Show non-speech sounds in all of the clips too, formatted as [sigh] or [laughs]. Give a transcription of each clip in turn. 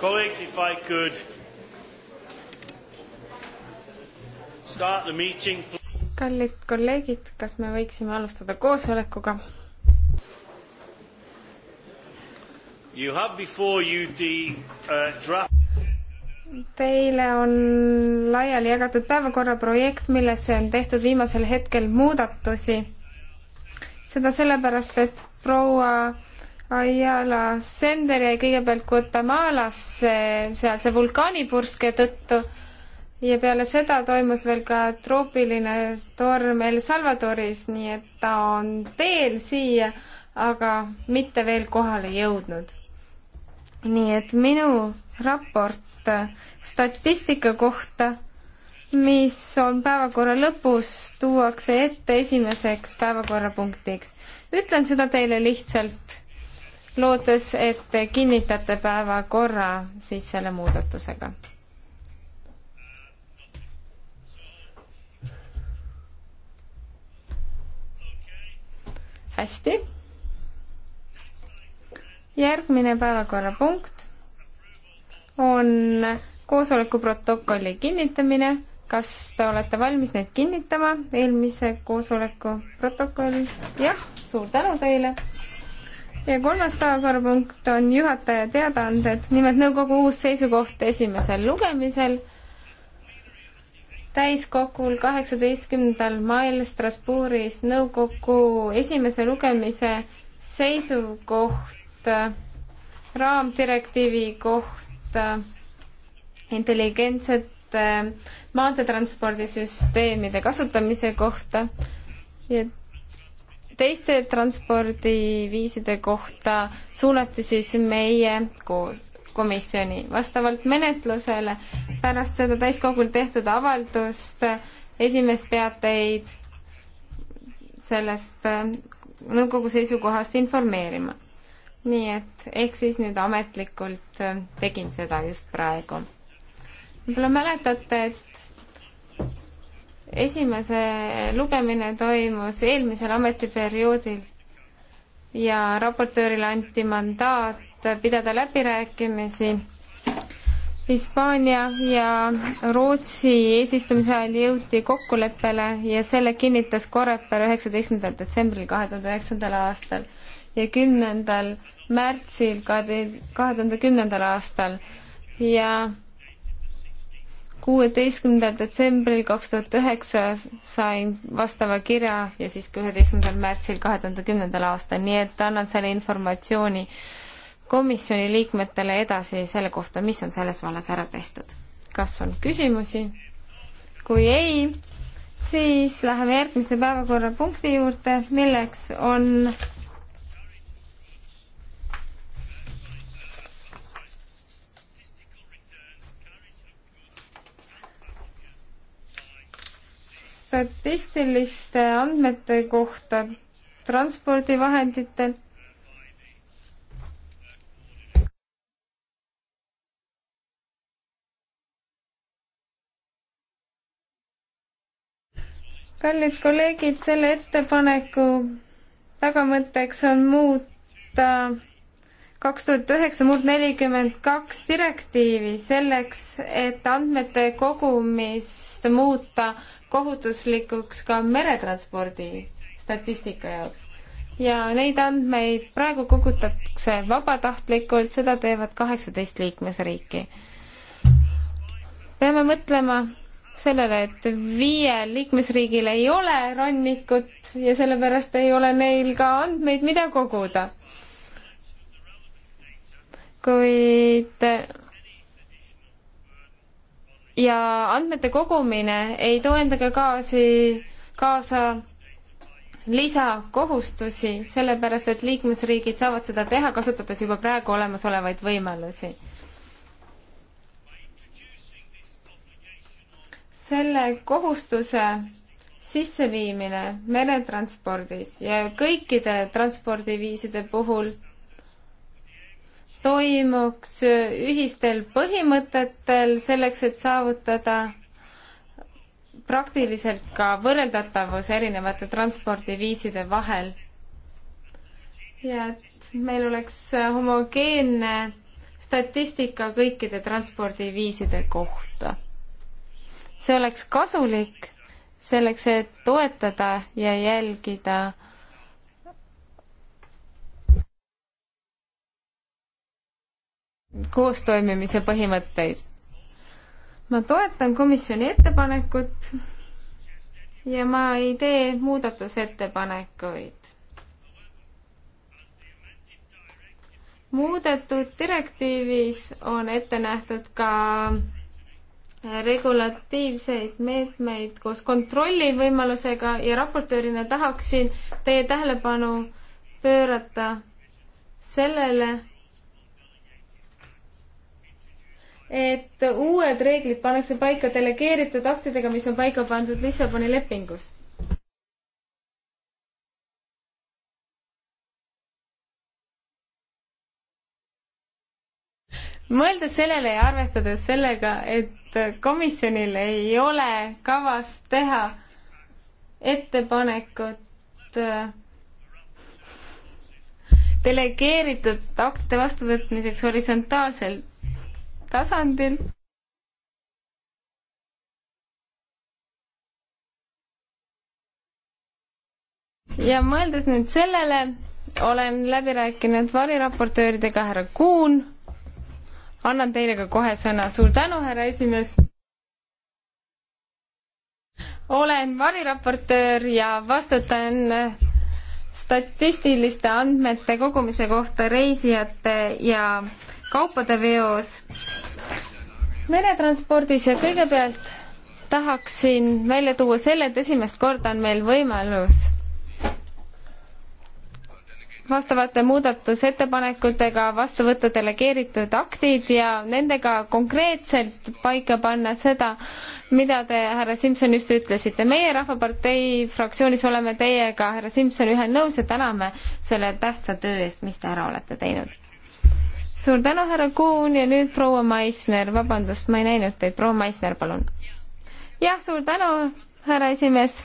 Colleagues, if I could start the meeting. kallid kolleegid, kas me võiksime alustada koosolekuga? You have before you the uh, draft Teile on laiali jagatud päevakorra projekt, millesse on tehtud viimasel hetkel muudatusi. seda sellepärast, et proua Ayala Sender jäi kõigepealt Guatemalasse sealse vulkaanipurske tõttu ja peale seda toimus veel ka troopiline torm El Salvadoris, nii et ta on teel siia, aga mitte veel kohale jõudnud. nii et minu raport statistika kohta, mis on päevakorra lõpus, tuuakse ette esimeseks päevakorrapunktiks. ütlen seda teile lihtsalt lootes, et te kinnitate päevakorra siis selle muudatusega. hästi. järgmine päevakorrapunkt on koosoleku protokolli kinnitamine. kas te olete valmis neid kinnitama, eelmise koosoleku protokoll? jah, suur tänu teile ja kolmas päevakorrapunkt on juhataja teadaanded, nimelt nõukogu uus seisukoht esimesel lugemisel täiskogul kaheksateistkümnendal mail Strasbourgis nõukogu esimese lugemise seisukoht raamdirektiivi kohta intelligentsete maanteetranspordisüsteemide kasutamise kohta ja teiste transpordiviiside kohta suunati siis meie koos komisjoni. vastavalt menetlusele pärast seda täiskogul tehtud avaldust esimees peab teid sellest äh, nõukogu seisukohast informeerima. nii et ehk siis nüüd ametlikult äh, tegin seda just praegu. võib-olla mäletate, et esimese lugemine toimus eelmisel ametiperioodil ja raportöörile anti mandaat pidada läbirääkimisi Hispaania ja Rootsi eesistumise ajal jõuti kokkuleppele ja selle kinnitas Koreper üheksateistkümnendal detsembril kahe tuhande üheksandal aastal ja kümnendal märtsil kahe tuhande kümnendal aastal ja kuueteistkümnendal detsembril kaks tuhat üheksa sain vastava kirja ja siis ka üheteistkümnendal märtsil kahe tuhande kümnendal aastal, nii et annan selle informatsiooni komisjoni liikmetele edasi selle kohta, mis on selles vallas ära tehtud. kas on küsimusi? kui ei, siis läheme järgmise päevakorrapunkti juurde, milleks on statistiliste andmete kohta transpordivahenditel. kallid kolleegid, selle ettepaneku tagamõtteks on muuta kaks tuhat üheksa murd nelikümmend kaks direktiivi selleks, et andmete kogumist muuta kohutuslikuks ka meretranspordi statistika jaoks. ja neid andmeid praegu kogutakse vabatahtlikult, seda teevad kaheksateist liikmesriiki. peame mõtlema sellele, et viiel liikmesriigil ei ole rannikut ja sellepärast ei ole neil ka andmeid, mida koguda. kuid ja andmete kogumine ei too endaga kaasi, kaasa lisakohustusi, sellepärast et liikmesriigid saavad seda teha, kasutades juba praegu olemasolevaid võimalusi. selle kohustuse sisseviimine meretranspordis ja kõikide transpordiviiside puhul toimuks ühistel põhimõtetel selleks, et saavutada praktiliselt ka võrreldatavus erinevate transpordiviiside vahel. ja et meil oleks homogeenne statistika kõikide transpordiviiside kohta. see oleks kasulik selleks, et toetada ja jälgida koostoimimise põhimõtteid. ma toetan komisjoni ettepanekut ja ma ei tee muudatusettepanekuid. muudetud direktiivis on ette nähtud ka regulatiivseid meetmeid koos kontrollivõimalusega ja raportöörina tahaksin teie tähelepanu pöörata sellele, et uued reeglid pannakse paika delegeeritud aktidega, mis on paika pandud Lissaboni lepingus. mõeldes sellele ja arvestades sellega, et komisjonil ei ole kavas teha ettepanekut äh, delegeeritud aktide vastuvõtmiseks horisontaalselt tasandil. ja mõeldes nüüd sellele, olen läbi rääkinud variraportööridega härra Kuun. annan teile ka kohe sõna. suur tänu, härra esimees. olen variraportöör ja vastutan statistiliste andmete kogumise kohta reisijate ja kaupade veos, meretranspordis ja kõigepealt tahaksin välja tuua selle, et esimest korda on meil võimalus vastavate muudatusettepanekutega vastu võtta delegeeritud aktid ja nendega konkreetselt paika panna seda, mida te, härra Simson, just ütlesite. meie Rahvapartei fraktsioonis oleme teiega, härra Simson, ühel nõus ja täname selle tähtsa töö eest, mis te ära olete teinud suur tänu, härra Kuhn ja nüüd proua Maisner, vabandust, ma ei näinud teid, proua Maisner, palun. jah, suur tänu, härra esimees.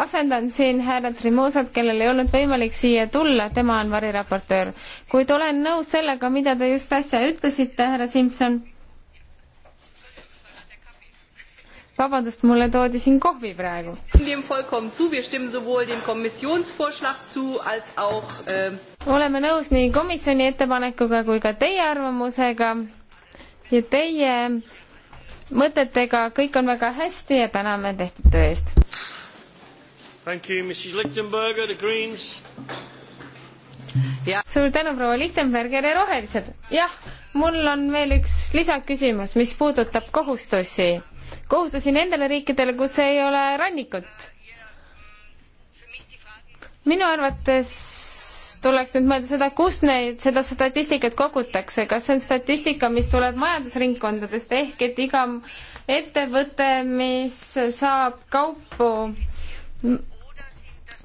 asendan siin härra Trimusat, kellel ei olnud võimalik siia tulla, tema on variraportöör. kuid olen nõus sellega, mida te just äsja ütlesite, härra Simson vabandust, mulle toodi siin kohvi praegu. Ähm, oleme nõus nii komisjoni ettepanekuga kui ka teie arvamusega ja teie mõtetega, kõik on väga hästi ja täname tehtud töö eest. suur tänu, proua Lichtenberger ja Rohelised. jah, mul on veel üks lisaküsimus, mis puudutab kohustusi kohustusi nendele riikidele, kus ei ole rannikut. minu arvates tuleks nüüd mõelda seda, kust neid, seda statistikat kogutakse, kas see on statistika, mis tuleb majandusringkondadest ehk et iga ettevõte, mis saab kaupu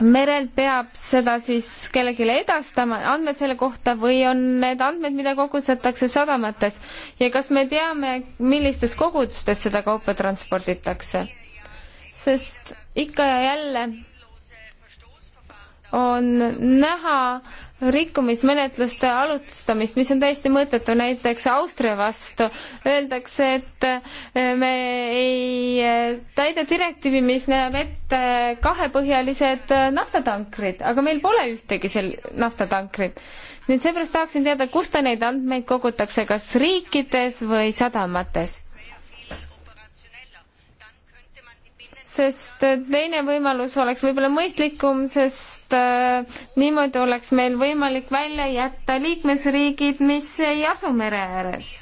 merelt peab seda siis kellelegi edastama, andmed selle kohta või on need andmed, mida kogusetakse sadamates ja kas me teame, millistes kogustes seda kaupa transporditakse? sest ikka ja jälle on näha, rikkumismenetluste alustamist, mis on täiesti mõttetu, näiteks Austria vastu öeldakse, et eh, me ei eh, täida direktiivi, mis näeb ette kahepõhjalised eh, naftatankrid, aga meil pole ühtegi sel-, naftatankrit. nii et seepärast tahaksin teada, kus te neid andmeid kogutakse, kas riikides või sadamates? sest teine võimalus oleks võib-olla mõistlikum, sest äh, niimoodi oleks meil võimalik välja jätta liikmesriigid, mis ei asu mere ääres.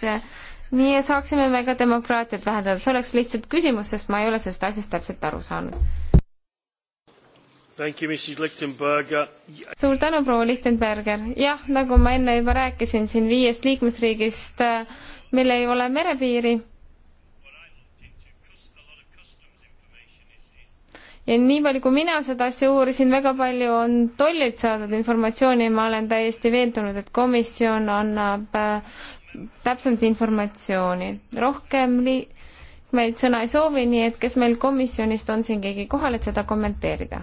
nii saaksime me ka demokraatiat vähendada, see oleks lihtsalt küsimus, sest ma ei ole sellest asjast täpselt aru saanud. suur tänu, proua Lichtenberger. jah, nagu ma enne juba rääkisin siin viiest liikmesriigist, äh, meil ei ole merepiiri ja nii palju, kui mina seda asja uurisin, väga palju on tollilt saadud informatsiooni ja ma olen täiesti veendunud, et komisjon annab äh, täpsemat informatsiooni. rohkem liikmeid sõna ei soovi, nii et kas meil komisjonist on siin keegi kohal, et seda kommenteerida?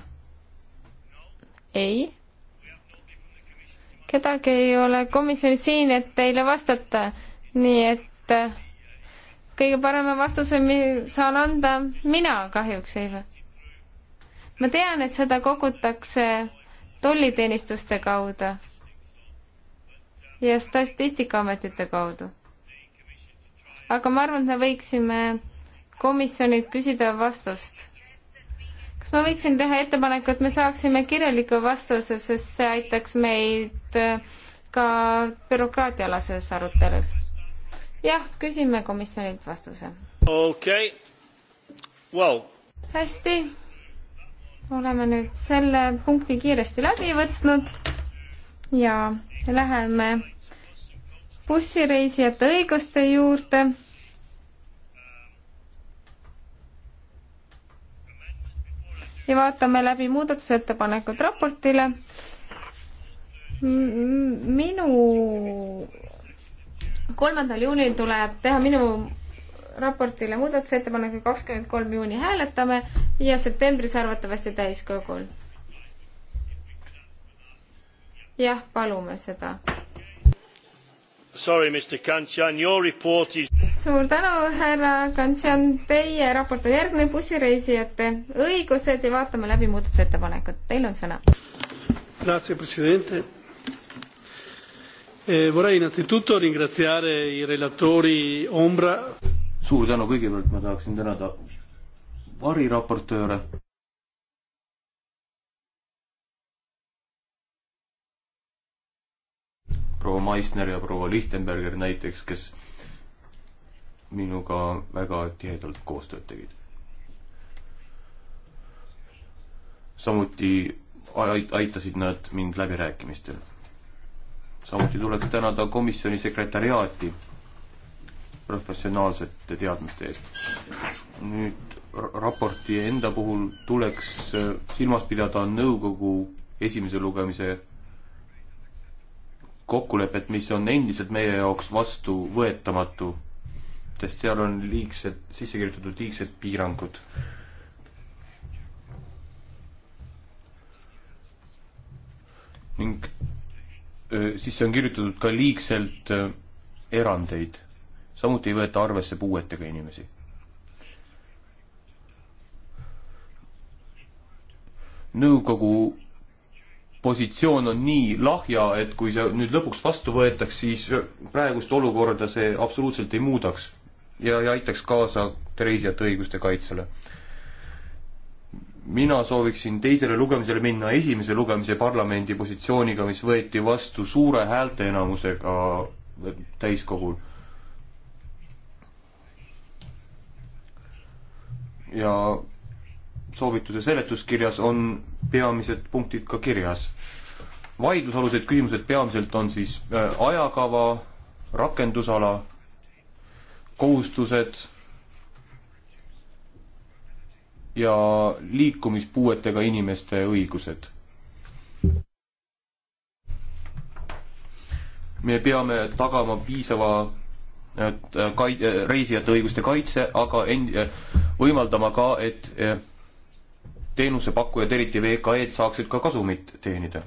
ei? kedagi ei ole komisjonis siin, et teile vastata, nii et äh, kõige parema vastuse saan anda mina kahjuks, Eive ma tean, et seda kogutakse tolliteenistuste kaudu ja statistikaametite kaudu. aga ma arvan, et me võiksime komisjonilt küsida vastust. kas ma võiksin teha ettepaneku, et me saaksime kirjaliku vastuse, sest see aitaks meid äh, ka bürokraatiaalases arutelus? jah, küsime komisjonilt vastuse. okei okay., vau wow.. hästi oleme nüüd selle punkti kiiresti läbi võtnud ja läheme bussireisijate õiguste juurde. ja vaatame läbi muudatusettepanekud raportile. minu kolmandal juunil tuleb teha minu raportile muudatusettepaneku kakskümmend kolm juuni hääletame ja septembris arvatavasti täiskogul. jah, palume seda. Sorry, Mr Kantsjan, your report is suur tänu, härra Kantsjan, teie raport on järgmine bussireisijate õigused ja vaatame läbi muudatusettepanekud, teil on sõna. Grazie, president. Eh, vorrei innanzitutto ringraziare i relatori Ombra suur tänu, kõigepealt ma tahaksin tänada variraportööre. proua Meissner ja proua Lichtenberger näiteks, kes minuga väga tihedalt koostööd tegid. samuti aitasid nad mind läbirääkimistel. samuti tuleks tänada komisjoni sekretäriaati professionaalsete teadmiste eest. nüüd raporti enda puhul tuleks äh, silmas pidada nõukogu esimese lugemise kokkulepet, mis on endiselt meie jaoks vastuvõetamatu, sest seal on liigsed, sisse kirjutatud liigsed piirangud. ning öö, äh, sisse on kirjutatud ka liigselt öö, äh, erandeid samuti ei võeta arvesse puuetega inimesi. nõukogu positsioon on nii lahja, et kui see nüüd lõpuks vastu võetaks, siis praegust olukorda see absoluutselt ei muudaks ja, ja aitaks kaasa reisijate õiguste kaitsele. mina sooviksin teisele lugemisele minna esimese lugemise parlamendi positsiooniga, mis võeti vastu suure häälteenamusega täiskogul ja soovituse seletuskirjas on peamised punktid ka kirjas. vaidlusalused küsimused peamiselt on siis äh, ajakava, rakendusala, kohustused ja liikumispuuetega inimeste õigused. me peame tagama piisava Äh, kai-, äh, reisijate õiguste kaitse, aga end-, äh, võimaldama ka, et teenusepakkujad, eriti VKE-d, saaksid ka kasumit teenida.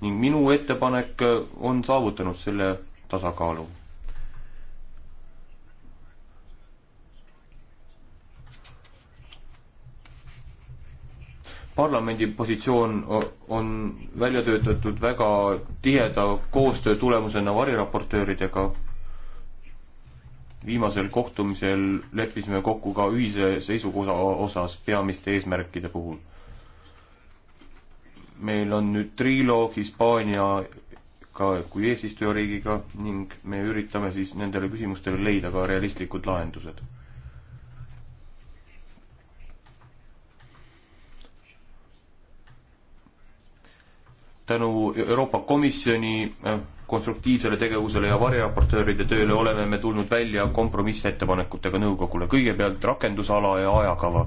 ning minu ettepanek on saavutanud selle tasakaalu. parlamendi positsioon on välja töötatud väga tiheda koostöö tulemusena variraportööridega viimasel kohtumisel leppisime kokku ka ühise seisukoha osas peamiste eesmärkide puhul. meil on nüüd triloog Hispaaniaga kui eesistujariigiga ning me üritame siis nendele küsimustele leida ka realistlikud lahendused. tänu Euroopa Komisjoni äh, konstruktiivsele tegevusele ja variraportööride tööle oleme me tulnud välja kompromissettepanekutega nõukogule, kõigepealt rakendusala ja ajakava.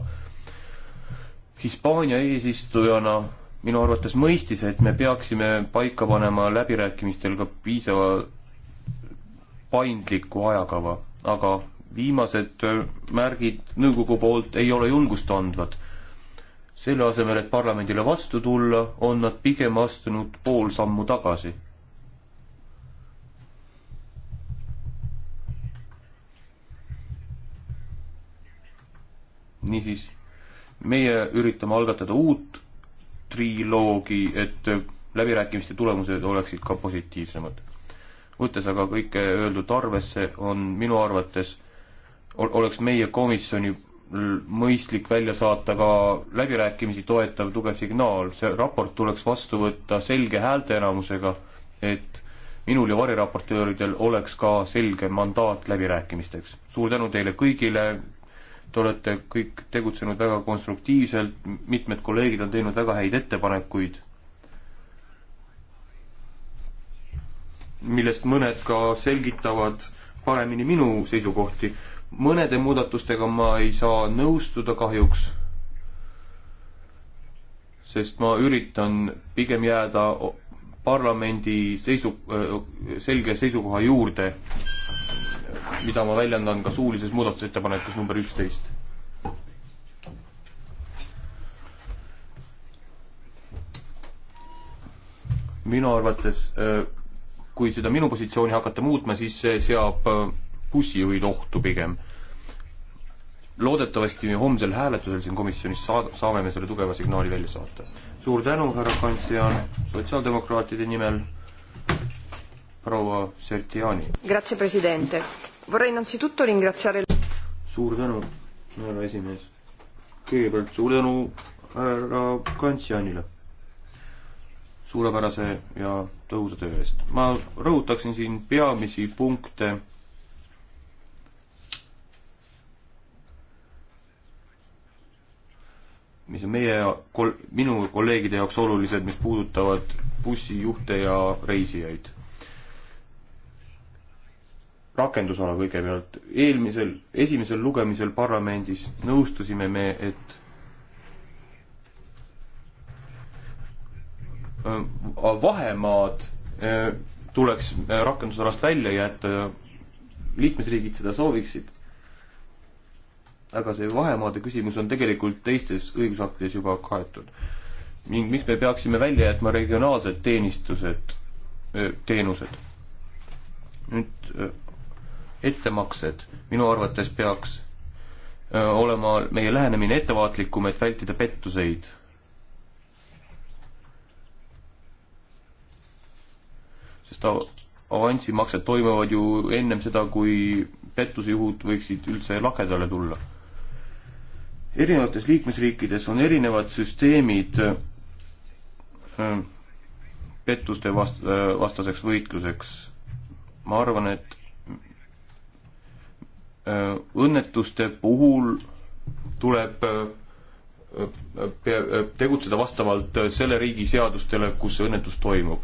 Hispaania eesistujana minu arvates mõistis, et me peaksime paika panema läbirääkimistel ka piisava paindliku ajakava, aga viimased märgid nõukogu poolt ei ole julgust andvad. selle asemel, et parlamendile vastu tulla, on nad pigem astunud pool sammu tagasi niisiis, meie üritame algatada uut triloogi, et läbirääkimiste tulemused oleksid ka positiivsemad. võttes aga kõike öeldut arvesse, on minu arvates, oleks meie komisjoni mõistlik välja saata ka läbirääkimisi toetav tugev signaal, see raport tuleks vastu võtta selge häälteenamusega, et minul ja variraportööridel oleks ka selge mandaat läbirääkimisteks. suur tänu teile kõigile, Te olete kõik tegutsenud väga konstruktiivselt, mitmed kolleegid on teinud väga häid ettepanekuid, millest mõned ka selgitavad paremini minu seisukohti. mõnede muudatustega ma ei saa nõustuda kahjuks, sest ma üritan pigem jääda parlamendi seisu, äh, selge seisukoha juurde mida ma väljendan ka suulises muudatusettepanekus number üksteist. minu arvates, äh, kui seda minu positsiooni hakata muutma, siis see seab äh, bussijuhid ohtu pigem. loodetavasti homsel hääletusel siin komisjonis saad-, saame me selle tugeva signaali välja saata. suur tänu, härra Kantsian, sotsiaaldemokraatide nimel proua Sertiani. Grazie, president. Vorrei innanzitutto ringraziare suur tänu, härra esimees. kõigepealt suur tänu härra Kantsianile suurepärase ja tõhusa töö eest. ma rõhutaksin siin peamisi punkte mis on meie kol-, minu kolleegide jaoks olulised, mis puudutavad bussijuhte ja reisijaid rakendusala kõigepealt. eelmisel, esimesel lugemisel parlamendis nõustusime me, et äh, vahemaad äh, tuleks äh, rakendusalast välja jätta ja liikmesriigid seda sooviksid. aga see vahemaade küsimus on tegelikult teistes õigusaktides juba kaetud. ning miks me peaksime välja jätma regionaalsed teenistused, teenused? nüüd ettemaksed, minu arvates peaks olema meie lähenemine ettevaatlikum, et vältida pettuseid. sest avansimaksed toimuvad ju ennem seda, kui pettusejuhud võiksid üldse lagedale tulla. erinevates liikmesriikides on erinevad süsteemid pettuste vast-, vastaseks võitluseks. ma arvan, et Äh, õnnetuste puhul tuleb äh, äh, tegutseda vastavalt selle riigi seadustele, kus see õnnetus toimub.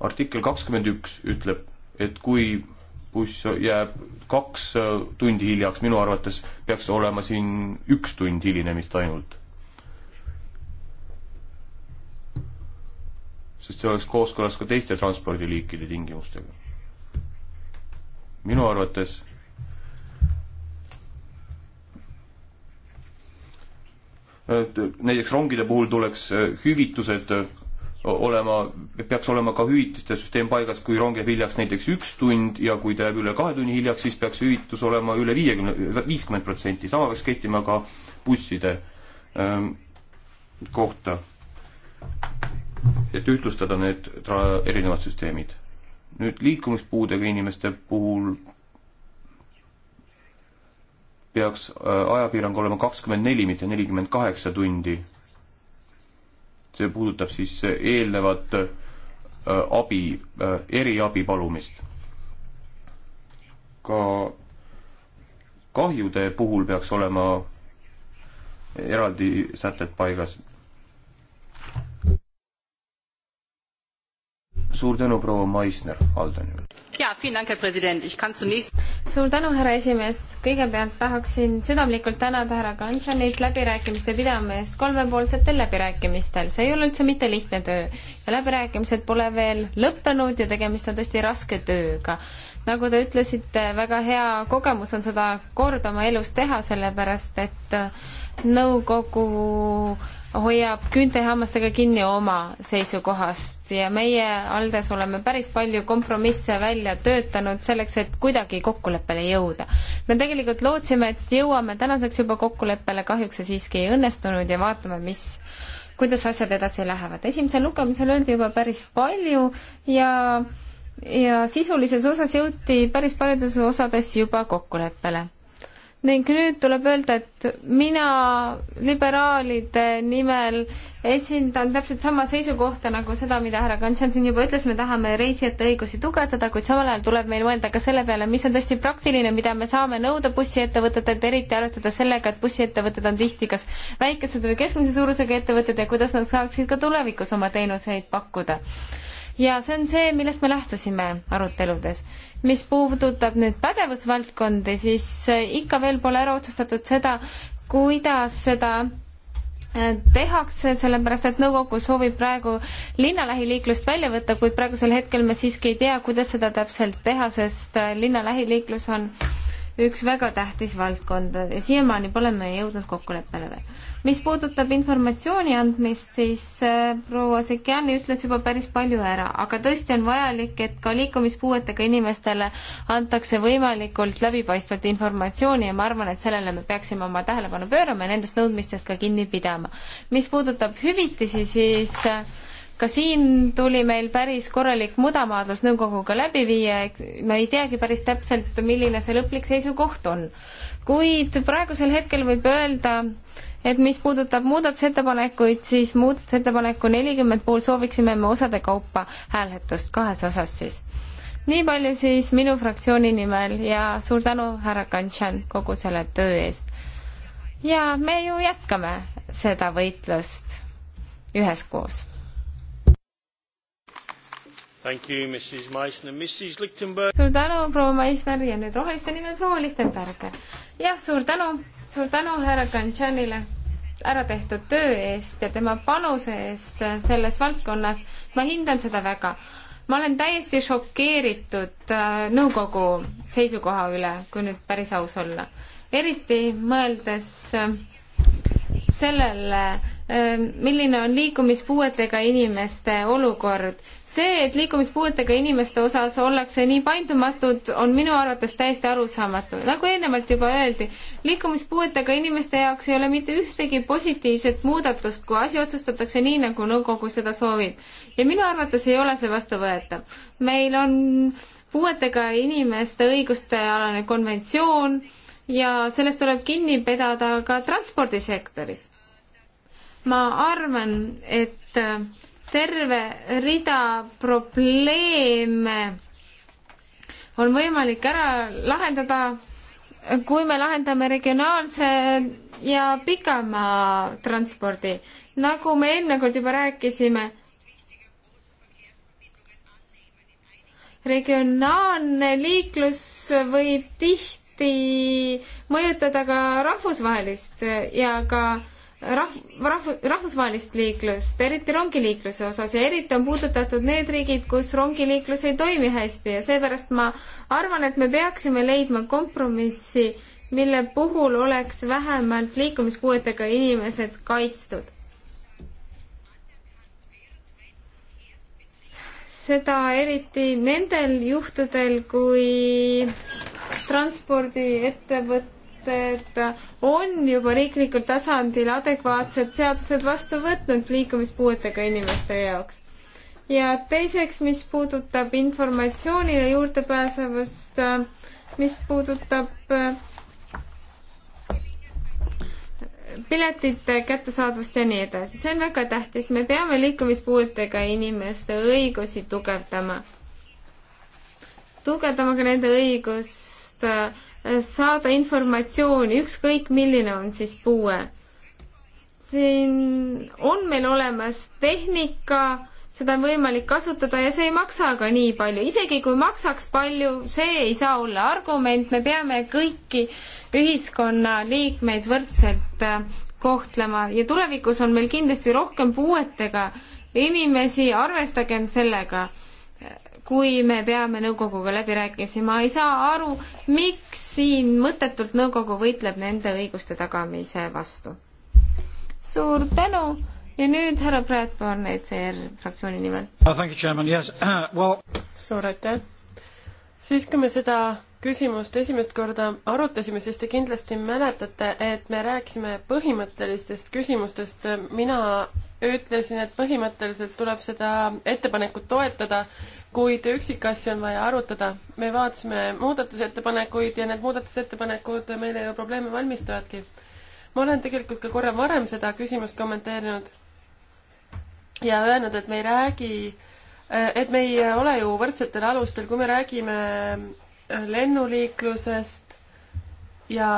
artikkel kakskümmend üks ütleb, et kui buss jääb kaks tundi hiljaks, minu arvates peaks olema siin üks tund hilinemist ainult. sest see oleks kooskõlas ka teiste transpordiliikide tingimustega. minu arvates näiteks rongide puhul tuleks äh, hüvitused äh, olema, peaks olema ka hüvitiste süsteem paigas, kui rong jääb hiljaks näiteks üks tund ja kui ta jääb üle kahe tunni hiljaks, siis peaks hüvitus olema üle viiekümne, viiskümmend protsenti, sama peaks kehtima ka busside ähm, kohta. et ühtlustada need tra-, erinevad süsteemid. nüüd liikumispuudega inimeste puhul peaks äh, ajapiirang olema kakskümmend neli, mitte nelikümmend kaheksa tundi. see puudutab siis eelnevat äh, abi, äh, eriabi palumist. ka kahjude puhul peaks olema eraldi sätted paigas. suur tänu, proua Maisner, Aldo nimel. suur tänu, härra esimees. kõigepealt tahaksin südamlikult tänada härra Kanchanit läbirääkimiste pidamist kolmepoolsetel läbirääkimistel. see ei ole üldse mitte lihtne töö ja läbirääkimised pole veel lõppenud ja tegemist on tõesti raske tööga nagu te ütlesite, väga hea kogemus on seda korda oma elus teha, sellepärast et nõukogu hoiab küüntehammastega kinni oma seisukohast ja meie Aldes oleme päris palju kompromisse välja töötanud selleks, et kuidagi kokkuleppele jõuda. me tegelikult lootsime, et jõuame tänaseks juba kokkuleppele, kahjuks see siiski ei õnnestunud ja vaatame, mis, kuidas asjad edasi lähevad. esimesel lugemisel öeldi juba päris palju ja ja sisulises osas jõuti päris paljudes osades juba kokkuleppele ning nüüd tuleb öelda, et mina liberaalide nimel esindan täpselt sama seisukohta nagu seda, mida härra Kantsjon siin juba ütles, me tahame reisijate õigusi tugevdada, kuid samal ajal tuleb meil mõelda ka selle peale, mis on tõesti praktiline, mida me saame nõuda bussiettevõtetelt, eriti arvestada sellega, et bussiettevõtted on tihti kas väikesed või keskmise suurusega ettevõtted ja kuidas nad saaksid ka tulevikus oma teenuseid pakkuda ja see on see, millest me lähtusime aruteludes. mis puudutab nüüd pädevusvaldkondi, siis äh, ikka veel pole ära otsustatud seda, kuidas seda äh, tehakse, sellepärast et nõukogu soovib praegu linnalähiliiklust välja võtta, kuid praegusel hetkel me siiski ei tea, kuidas seda täpselt teha, sest äh, linnalähiliiklus on äh, üks väga tähtis valdkond ja siiamaani pole me jõudnud kokkuleppele veel. mis puudutab informatsiooni andmist, siis äh, proua Sekjani ütles juba päris palju ära, aga tõesti on vajalik, et ka liikumispuuetega inimestele antakse võimalikult läbipaistvat informatsiooni ja ma arvan, et sellele me peaksime oma tähelepanu pöörama ja nendest nõudmistest ka kinni pidama. mis puudutab hüvitisi, siis äh, ka siin tuli meil päris korralik mudamaadlus nõukoguga läbi viia, ma ei teagi päris täpselt, milline see lõplik seisukoht on. kuid praegusel hetkel võib öelda, et mis puudutab muudatusettepanekuid, siis muudatusettepaneku nelikümmend puhul sooviksime me osade kaupa hääletust kahes osas siis. nii palju siis minu fraktsiooni nimel ja suur tänu, härra Kantšan, kogu selle töö eest. ja me ju jätkame seda võitlust üheskoos suur tänu, proua Meissner ja nüüd roheliste nimel proua Lichtenberg. jah, suur tänu, suur tänu härra Kantšanile ära tehtud töö eest ja tema panuse eest selles valdkonnas. ma hindan seda väga. ma olen täiesti šokeeritud äh, nõukogu seisukoha üle, kui nüüd päris aus olla. eriti mõeldes äh, sellele, äh, milline on liikumispuuetega inimeste olukord see, et liikumispuudega inimeste osas ollakse nii paindumatud, on minu arvates täiesti arusaamatu. nagu eelnevalt juba öeldi, liikumispuudega inimeste jaoks ei ole mitte ühtegi positiivset muudatust, kui asi otsustatakse nii, nagu nõukogu seda soovib. ja minu arvates ei ole see vastuvõetav. meil on puuetega inimeste õiguste alane konventsioon ja sellest tuleb kinni pidada ka transpordisektoris. ma arvan, et äh, terve rida probleeme on võimalik ära lahendada, kui me lahendame regionaalse ja pikamaa transpordi. nagu me eelmine kord juba rääkisime, regionaalne liiklus võib tihti mõjutada ka rahvusvahelist ja ka äh, rahv-, rahv-, rahvusvahelist liiklust, eriti rongiliikluse osas ja eriti on puudutatud need riigid, kus rongiliiklus ei toimi hästi ja seepärast ma arvan, et me peaksime leidma kompromissi, mille puhul oleks vähemalt liikumispuuetega inimesed kaitstud. seda eriti nendel juhtudel, kui transpordiettevõte et on juba riiklikul tasandil adekvaatsed seadused vastu võtnud liikumispuuetega inimeste jaoks. ja teiseks, mis puudutab informatsioonile juurdepääsevust, mis puudutab äh, piletite kättesaadavust ja nii edasi, see on väga tähtis, me peame liikumispuudega inimeste õigusi tugevdama. tugevdama ka nende õigust äh, saada informatsiooni, ükskõik milline on siis puue. siin on meil olemas tehnika, seda on võimalik kasutada ja see ei maksa ka nii palju, isegi kui maksaks palju, see ei saa olla argument, me peame kõiki ühiskonnaliikmeid võrdselt äh, kohtlema ja tulevikus on meil kindlasti rohkem puuetega inimesi, arvestagem sellega kui me peame nõukoguga läbirääkimisi. ma ei saa aru, miks siin mõttetult nõukogu võitleb nende õiguste tagamise vastu. suur tänu ja nüüd härra Bradburn ECR fraktsiooni nimel oh,. Yes. [clears throat] Well... suur aitäh. siis, kui me seda küsimust esimest korda arutasime, siis te kindlasti mäletate, et me rääkisime põhimõttelistest küsimustest. mina ütlesin, et põhimõtteliselt tuleb seda ettepanekut toetada, kuid üksikasju on vaja arutada. me vaatasime muudatusettepanekuid ja need muudatusettepanekud meile ju probleeme valmistavadki. ma olen tegelikult ka korra varem seda küsimust kommenteerinud ja öelnud, et me ei räägi, et me ei ole ju võrdsetel alustel, kui me räägime lennuliiklusest ja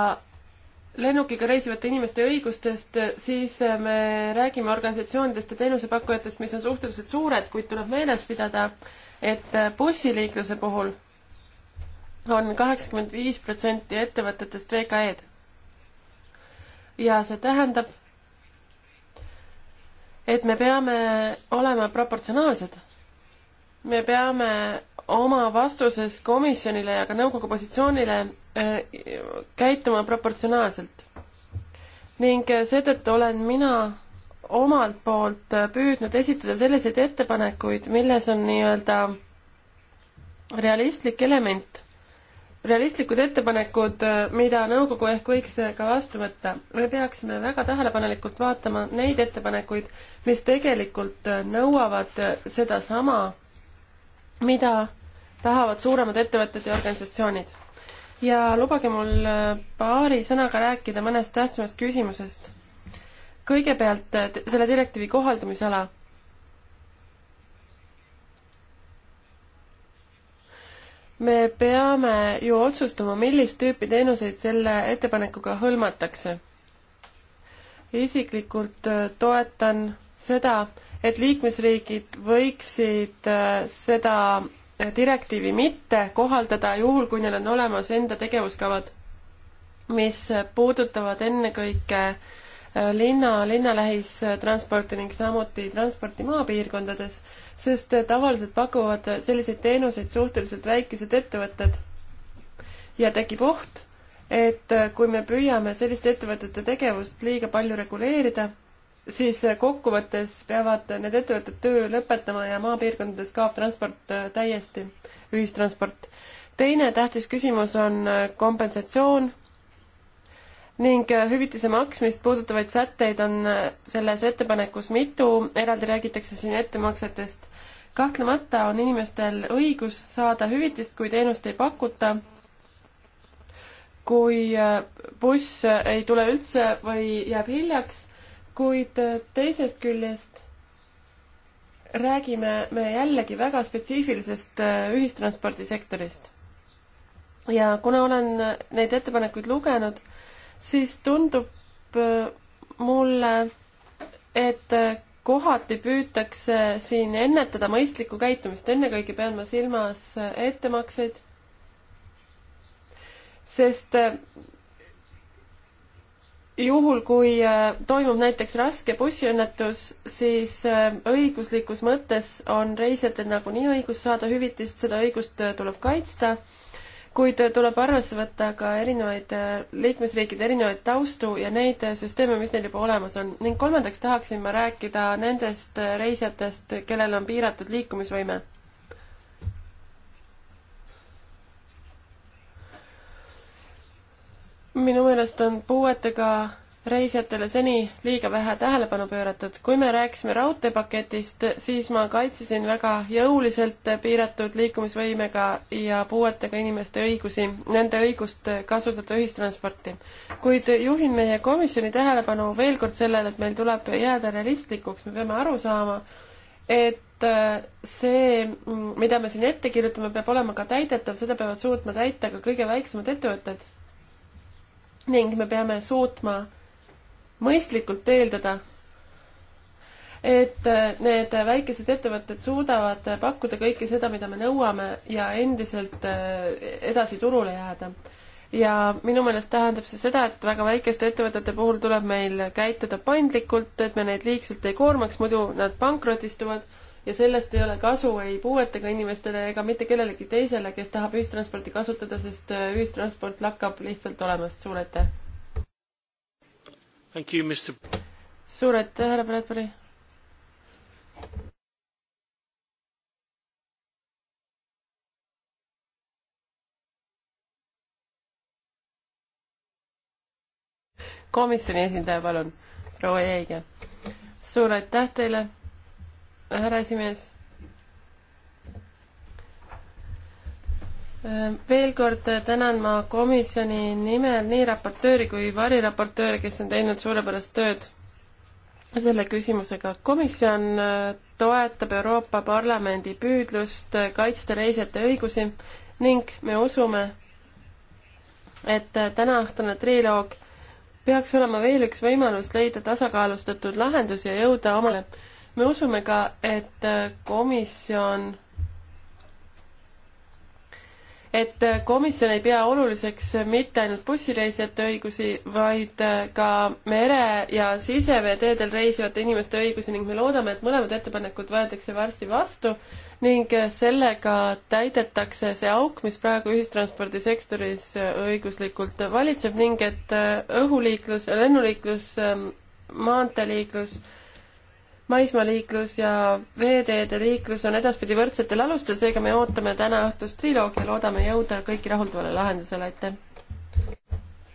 lennukiga reisivate inimeste õigustest, siis me räägime organisatsioonidest ja teenusepakkujatest, mis on suhteliselt suured, kuid tuleb meeles pidada, et äh, bussiliikluse puhul on kaheksakümmend viis protsenti ettevõtetest VKE-d. ja see tähendab, et me peame olema proportsionaalsed. me peame oma vastuses komisjonile ja ka nõukogu positsioonile äh, käituma proportsionaalselt. ning äh, seetõttu olen mina omalt poolt püüdnud esitada selliseid ettepanekuid, milles on nii-öelda realistlik element, realistlikud ettepanekud, mida nõukogu ehk võiks ka vastu võtta. me peaksime väga tähelepanelikult vaatama neid ettepanekuid, mis tegelikult nõuavad sedasama, mida tahavad suuremad ettevõtted ja organisatsioonid. ja lubage mul paari sõnaga rääkida mõnest tähtsamast küsimusest kõigepealt äh, selle direktiivi kohaldamisala. me peame ju otsustama, millist tüüpi teenuseid selle ettepanekuga hõlmatakse. isiklikult äh, toetan seda, et liikmesriigid võiksid äh, seda direktiivi mitte kohaldada juhul, kui neil on olemas enda tegevuskavad, mis puudutavad ennekõike äh, linna, linna lähistransporti ning samuti transporti maapiirkondades, sest tavaliselt pakuvad selliseid teenuseid suhteliselt väikesed ettevõtted. ja tekib oht, et kui me püüame selliste ettevõtete tegevust liiga palju reguleerida, siis kokkuvõttes peavad need ettevõtted töö lõpetama ja maapiirkondades kaob transport äh, täiesti, ühistransport. teine tähtis küsimus on äh, kompensatsioon ning äh, hüvitise maksmist puudutavaid sätteid on äh, selles ettepanekus mitu, eraldi räägitakse siin ettemaksetest. kahtlemata on inimestel õigus saada hüvitist, kui teenust ei pakuta, kui äh, buss ei tule üldse või jääb hiljaks, kuid teisest küljest räägime me jällegi väga spetsiifilisest ühistranspordisektorist. ja kuna olen neid ettepanekuid lugenud, siis tundub äh, mulle, et äh, kohati püütakse siin ennetada mõistlikku käitumist, ennekõike pean ma silmas äh, ettemakseid, sest juhul, kui toimub näiteks raske bussiõnnetus, siis õiguslikus mõttes on reisijatel nagunii õigus saada hüvitist, seda õigust tuleb kaitsta kuid äh, tuleb arvesse võtta ka erinevaid äh, liikmesriikide erinevaid taustu ja neid äh, süsteeme, mis neil juba olemas on. ning kolmandaks tahaksin ma rääkida nendest reisijatest, kellel on piiratud liikumisvõime minu meelest on puuetega reisijatele seni liiga vähe tähelepanu pööratud. kui me rääkisime raudteepaketist, siis ma kaitsesin väga jõuliselt piiratud liikumisvõimega ja puuetega inimeste õigusi, nende õigust kasutada ühistransporti. kuid juhin meie komisjoni tähelepanu veel kord sellele, et meil tuleb jääda realistlikuks, me peame aru saama, et äh, see, mida me siin ette kirjutame, peab olema ka täidetav, seda peavad suutma täita ka kõige väiksemad ettevõtted. ning me peame suutma mõistlikult eeldada, et äh, need väikesed ettevõtted suudavad pakkuda kõike seda, mida me nõuame ja endiselt äh, edasi turule jääda. ja minu meelest tähendab see seda, et väga väikeste ettevõtete puhul tuleb meil käituda paindlikult, et me neid liigselt ei koormaks, muidu nad pankrotistuvad ja sellest ei ole kasu ei puuetega inimestele ega mitte kellelegi teisele, kes tahab ühistransporti kasutada, sest äh, ühistransport lakkab lihtsalt olemast. suur aitäh! suur aitäh, härra Bradbury! komisjoni esindaja, palun, proua Jeige. suur aitäh teile, härra esimees veel kord äh, tänan ma komisjoni nimel nii raportööri kui variraportööri, kes on teinud suurepärast tööd selle küsimusega. komisjon äh, toetab Euroopa Parlamendi püüdlust äh, kaitsta reisijate õigusi ning me usume, et tänaõhtune triloog peaks olema veel üks võimalus leida tasakaalustatud lahendusi ja jõuda omale. me usume ka, et komisjon et komisjon ei pea oluliseks mitte ainult bussireisijate õigusi, vaid ka mere- ja siseveeteedel reisivate inimeste õigusi ning me loodame, et mõlemad ettepanekud võetakse varsti vastu ning sellega täidetakse see auk, mis praegu ühistranspordisektoris õiguslikult valitseb ning et õhuliiklus, lennuliiklus, maanteeliiklus maismaaliiklus ja veeteede liiklus on edaspidi võrdsetel alustel, seega me ootame täna õhtust triloogi ja loodame jõuda kõiki rahuldavale lahendusele, aitäh!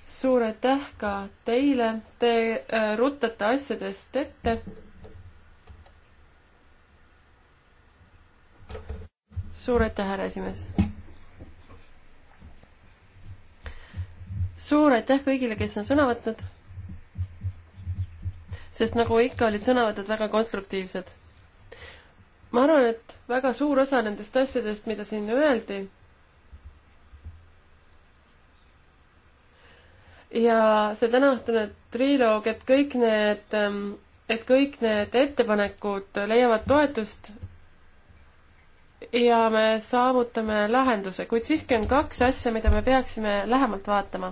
suur aitäh ka teile, te äh, ruttate asjadest ette. suur aitäh, härra esimees! suur aitäh kõigile, kes on sõna võtnud sest nagu ikka, olid sõnavõtted väga konstruktiivsed. ma arvan, et väga suur osa nendest asjadest, mida siin öeldi, ja see tänaõhtune triloog, et kõik need, ähm, et kõik need ettepanekud leiavad toetust ja me saavutame lahenduse, kuid siiski on kaks asja, mida me peaksime lähemalt vaatama.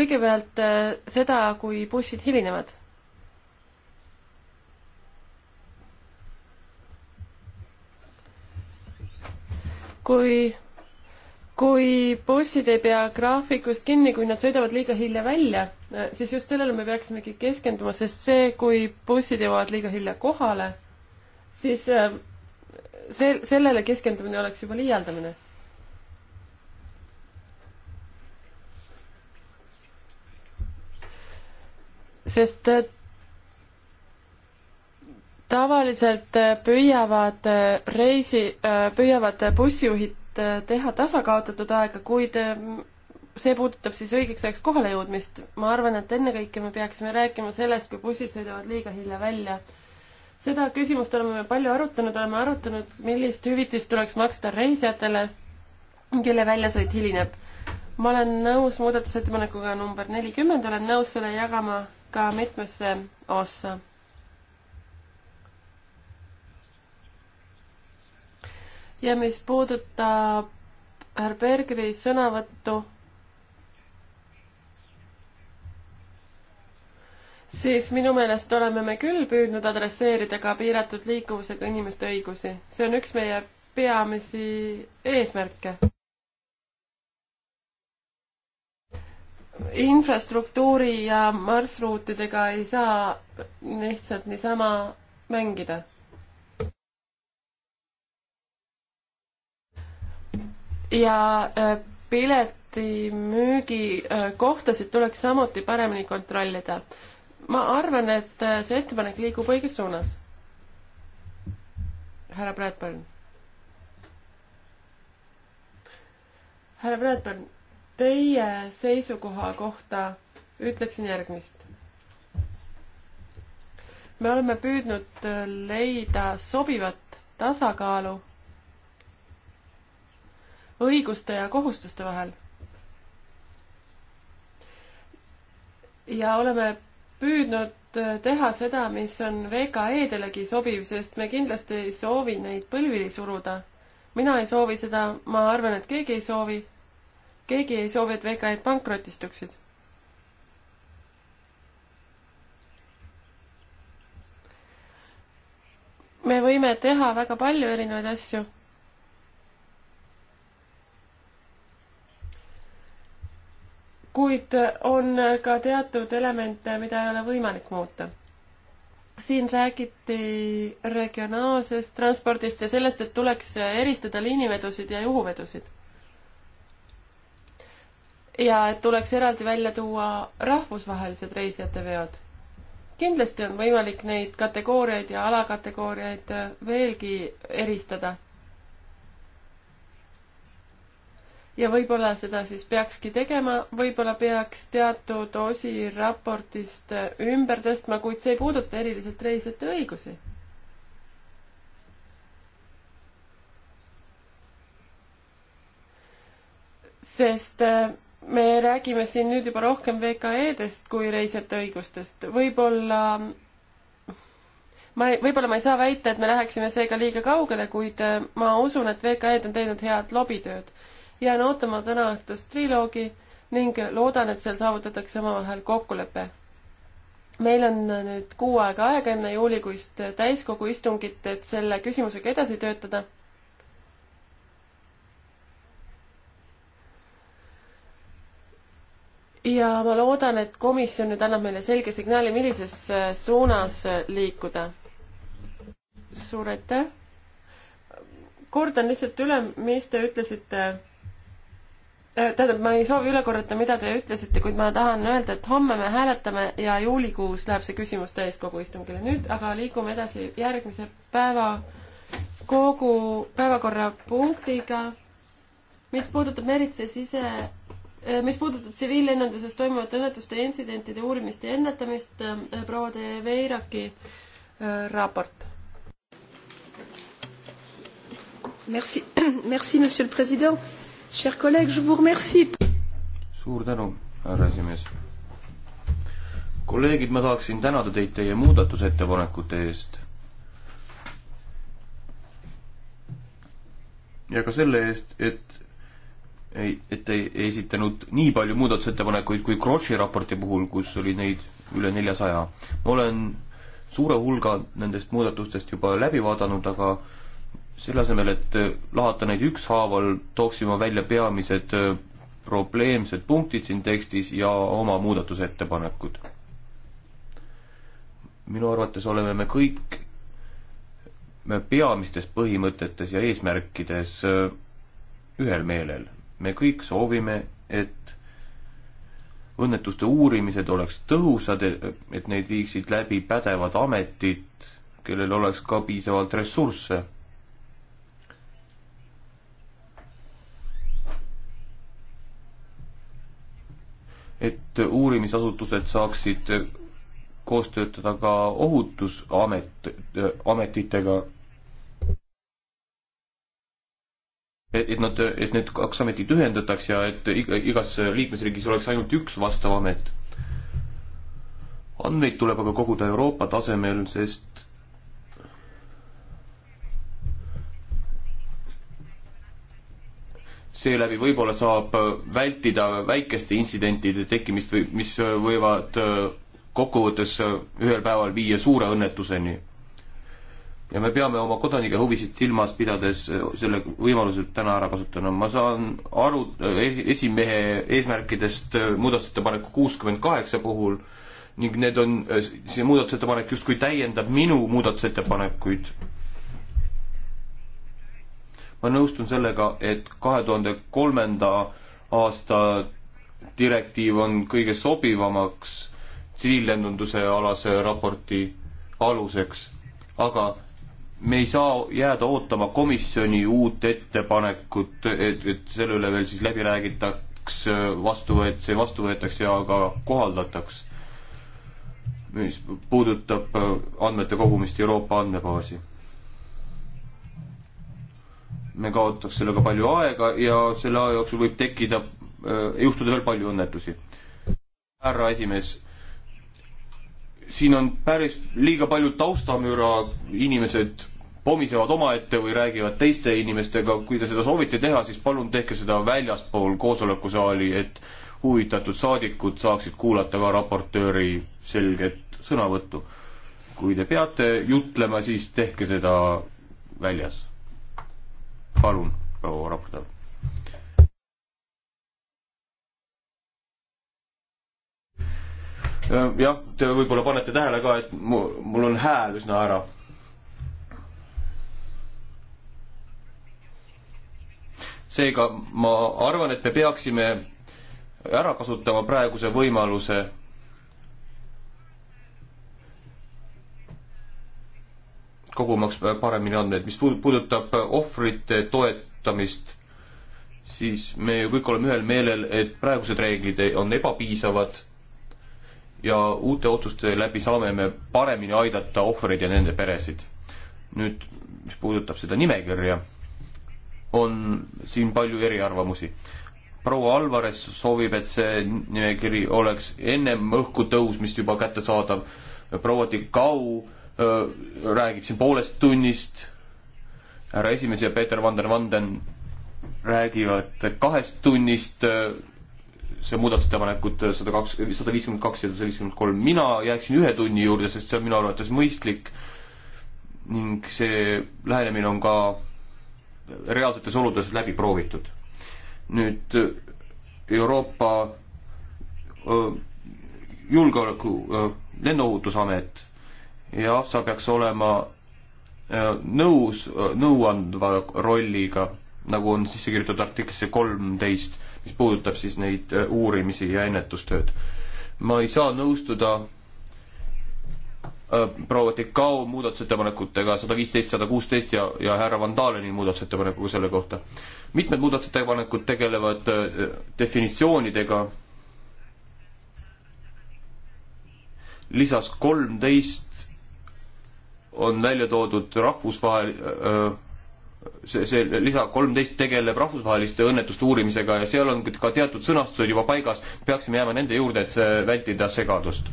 kõigepealt äh, seda, kui bussid hilinevad. kui, kui bussid ei pea graafikust kinni, kui nad sõidavad liiga hilja välja, siis just sellele me peaksimegi keskenduma, sest see, kui bussid jõuavad liiga hilja kohale, siis äh, see, sellele keskendumine oleks juba liialdamine. sest äh, tavaliselt äh, püüavad äh, reisi, äh, püüavad bussijuhid teha tasakaotatud aega, kuid see puudutab siis õigeks ajaks kohale jõudmist. ma arvan, et ennekõike me peaksime rääkima sellest, kui bussid sõidavad liiga hilja välja. seda küsimust oleme me palju arutanud, oleme arutanud, millist hüvitist tuleks maksta reisijatele, kelle väljasõit hilineb. ma olen nõus muudatusettepanekuga number nelikümmend, olen nõus selle jagama ka mitmesse ossa ja mis puudutab härra Bergeri sõnavõttu, siis minu meelest oleme me küll püüdnud adresseerida ka piiratud liikuvusega inimeste õigusi. see on üks meie peamisi eesmärke. infrastruktuuri ja marsruutidega ei saa lihtsalt niisama mängida ja äh, piletimüügi äh, kohtasid tuleks samuti paremini kontrollida. ma arvan, et äh, see ettepanek liigub õiges suunas. härra Bradburn. härra Bradburn, teie seisukoha kohta ütleksin järgmist me oleme püüdnud leida sobivat tasakaalu õiguste ja kohustuste vahel. ja oleme püüdnud äh, teha seda, mis on VKE-delegi sobiv, sest me kindlasti ei soovi neid põlvili suruda. mina ei soovi seda, ma arvan, et keegi ei soovi. keegi ei soovi, et VKE-d pankrotistuksid. me võime teha väga palju erinevaid asju kuid on ka teatud elemente, mida ei ole võimalik muuta. siin räägiti regionaalsest transpordist ja sellest, et tuleks eristada liinivedusid ja juhuvedusid. ja et tuleks eraldi välja tuua rahvusvahelised reisijateveod. kindlasti on võimalik neid kategooriaid ja alakategooriaid veelgi eristada ja võib-olla seda siis peakski tegema, võib-olla peaks teatud osi raportist äh, ümber tõstma, kuid see ei puuduta eriliselt reisijate õigusi. sest äh, me räägime siin nüüd juba rohkem VKE-dest kui reisijate õigustest, võib-olla ma ei, võib-olla ma ei saa väita, et me läheksime seega liiga kaugele, kuid äh, ma usun, et VKE-d on teinud head lobitööd jään ootama tänaõhtust triloogi ning loodan, et seal saavutatakse omavahel kokkulepe. meil on nüüd kuu aega aega enne juulikuist täiskogu istungit, et selle küsimusega edasi töötada. ja ma loodan, et komisjon nüüd annab meile selge signaali, millises äh, suunas äh, liikuda. suur aitäh! kordan lihtsalt üle, mis te ütlesite Äh, tähendab, ma ei soovi üle korrata, mida te ütlesite, kuid ma tahan öelda, et homme me hääletame ja juulikuus läheb see küsimus täiskogu istungile. nüüd aga liigume edasi järgmise päeva kogu päevakorrapunktiga, mis puudutab Meritse sise, äh, mis puudutab tsiviillennunduses toimuvate õnnetuste ja intsidentide uurimist ja ennetamist, äh, proua De Veiraki raport Merci, [clears throat] merci, monsieur le Président suur tänu, härra esimees. kolleegid, ma tahaksin tänada teid teie muudatusettepanekute eest. ja ka selle eest, et ei, et ei esitanud nii palju muudatusettepanekuid kui Grossi raporti puhul, kus oli neid üle neljasaja. ma olen suure hulga nendest muudatustest juba läbi vaadanud, aga selle asemel, et äh, lahata neid ükshaaval, tooksin ma välja peamised äh, probleemsed punktid siin tekstis ja oma muudatusettepanekud. minu arvates oleme me kõik me peamistes põhimõtetes ja eesmärkides äh, ühel meelel. me kõik soovime, et õnnetuste uurimised oleks tõhusad, et neid viiksid läbi pädevad ametid, kellel oleks ka piisavalt ressursse et uurimisasutused saaksid koos töötada ka ohutusamet, ametitega. et nad, et need kaks ametit ühendataks ja et igas liikmesriigis oleks ainult üks vastav amet. andmeid tuleb aga koguda Euroopa tasemel, sest seeläbi võib-olla saab äh, vältida väikeste intsidentide tekkimist või mis äh, võivad äh, kokkuvõttes ühel päeval viia suure õnnetuseni. ja me peame oma kodanike huvisid silmas pidades selle võimaluse täna ära kasutama. ma saan aru esimehe eesmärkidest muudatusettepaneku kuuskümmend kaheksa puhul ning need on, see muudatusettepanek justkui täiendab minu muudatusettepanekuid ma nõustun sellega, et kahe tuhande kolmanda aasta direktiiv on kõige sobivamaks tsiviillennunduse alase raporti aluseks, aga me ei saa jääda ootama komisjoni uut ettepanekut, et, et selle üle veel siis läbi räägitaks, vastu võet-, see vastu võetakse ja ka kohaldataks, mis puudutab andmete kogumist Euroopa andmebaasi me kaotaks sellega palju aega ja selle aja jooksul võib tekkida, äh, juhtuda veel palju õnnetusi. härra esimees, siin on päris liiga palju taustamüra, inimesed pomisevad omaette või räägivad teiste inimestega, kui te seda soovite teha, siis palun tehke seda väljaspool koosolekusaali, et huvitatud saadikud saaksid kuulata ka raportööri selget sõnavõttu. kui te peate jutlema, siis tehke seda väljas palun, proua raportöör. Äh, jah, te võib-olla panete tähele ka, et mu, mul on hääl üsna ära. seega ma arvan, et me peaksime ära kasutama praeguse võimaluse kogumaks paremini andmeid. mis puudutab ohvrite toetamist, siis me ju kõik oleme ühel meelel, et praegused reeglid on ebapiisavad ja uute otsuste läbi saame me paremini aidata ohvreid ja nende peresid. nüüd, mis puudutab seda nimekirja, on siin palju eriarvamusi. proua Alvares soovib, et see nimekiri oleks ennem õhku tõusmist juba kättesaadav, proua Tikau äh, räägib siin poolest tunnist, härra esimees ja Peeter van der Vanden räägivad kahest tunnist, see muudatusettepanekud sada kaks, sada viiskümmend kaks ja sada viiskümmend kolm, mina jääksin ühe tunni juurde, sest see on minu arvates mõistlik ning see lähenemine on ka reaalsetes oludes läbi proovitud. nüüd Euroopa julgeoleku lennuohutusamet ja AFSA peaks olema äh, nõus, äh, nõuandva rolliga, nagu on sisse kirjutatud artiklisse kolmteist, mis puudutab siis neid äh, uurimisi ja ennetustööd. ma ei saa nõustuda proua Tikao muudatusettepanekutega sada viisteist, sada kuusteist ja, ja härra Van Daleni muudatusettepanekuga selle kohta. mitmed muudatusettepanekud tegelevad definitsioonidega. lisas kolmteist on välja toodud rahvusvahel-, see, see lisa kolmteist tegeleb rahvusvaheliste õnnetuste uurimisega ja seal on ka teatud sõnastused juba paigas, peaksime jääma nende juurde, et vältida segadust.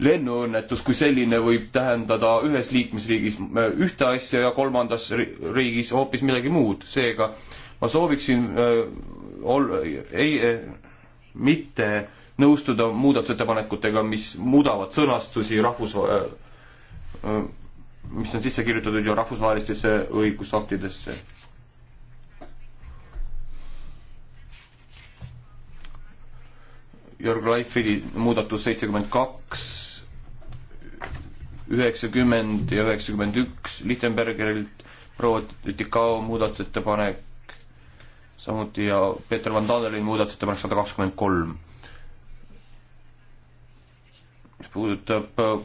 lennuõnnetus kui selline võib tähendada ühes liikmesriigis ühte asja ja kolmandas riigis hoopis midagi muud, seega ma sooviksin äh, ol-, ei äh,, mitte äh, nõustuda muudatusettepanekutega, mis muudavad sõnastusi rahvus- äh, äh,, mis on sisse kirjutatud ju rahvusvahelistesse õigusaktidesse. Jörg Leifili muudatus seitsekümmend kaks, üheksakümmend ja üheksakümmend üks Lichtenbergerilt, proua Tikao muudatusettepanek, samuti ja Peeter Van Daneli muudatusettepanek sada kakskümmend kolm mis puudutab äh,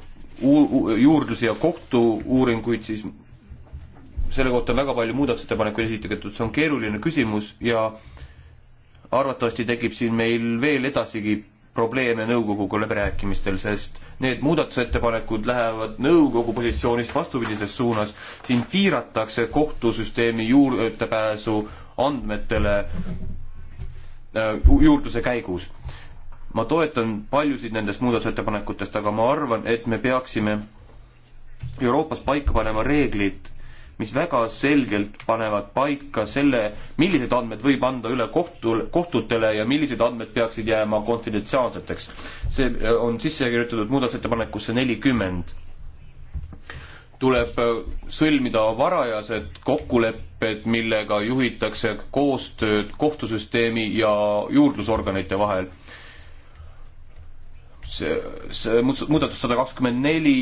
juurdlusi ja kohtu-uuringuid, siis selle kohta on väga palju muudatusettepanekuid esitatud, see on keeruline küsimus ja arvatavasti tekib siin meil veel edasigi probleeme nõukoguga läbirääkimistel, sest need muudatusettepanekud lähevad nõukogu positsioonist vastupidises suunas, siin piiratakse kohtusüsteemi juurdepääsu andmetele äh, juurdluse käigus ma toetan paljusid nendest muudatusettepanekutest, aga ma arvan, et me peaksime Euroopas paika panema reeglid, mis väga selgelt panevad paika selle, millised andmed võib anda üle kohtul, kohtutele ja millised andmed peaksid jääma konfidentsiaalseteks. see äh, on sisse kirjutatud muudatusettepanekusse nelikümmend. tuleb äh, sõlmida varajased kokkulepped, millega juhitakse koostööd kohtusüsteemi ja juurdlusorganite vahel see, see muudatus sada kakskümmend neli,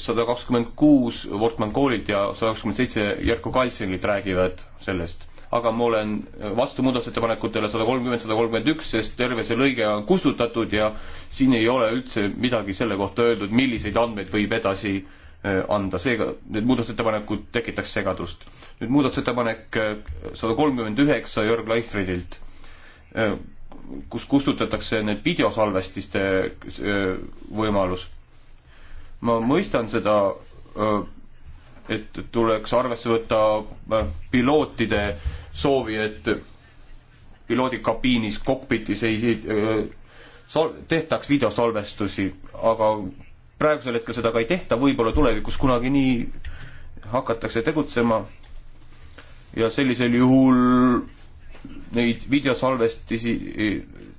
sada kakskümmend kuus Wortmann koolid ja sada kakskümmend seitse Jerko Kaitsengilt räägivad sellest. aga ma olen vastu muudatusettepanekutele sada kolmkümmend, sada kolmkümmend üks, sest terve see lõige on kustutatud ja siin ei ole üldse midagi selle kohta öeldud, milliseid andmeid võib edasi eh, anda, seega need muudatusettepanekud tekitaks segadust. nüüd muudatusettepanek eh, sada kolmkümmend üheksa Jörg Leifridilt eh, kus kustutatakse need videosalvestiste äh, võimalus. ma mõistan seda, äh, et tuleks arvesse võtta äh, pilootide soovi, et piloodi kabiinis, kokpitis ei sal-, tehtaks videosalvestusi, aga praegusel hetkel seda ka ei tehta, võib-olla tulevikus kunagi nii hakatakse tegutsema ja sellisel juhul neid videosalvestisi,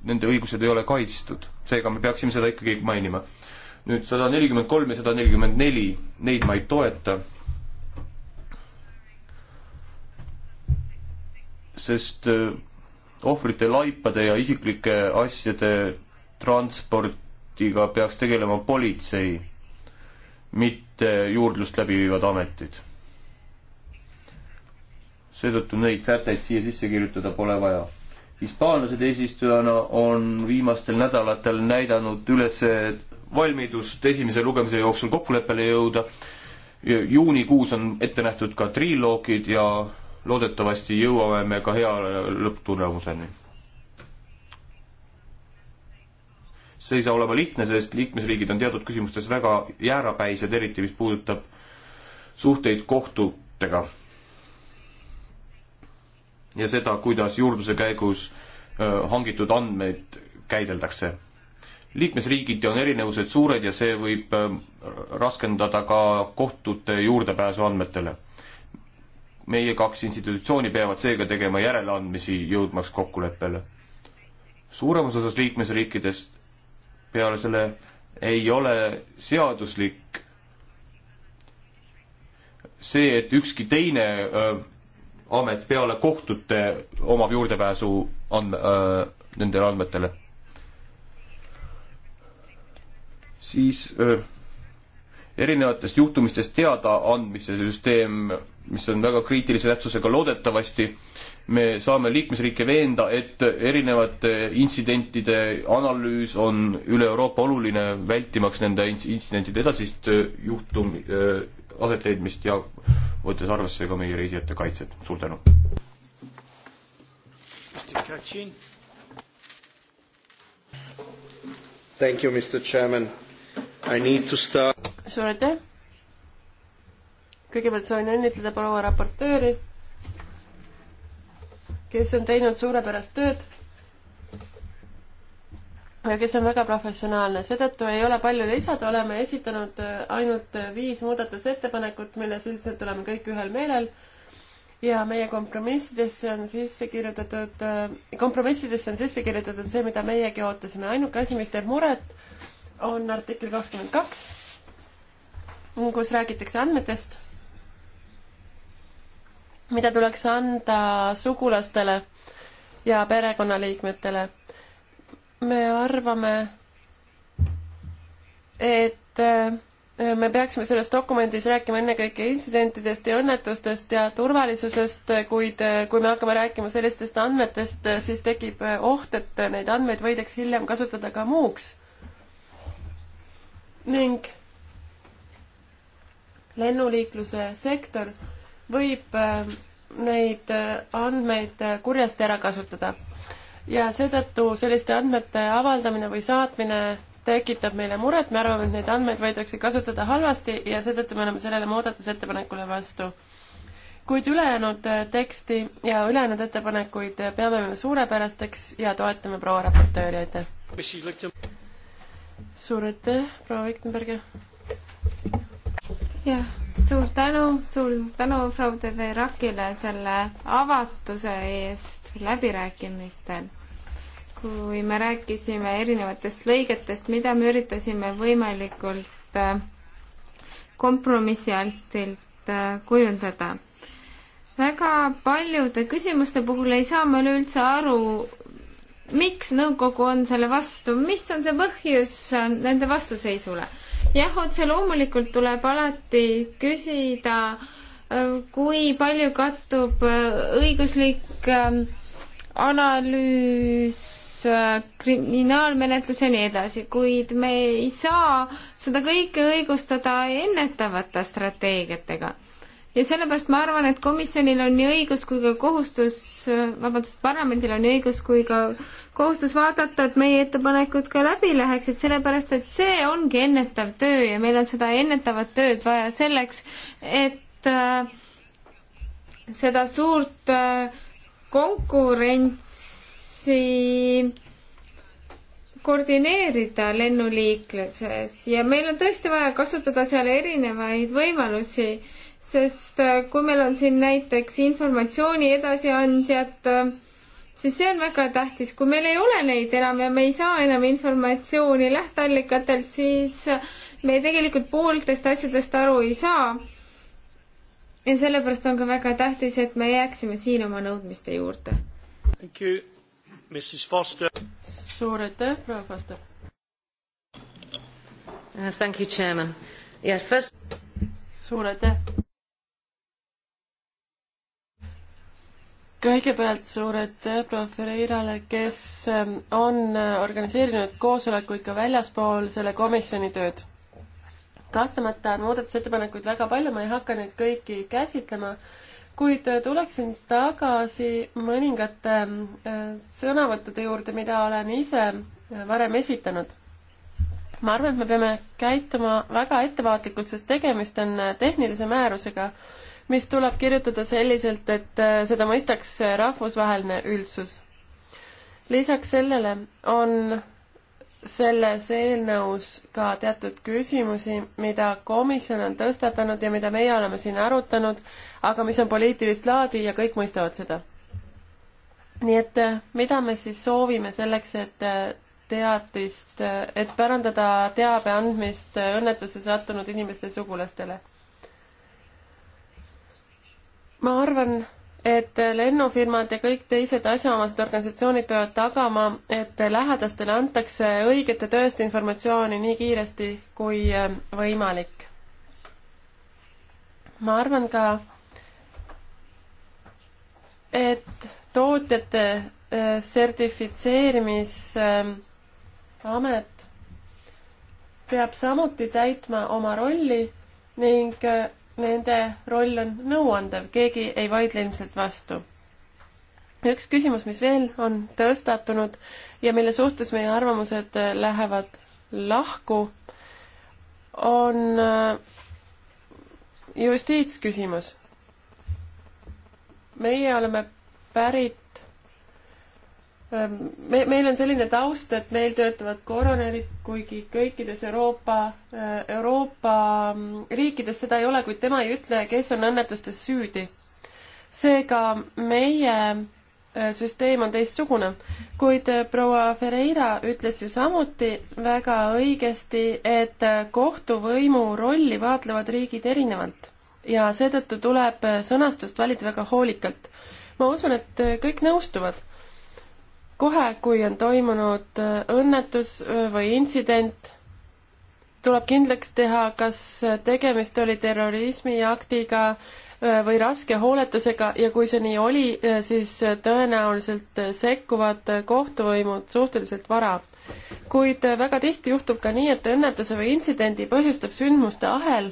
nende õigused ei ole kaitstud, seega me peaksime seda ikkagi mainima. nüüd sada nelikümmend kolm ja sada nelikümmend neli, neid ma ei toeta. sest äh, ohvrite laipade ja isiklike asjade transportiga peaks tegelema politsei, mitte juurdlust läbi viivad ametid seetõttu neid sätteid siia sisse kirjutada pole vaja. hispaanlased eesistujana on viimastel nädalatel näidanud üles valmidust esimese lugemise jooksul kokkuleppele jõuda. juunikuus on ette nähtud ka triloogid ja loodetavasti jõuame me ka hea lõpptulemuseni. see ei saa olema lihtne, sest liikmesriigid on teatud küsimustes väga jäärapäised, eriti mis puudutab suhteid kohtutega ja seda, kuidas juurdluse käigus hangitud andmeid käideldakse. liikmesriigiti on erinevused suured ja see võib raskendada ka kohtute juurdepääsu andmetele. meie kaks institutsiooni peavad seega tegema järeleandmisi, jõudmaks kokkuleppele. suuremas osas liikmesriikidest peale selle ei ole seaduslik see, et ükski teine öö, amet peale kohtute omab juurdepääsu andme äh,, nendele andmetele. siis äh, erinevatest juhtumistest teadaandmise süsteem, mis on väga kriitilise tähtsusega loodetavasti, me saame liikmesriike veenda, et erinevate intsidentide analüüs on üle Euroopa oluline, vältimaks nende intsidentide edasist äh, juhtum äh,, aset leidmist ja võttes arvesse ka meie reisijate kaitset. suur tänu! Thank you, Mr Chairman. I need to start. suur aitäh! kõigepealt soovin õnnitleda proua raportööri, kes on teinud suurepärast tööd kes on väga professionaalne, seetõttu ei ole palju lisada, oleme esitanud äh, ainult äh, viis muudatusettepanekut, milles üldiselt oleme kõik ühel meelel ja meie kompromissidesse on sisse kirjutatud, äh, kompromissidesse on sisse kirjutatud see, mida meiegi ootasime, ainuke asi, mis teeb muret, on artikkel kakskümmend kaks, kus räägitakse andmetest, mida tuleks anda sugulastele ja perekonnaliikmetele me arvame, et äh, me peaksime selles dokumendis rääkima ennekõike intsidentidest ja õnnetustest ja turvalisusest, kuid äh, kui me hakkame rääkima sellistest andmetest, siis tekib äh, oht, et neid andmeid võidakse hiljem kasutada ka muuks. ning lennuliikluse sektor võib neid andmeid kurjasti ära kasutada ja seetõttu selliste andmete avaldamine või saatmine tekitab meile muret, me arvame, et neid andmeid võidakse kasutada halvasti ja seetõttu me oleme sellele muudatusettepanekule vastu. kuid ülejäänud äh, teksti ja ülejäänud ettepanekuid peame me suurepärasteks ja toetame proua raportööri, aitäh! suur aitäh, proua Viktenberg! jah, suur tänu, suur tänu proua Deverakile selle avatuse eest läbirääkimistel kui me rääkisime erinevatest lõigetest, mida me üritasime võimalikult äh, kompromissi altilt äh, kujundada. väga paljude küsimuste puhul ei saa ma üleüldse aru, miks nõukogu on selle vastu, mis on see põhjus äh, nende vastuseisule? jah, otse loomulikult tuleb alati küsida, kui palju kattub õiguslik analüüs kriminaalmenetlus ja nii edasi, kuid me ei saa seda kõike õigustada ennetavate strateegiatega. ja sellepärast ma arvan, et komisjonil on nii õigus kui ka kohustus, vabandust, parlamendil on nii õigus kui ka kohustus vaadata, et meie ettepanekud ka läbi läheksid, sellepärast et see ongi ennetav töö ja meil on seda ennetavat tööd vaja selleks, et äh, seda suurt äh, konkurents kriisi koordineerida lennuliikluses ja meil on tõesti vaja kasutada seal erinevaid võimalusi, sest äh, kui meil on siin näiteks informatsiooni edasiandjad, siis see on väga tähtis, kui meil ei ole neid enam ja me ei saa enam informatsiooni lähteallikatelt, siis äh, me tegelikult pooltest asjadest aru ei saa. ja sellepärast on ka väga tähtis, et me jääksime siin oma nõudmiste juurde. Thank you. Mrs Foster. suur aitäh, proua Foster uh,. Thank you, chairman. Yes, first. suur aitäh. kõigepealt suur aitäh proua Ferreirale, kes ähm, on äh, organiseerinud koosolekuid ka väljaspool selle komisjoni tööd. kahtlemata on muudatusettepanekuid väga palju, ma ei hakka neid kõiki käsitlema kuid äh, tuleksin tagasi mõningate äh, sõnavõttude juurde, mida olen ise äh, varem esitanud. ma arvan, et me peame käituma väga ettevaatlikult, sest tegemist on tehnilise määrusega, mis tuleb kirjutada selliselt, et seda mõistaks rahvusvaheline üldsus. lisaks sellele on selles eelnõus ka teatud küsimusi, mida komisjon on tõstatanud ja mida meie oleme siin arutanud, aga mis on poliitilist laadi ja kõik mõistavad seda. nii et eh, mida me siis soovime selleks, et eh, teatist, eh, et pärandada teabe andmist õnnetusse sattunud inimeste sugulastele? ma arvan, et lennufirmad ja kõik teised asjaomased organisatsioonid peavad tagama, et lähedastele antakse õiget ja tõest informatsiooni nii kiiresti kui ähm, võimalik. ma arvan ka, et tootjate äh, sertifitseerimisamet ähm, peab samuti täitma oma rolli ning äh, nende roll on nõuandev, keegi ei vaidle ilmselt vastu. üks küsimus, mis veel on tõstatunud ja mille suhtes meie arvamused lähevad lahku, on äh, justiitsküsimus. meie oleme pärit Ehm, me, meil on selline taust, et meil töötavad koronerid, kuigi kõikides Euroopa, eh, Euroopa mm, riikides seda ei ole, kuid tema ei ütle, kes on õnnetustes süüdi. seega meie eh, süsteem on teistsugune, kuid eh, proua Ferreira ütles ju samuti väga õigesti, et kohtuvõimu rolli vaatlevad riigid erinevalt ja seetõttu tuleb sõnastust valida väga hoolikalt. ma usun, et kõik nõustuvad kohe, kui on toimunud äh, õnnetus äh, või intsident, tuleb kindlaks teha, kas äh, tegemist oli terrorismiaktiga või raske hooletusega ja kui see nii oli, siis tõenäoliselt sekkuvad kohtuvõimud suhteliselt vara. kuid väga tihti juhtub ka nii, et õnnetuse või intsidendi põhjustab sündmuste ahel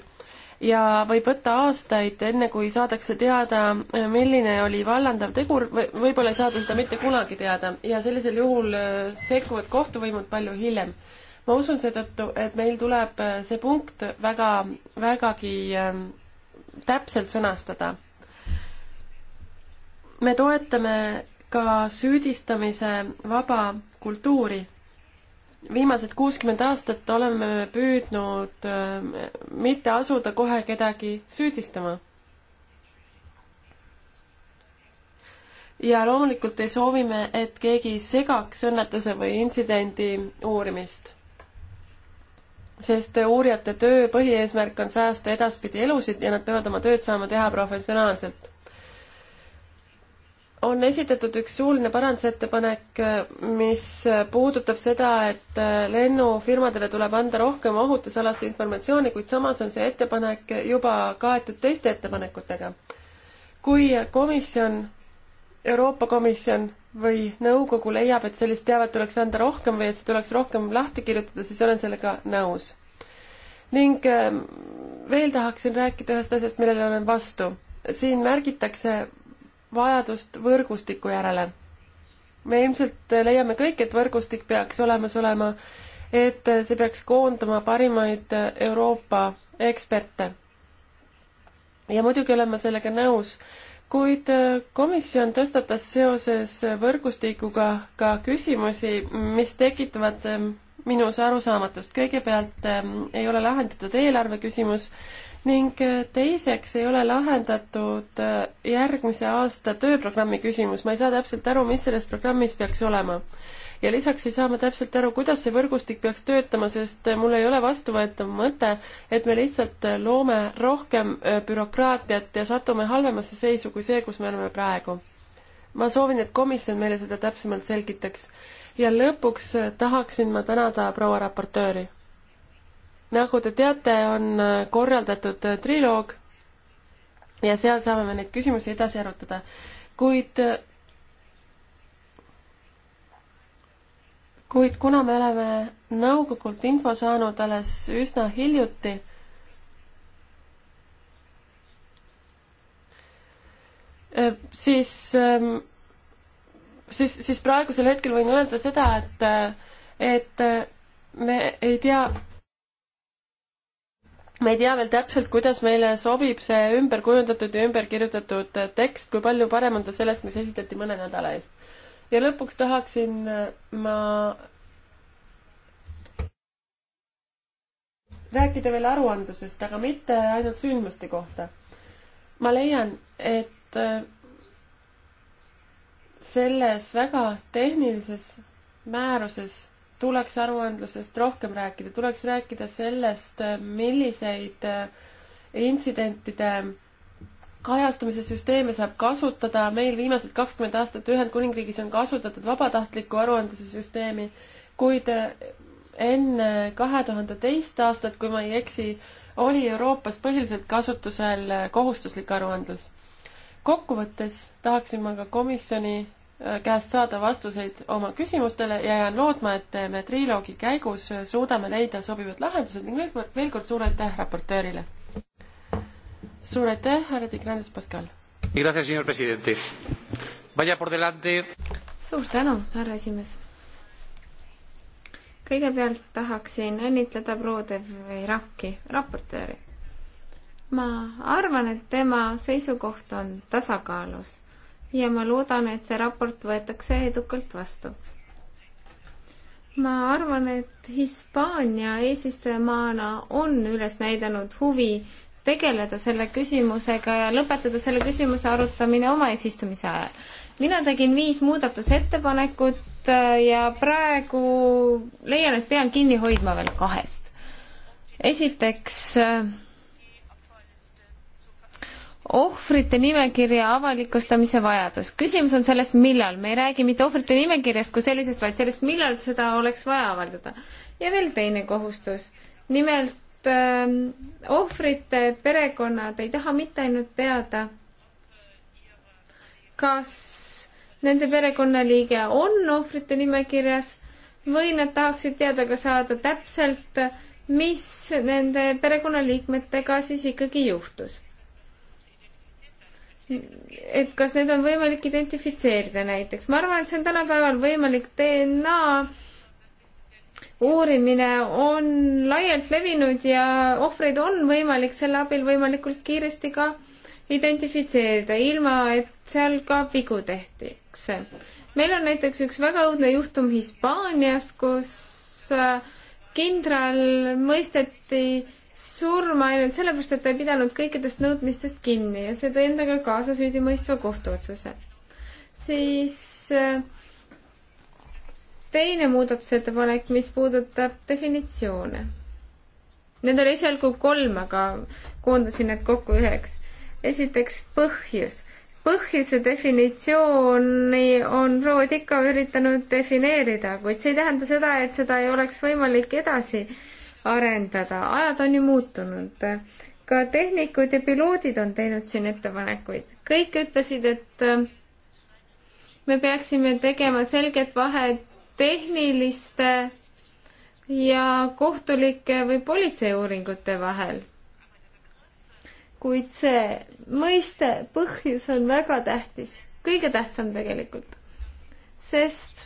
ja võib võtta aastaid, enne kui saadakse teada, milline oli vallandav tegur või võib-olla ei saada seda mitte kunagi teada ja sellisel juhul äh, sekkuvad kohtuvõimud palju hiljem. ma usun seetõttu, et meil tuleb äh, see punkt väga, vägagi ähm, täpselt sõnastada. me toetame ka süüdistamise vaba kultuuri viimased kuuskümmend aastat oleme püüdnud äh, mitte asuda kohe kedagi süüdistama. ja loomulikult ei soovi me, et keegi segaks õnnetuse või intsidendi uurimist. sest uurijate töö põhieesmärk on säästa edaspidi elusid ja nad peavad oma tööd saama teha professionaalselt on esitatud üks suuline parandusettepanek, mis puudutab seda, et äh, lennufirmadele tuleb anda rohkem ohutusalast informatsiooni, kuid samas on see ettepanek juba kaetud teiste ettepanekutega. kui komisjon, Euroopa Komisjon või nõukogu leiab, et sellist teavet tuleks anda rohkem või et see tuleks rohkem lahti kirjutada, siis olen sellega nõus. ning ähm, veel tahaksin rääkida ühest asjast, millele olen vastu. siin märgitakse vajadust võrgustiku järele. me ilmselt leiame kõik, et võrgustik peaks olemas olema, et see peaks koondama parimaid Euroopa eksperte. ja muidugi olen ma sellega nõus, kuid komisjon tõstatas seoses võrgustikuga ka küsimusi, mis tekitavad minus arusaamatust. kõigepealt ähm, ei ole lahendatud eelarve küsimus ning äh, teiseks ei ole lahendatud äh, järgmise aasta tööprogrammi küsimus, ma ei saa täpselt aru, mis selles programmis peaks olema. ja lisaks ei saa ma täpselt aru, kuidas see võrgustik peaks töötama, sest äh, mul ei ole vastuvõetav mõte, et me lihtsalt loome rohkem bürokraatiat ja satume halvemasse seisu kui see, kus me oleme praegu ma soovin, et komisjon meile seda täpsemalt selgitaks. ja lõpuks tahaksin ma tänada proua raportööri nagu te teate, on äh, korraldatud äh, triloog ja seal saame me neid küsimusi edasi arutada, kuid äh, kuid kuna me oleme nõukogult info saanud alles üsna hiljuti, siis, ähm, siis, siis praegusel hetkel võin öelda seda, et, et me ei tea, me ei tea veel täpselt, kuidas meile sobib see ümberkujundatud ja ümberkirjutatud tekst, kui palju parem on ta sellest, mis esitati mõne nädala eest. ja lõpuks tahaksin äh, ma rääkida veel aruandlusest, aga mitte ainult sündmuste kohta. ma leian, et äh, selles väga tehnilises määruses tuleks aruandlusest rohkem rääkida, tuleks rääkida sellest, milliseid äh, intsidentide kajastamise süsteeme saab kasutada, meil viimased kakskümmend aastat Ühendkuningriigis on kasutatud vabatahtlikku aruandluse süsteemi, kuid äh, enne kahe tuhande teist aastat, kui ma ei eksi, oli Euroopas põhiliselt kasutusel äh, kohustuslik aruandlus. kokkuvõttes tahaksin ma ka komisjoni käest saada vastuseid oma küsimustele ja jään lootma, et me triloogi käigus suudame leida sobivad lahendused ning veel kord, veel kord suur aitäh raportöörile. suur aitäh, härra Tigranes Pascal. suur tänu, härra esimees. kõigepealt tahaksin õnnitleda proua De Veraki, raportööri. ma arvan, et tema seisukoht on tasakaalus ja ma loodan, et see raport võetakse edukalt vastu. ma arvan, et Hispaania eesistujamaana on üles näidanud huvi tegeleda selle küsimusega ja lõpetada selle küsimuse arutamine oma eesistumise ajal. mina tegin viis muudatusettepanekut äh, ja praegu leian, et pean kinni hoidma veel kahest. esiteks äh, ohvrite nimekirja avalikustamise vajadus. küsimus on selles, millal. me ei räägi mitte ohvrite nimekirjast kui sellisest, vaid sellest, millal seda oleks vaja avaldada. ja veel teine kohustus. nimelt äh, ohvrite perekonnad ei taha mitte ainult teada, kas nende perekonnaliige on ohvrite nimekirjas või nad tahaksid teada ka saada täpselt, mis nende perekonnaliikmetega siis ikkagi juhtus et kas need on võimalik identifitseerida näiteks. ma arvan, et see on tänapäeval võimalik. DNA uurimine on laialt levinud ja ohvreid on võimalik selle abil võimalikult kiiresti ka identifitseerida, ilma et seal ka vigu tehtiks. meil on näiteks üks väga õudne juhtum Hispaanias, kus äh, kindral mõisteti surma ainult sellepärast, et ta ei pidanud kõikidest nõudmistest kinni ja see tõi endaga kaasa süüdimõistva kohtuotsuse. siis äh, teine muudatusettepanek, mis puudutab definitsioone. Need oli esialgu kolm, aga koondasin need kokku üheks. esiteks põhjus. põhjuse definitsiooni on Rood ikka üritanud defineerida, kuid see ei tähenda seda, et seda ei oleks võimalik edasi äh, arendada, ajad on ju muutunud. ka tehnikud ja piloodid on teinud siin ettepanekuid. kõik ütlesid, et äh, me peaksime tegema selget vahet tehniliste ja kohtulike või politseiuuringute vahel kuid see mõiste põhjus on väga tähtis, kõige tähtsam tegelikult. sest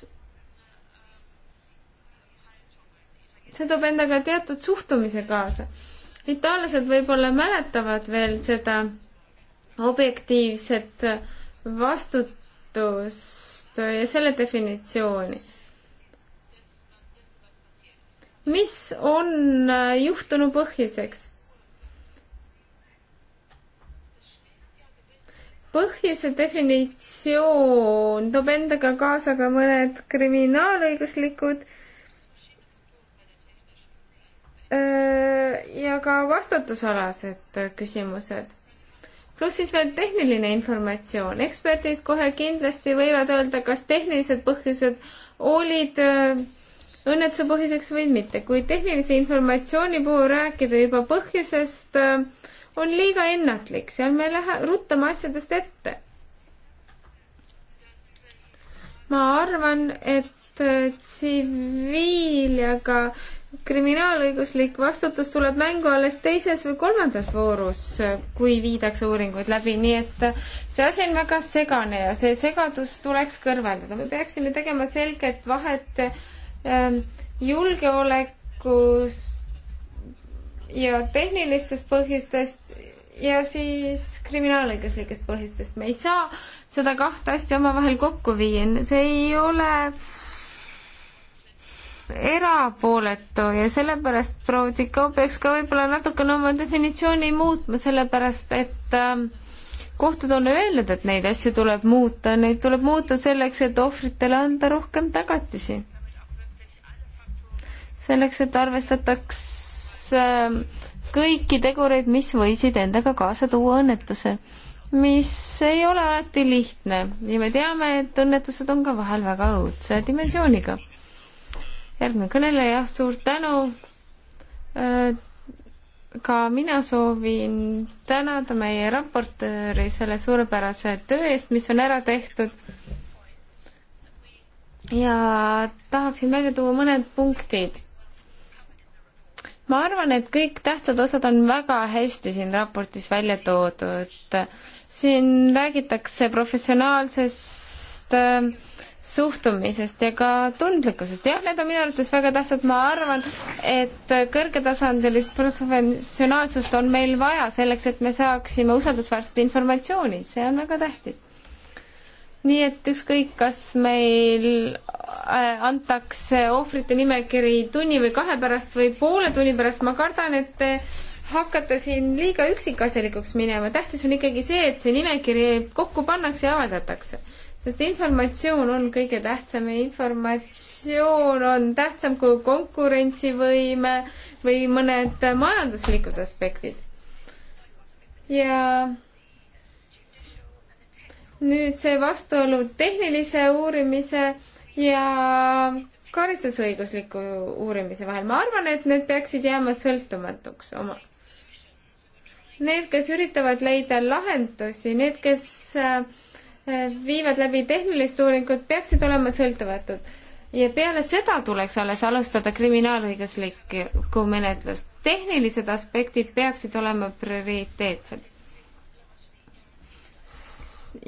see toob endaga teatud suhtumise kaasa. itaallased võib-olla mäletavad veel seda objektiivset vastutust ja selle definitsiooni. mis on juhtunu põhjuseks? põhjuse definitsioon toob endaga kaasa ka mõned kriminaalõiguslikud ja ka vastutusalased küsimused. pluss siis veel tehniline informatsioon. eksperdid kohe kindlasti võivad öelda, kas tehnilised põhjused olid õnnetuse põhjuseks või mitte. kui tehnilise informatsiooni puhul rääkida juba põhjusest, on liiga ennatlik, seal me lähe-, ruttame asjadest ette. ma arvan, et tsiviil ja ka kriminaalõiguslik vastutus tuleb mängu alles teises või kolmandas voorus, kui viidakse uuringuid läbi, nii et see asi on väga segane ja see segadus tuleks kõrvaldada. me peaksime tegema selget vahet ähm, julgeolekus ja tehnilistest põhjustest ja siis kriminaalõiguslikest põhjustest. me ei saa seda kahte asja omavahel kokku viia, see ei ole äh, erapooletu ja sellepärast proua Tikov peaks ka võib-olla natukene oma definitsiooni muutma, sellepärast et äh, kohtud on öelnud, et neid asju tuleb muuta, neid tuleb muuta selleks, et ohvritele anda rohkem tagatisi. selleks, et arvestataks äh, kõiki tegureid, mis võisid endaga kaasa tuua õnnetuse, mis ei ole alati lihtne ja me teame, et õnnetused on ka vahel väga õudse dimensiooniga järgmine kõneleja, suur tänu. Äh, ka mina soovin tänada meie raportööri selle suurepärase töö eest, mis on ära tehtud. ja tahaksin välja tuua mõned punktid. ma arvan, et kõik tähtsad osad on väga hästi siin raportis välja toodud. siin räägitakse professionaalsest äh, suhtumisest ja ka tundlikkusest. jah, need on minu arvates väga tähtsad, ma arvan, et kõrgetasandilist professionaalsust on meil vaja selleks, et me saaksime usaldusväärset informatsiooni, see on väga tähtis. nii et ükskõik, kas meil äh, antakse ohvrite nimekiri tunni või kahe pärast või poole tunni pärast, ma kardan, et te hakata siin liiga üksikasjalikuks minema, tähtis on ikkagi see, et see nimekiri kokku pannakse ja avaldatakse sest informatsioon on kõige tähtsam ja informatsioon on tähtsam kui konkurentsivõime või mõned majanduslikud aspektid. ja nüüd see vastuolu tehnilise uurimise ja karistusõigusliku uurimise vahel, ma arvan, et need peaksid jääma sõltumatuks oma. Need, kes üritavad leida lahendusi, need, kes äh, Eh, viivad läbi tehnilist uuringut, peaksid olema sõltumatud. ja peale seda tuleks alles alustada kriminaalõiguslikku menetlust. tehnilised aspektid peaksid olema prioriteetsed.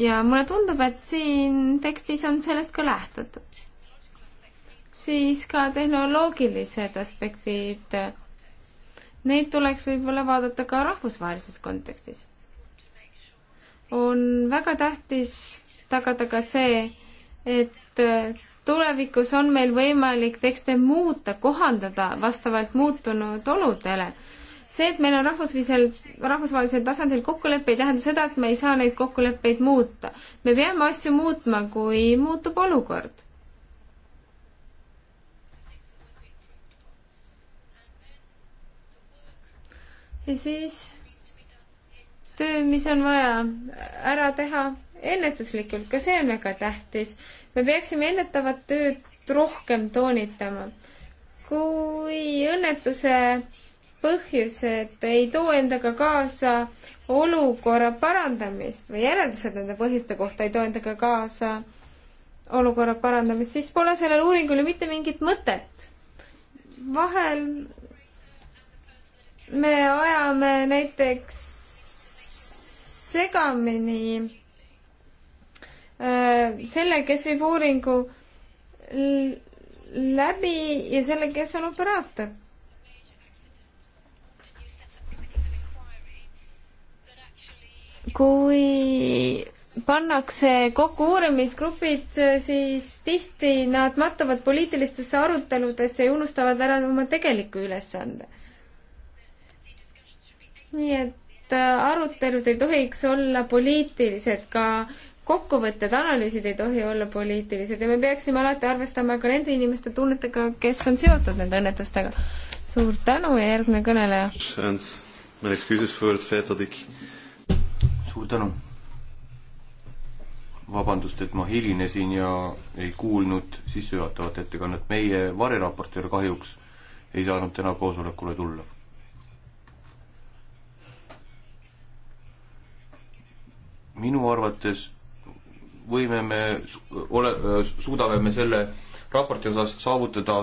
ja mulle tundub, et siin tekstis on sellest ka lähtutud. siis ka tehnoloogilised aspektid. Neid tuleks võib-olla vaadata ka rahvusvahelises kontekstis on väga tähtis tagada ka see, et äh, tulevikus on meil võimalik tekste muuta, kohandada vastavalt muutunud oludele. see, et meil on rahvusvahelisel, rahvusvahelisel tasandil kokkulepe, ei tähenda seda, et me ei saa neid kokkuleppeid muuta. me peame asju muutma, kui muutub olukord. ja siis töö, mis on vaja ära teha ennetuslikult, ka see on väga tähtis. me peaksime ennetavat tööd rohkem toonitama. kui õnnetuse põhjused ei too endaga kaasa olukorra parandamist või järeldused nende põhjuste kohta ei too endaga kaasa olukorra parandamist, siis pole sellel uuringul ju mitte mingit mõtet. vahel me ajame näiteks segamini selle, kes viib uuringu läbi ja selle, kes on operaator. kui pannakse kokku uurimisgrupid, siis tihti nad mattuvad poliitilistesse aruteludesse ja unustavad ära oma tegeliku ülesande. nii et arutelud ei tohiks olla poliitilised, ka kokkuvõtted, analüüsid ei tohi olla poliitilised ja me peaksime alati arvestama ka nende inimeste tunnetega, kes on seotud nende õnnetustega. suur tänu ja järgmine kõneleja. suur tänu. vabandust, et ma hilinesin ja ei kuulnud sissejuhatavat ettekannet. meie variraportöör kahjuks ei saanud täna koosolekule tulla minu arvates võime me, ole, suudame me selle raporti osas saavutada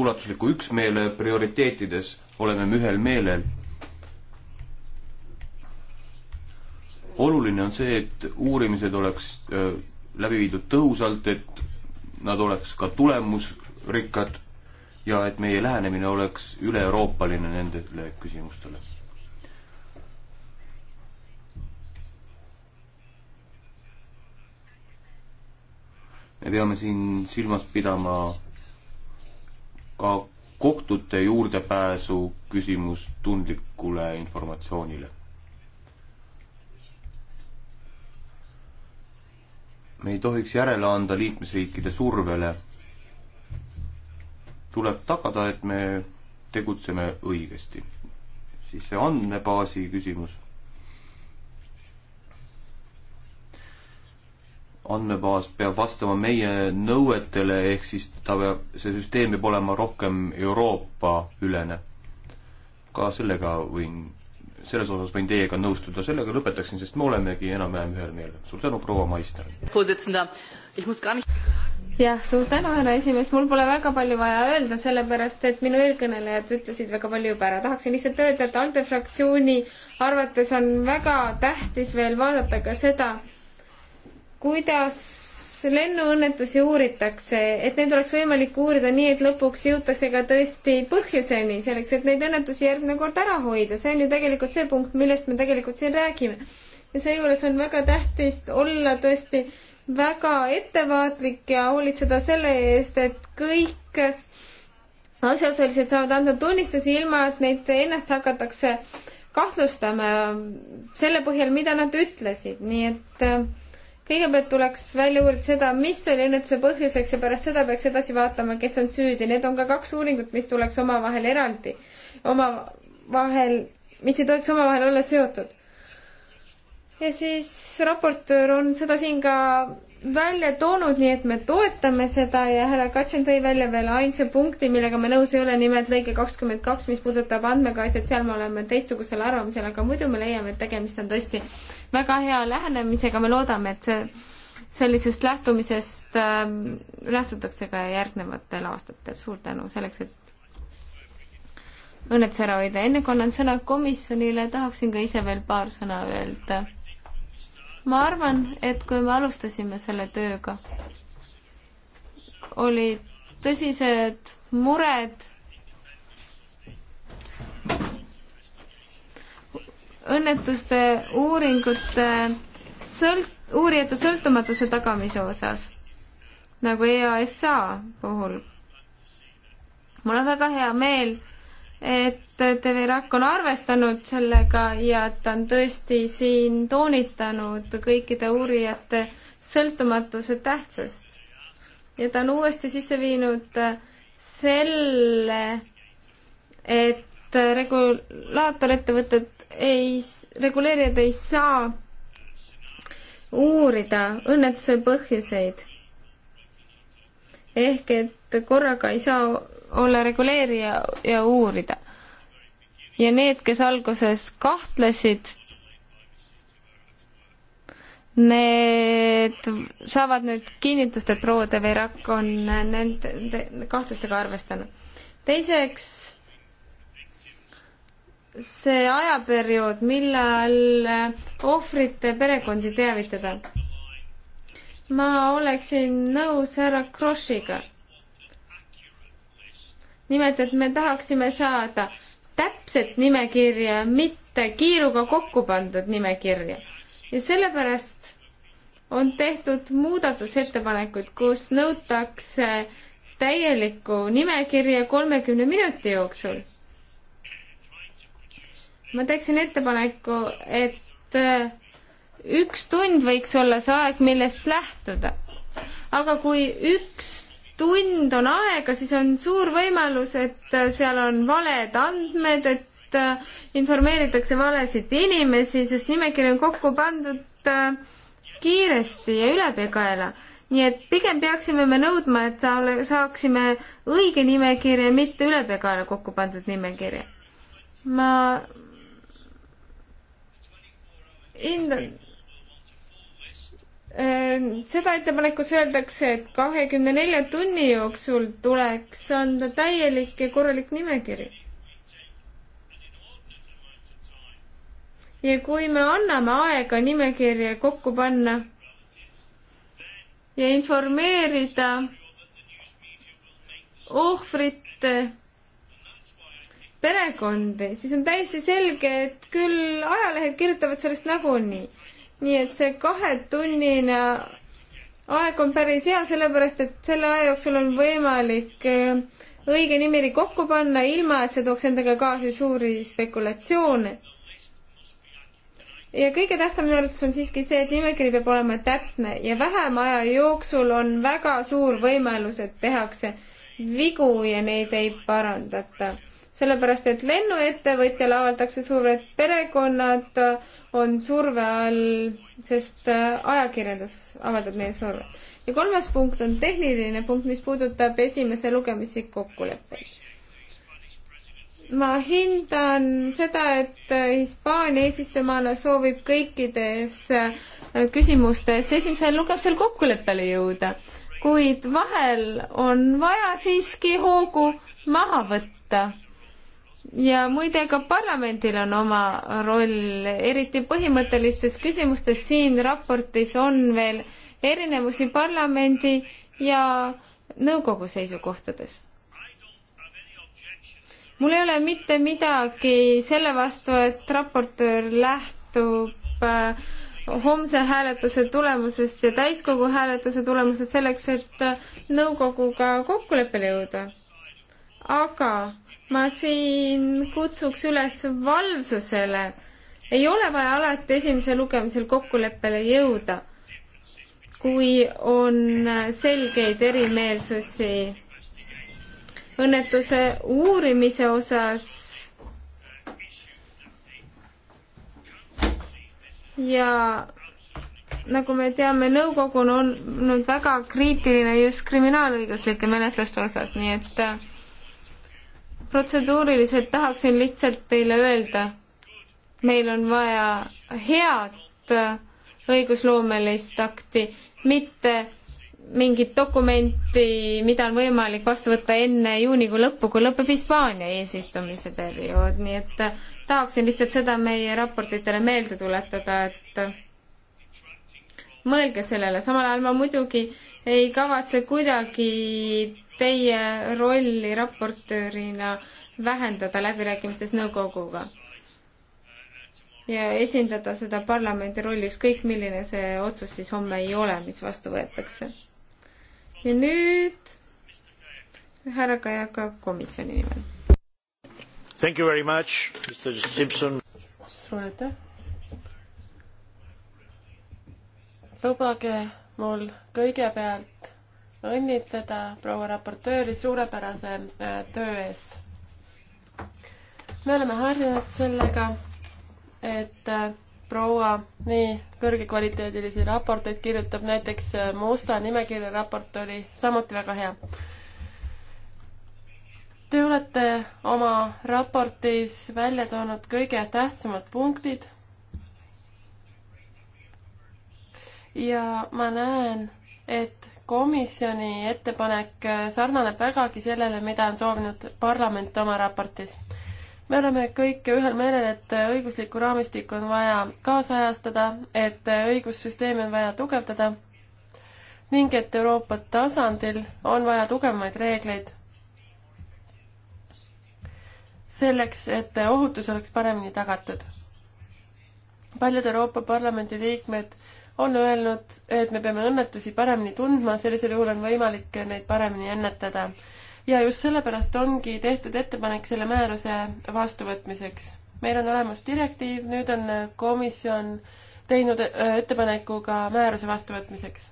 ulatusliku üksmeele prioriteetides, oleme me ühel meelel. oluline on see, et uurimised oleks läbi viidud tõhusalt, et nad oleks ka tulemusrikkad ja et meie lähenemine oleks üle-euroopaline nendele küsimustele me peame siin silmas pidama ka kohtute juurdepääsu küsimus tundlikule informatsioonile. me ei tohiks järele anda liikmesriikide survele. tuleb tagada, et me tegutseme õigesti. siis see andmebaasi küsimus andmebaas peab vastama meie nõuetele, ehk siis ta peab, see süsteem peab olema rohkem Euroopa-ülene. ka sellega võin, selles osas võin teiega nõustuda, sellega lõpetaksin, sest me olemegi enam-vähem ühel meelel. suur tänu, proua Maister! jah, suur tänu, härra esimees, mul pole väga palju vaja öelda, sellepärast et minu eelkõnelejad ütlesid väga palju juba ära. tahaksin lihtsalt öelda, et ALDE fraktsiooni arvates on väga tähtis veel vaadata ka seda, kuidas lennuõnnetusi uuritakse, et neid oleks võimalik uurida nii, et lõpuks jõutakse ka tõesti põhjuseni, selleks et neid õnnetusi järgmine kord ära hoida, see on ju tegelikult see punkt, millest me tegelikult siin räägime. ja seejuures on väga tähtis olla tõesti väga ettevaatlik ja hoolitseda selle eest, et kõik asjaosalised saavad anda tunnistusi, ilma et neid ennast hakatakse kahtlustama selle põhjal, mida nad ütlesid, nii et äh, kõigepealt tuleks välja uurida seda, mis oli õnnetuse põhjuseks ja pärast seda peaks edasi vaatama, kes on süüdi. Need on ka kaks uuringut, mis tuleks omavahel eraldi, omavahel, mis ei tohiks omavahel olla seotud. ja siis raportöör on seda siin ka välja toonud, nii et me toetame seda ja härra Katšin tõi välja veel ainsa punkti, millega me nõus ei ole, nimelt lõige kakskümmend kaks, mis puudutab andmekaitset, seal me oleme teistsugusel arvamusel, aga muidu me leiame, et tegemist on tõesti väga hea lähenemisega, me loodame, et see, sellisest lähtumisest äh, lähtutakse ka järgnevatel aastatel, suur tänu selleks, et õnnetus ära hoida, enne kui annan sõna komisjonile, tahaksin ka ise veel paar sõna öelda ma arvan, et kui me alustasime selle tööga, olid tõsised mured õnnetuste uuringute sõlt-, uurijate sõltumatuse tagamise osas, nagu EASA puhul. mul on väga hea meel, et TV Rakk on arvestanud sellega ja et ta on tõesti siin toonitanud kõikide uurijate sõltumatuse tähtsust. ja ta on uuesti sisse viinud selle, et regulaatorettevõtted ei, reguleerijad ei saa uurida õnnetuse põhjuseid. ehk et korraga ei saa olla reguleerija ja uurida ja need, kes alguses kahtlesid, need saavad nüüd kinnitust, et proua de Verac on nende kahtlustega arvestanud. teiseks, see ajaperiood, millal ohvrite perekondi teavitada. ma oleksin nõus härra Krossiga. nimelt, et me tahaksime saada täpset nimekirja, mitte kiiruga kokku pandud nimekirja. ja sellepärast on tehtud muudatusettepanekud, kus nõutakse täielikku nimekirja kolmekümne minuti jooksul. ma teeksin ettepaneku, et äh, üks tund võiks olla see aeg, millest lähtuda. aga kui üks tund on aega, siis on suur võimalus, et äh, seal on valed andmed, et äh, informeeritakse valesid inimesi, sest nimekiri on kokku pandud äh, kiiresti ja ülepeakaela. nii et pigem peaksime me nõudma, et saaksime õige nimekirja, mitte ülepeakaela kokku pandud nimekirja. ma hindan Äh, seda ettepanekus öeldakse, et kahekümne nelja tunni jooksul tuleks anda täielik ja korralik nimekiri. ja kui me anname aega nimekirja kokku panna ja informeerida ohvrit, perekondi, siis on täiesti selge, et küll ajalehed kirjutavad sellest nagunii nii et see kahetunnine aeg on päris hea, sellepärast et selle aja jooksul on võimalik äh, õige nimeri kokku panna, ilma et see tooks endaga kaasa suuri spekulatsioone. ja kõige tähtsam minu arvates on siiski see, et nimekiri peab olema täpne ja vähema aja jooksul on väga suur võimalus, et tehakse vigu ja neid ei parandata sellepärast et lennuettevõtjale avaldakse survet, perekonnad on surve all, sest äh, ajakirjandus avaldab neile survet. ja kolmas punkt on tehniline punkt, mis puudutab esimese lugemise kokkuleppeid. ma hindan seda, et äh, Hispaania eesistujamaana soovib kõikides äh, küsimustes esimesel lugemisel kokkuleppele jõuda, kuid vahel on vaja siiski hoogu maha võtta ja muide, ka parlamendil on oma roll, eriti põhimõttelistes küsimustes siin raportis on veel erinevusi parlamendi ja nõukogu seisukohtades. mul ei ole mitte midagi selle vastu, et raportöör lähtub äh, homse hääletuse tulemusest ja täiskogu hääletuse tulemusest selleks, et nõukoguga kokkuleppele jõuda. aga ma siin kutsuks üles valvsusele. ei ole vaja alati esimesel lugemisel kokkuleppele jõuda, kui on selgeid erimeelsusi õnnetuse uurimise osas ja nagu me teame, nõukogu on olnud väga kriitiline just kriminaalõiguslike menetluste osas, nii et äh, protseduuriliselt tahaksin lihtsalt teile öelda, meil on vaja head õigusloomelist akti, mitte mingit dokumenti, mida on võimalik vastu võtta enne juunikuu lõppu, kui lõpeb Hispaania eesistumise periood, nii et tahaksin lihtsalt seda meie raportitele meelde tuletada, et mõelge sellele, samal ajal ma muidugi ei kavatse kuidagi teie rolli raportöörina vähendada läbirääkimistes nõukoguga ja esindada seda parlamendi rolli, ükskõik milline see otsus siis homme ei ole, mis vastu võetakse. ja nüüd härra Kajaka komisjoni nimel. Thank you very much, Mr Simson. suur aitäh. lubage mul kõigepealt õnnitleda proua raportööri suurepärase äh, töö eest. me oleme harjunud sellega, et äh, proua nii kõrgekvaliteedilisi raporteid kirjutab, näiteks äh, musta nimekirja raport oli samuti väga hea. Te olete oma raportis välja toonud kõige tähtsamad punktid. ja ma näen, et komisjoni ettepanek sarnaneb vägagi sellele, mida on soovinud parlament oma raportis. me oleme kõik ühel meelel, et õiguslikku raamistikku on vaja kaasajastada, et õigussüsteemi on vaja tugevdada ning et Euroopa tasandil on vaja tugevamaid reegleid selleks, et ohutus oleks paremini tagatud. paljud Euroopa Parlamendi liikmed on öelnud, et me peame õnnetusi paremini tundma, sellisel juhul on võimalik neid paremini ennetada. ja just sellepärast ongi tehtud ettepanek selle määruse vastuvõtmiseks. meil on olemas direktiiv, nüüd on komisjon teinud äh, ettepaneku ka määruse vastuvõtmiseks.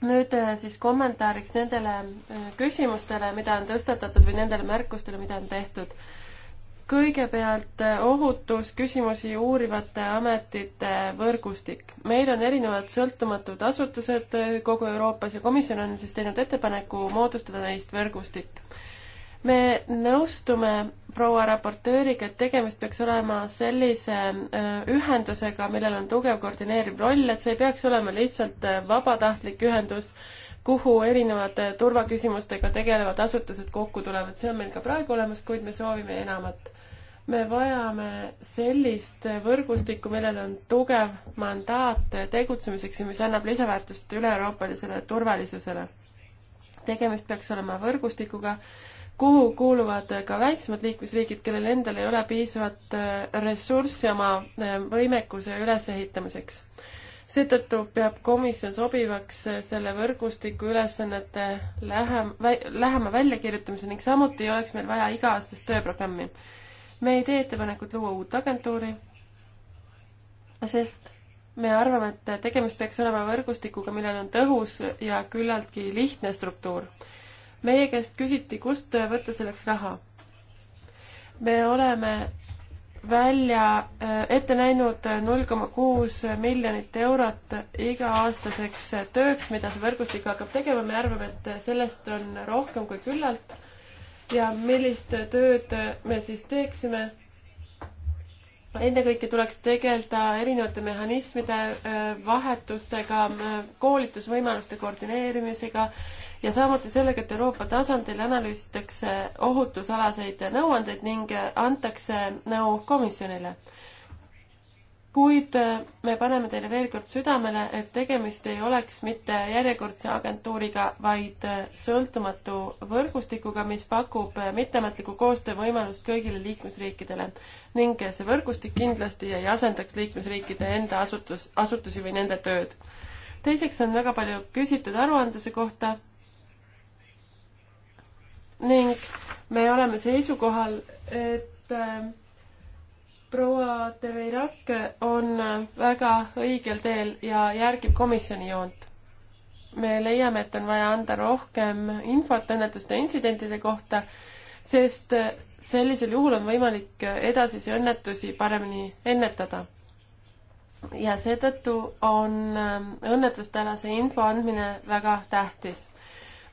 nüüd äh, siis kommentaariks nendele äh, küsimustele, mida on tõstatatud või nendele märkustele, mida on tehtud kõigepealt eh, ohutusküsimusi uurivate ametite võrgustik. meil on erinevad sõltumatud asutused eh, kogu Euroopas ja komisjon on siis teinud ettepaneku moodustada neist võrgustik. me nõustume proua raportööriga, et tegemist peaks olema sellise eh, ühendusega, millel on tugev koordineeriv roll, et see ei peaks olema lihtsalt vabatahtlik ühendus, kuhu erinevad turvaküsimustega tegelevad asutused kokku tulevad, see on meil ka praegu olemas, kuid me soovime enamat me vajame sellist võrgustikku, millel on tugev mandaat tegutsemiseks ja mis annab lisaväärtust üle-euroopalisele turvalisusele. tegemist peaks olema võrgustikuga, kuhu kuuluvad ka väiksemad liikmesriigid, kellel endal ei ole piisavat äh, ressurssi oma äh, võimekuse ülesehitamiseks. seetõttu peab komisjon sobivaks äh, selle võrgustiku ülesannete lähem, lähema väljakirjutamise ning samuti oleks meil vaja iga-aastast tööprogrammi me ei tee ettepanekut luua uut agentuuri, sest me arvame, et tegemist peaks olema võrgustikuga, millel on tõhus ja küllaltki lihtne struktuur. meie käest küsiti, kust võtta selleks raha. me oleme välja äh, ette näinud null koma kuus miljonit eurot iga-aastaseks tööks, mida see võrgustik hakkab tegema, me arvame, et sellest on rohkem kui küllalt ja millist tööd me siis teeksime. ennekõike tuleks tegeleda erinevate mehhanismide äh, vahetustega, äh, koolitusvõimaluste koordineerimisega ja samuti sellega, et Euroopa tasandil analüüsitakse ohutusalaseid nõuandeid ning äh, antakse nõu komisjonile kuid äh, me paneme teile veel kord südamele, et tegemist ei oleks mitte järjekordse agentuuriga, vaid äh, sõltumatu võrgustikuga, mis pakub äh, mitteametlikku koostöövõimalust kõigile liikmesriikidele. ning see võrgustik kindlasti ei asendaks liikmesriikide enda asutus, asutusi või nende tööd. teiseks on väga palju küsitud aruandluse kohta ning me oleme seisukohal, et äh, proua Tereirak on väga õigel teel ja järgib komisjoni joont. me leiame, et on vaja anda rohkem infot õnnetuste intsidentide kohta, sest sellisel juhul on võimalik edasisi õnnetusi paremini ennetada. ja seetõttu on õnnetustealase info andmine väga tähtis.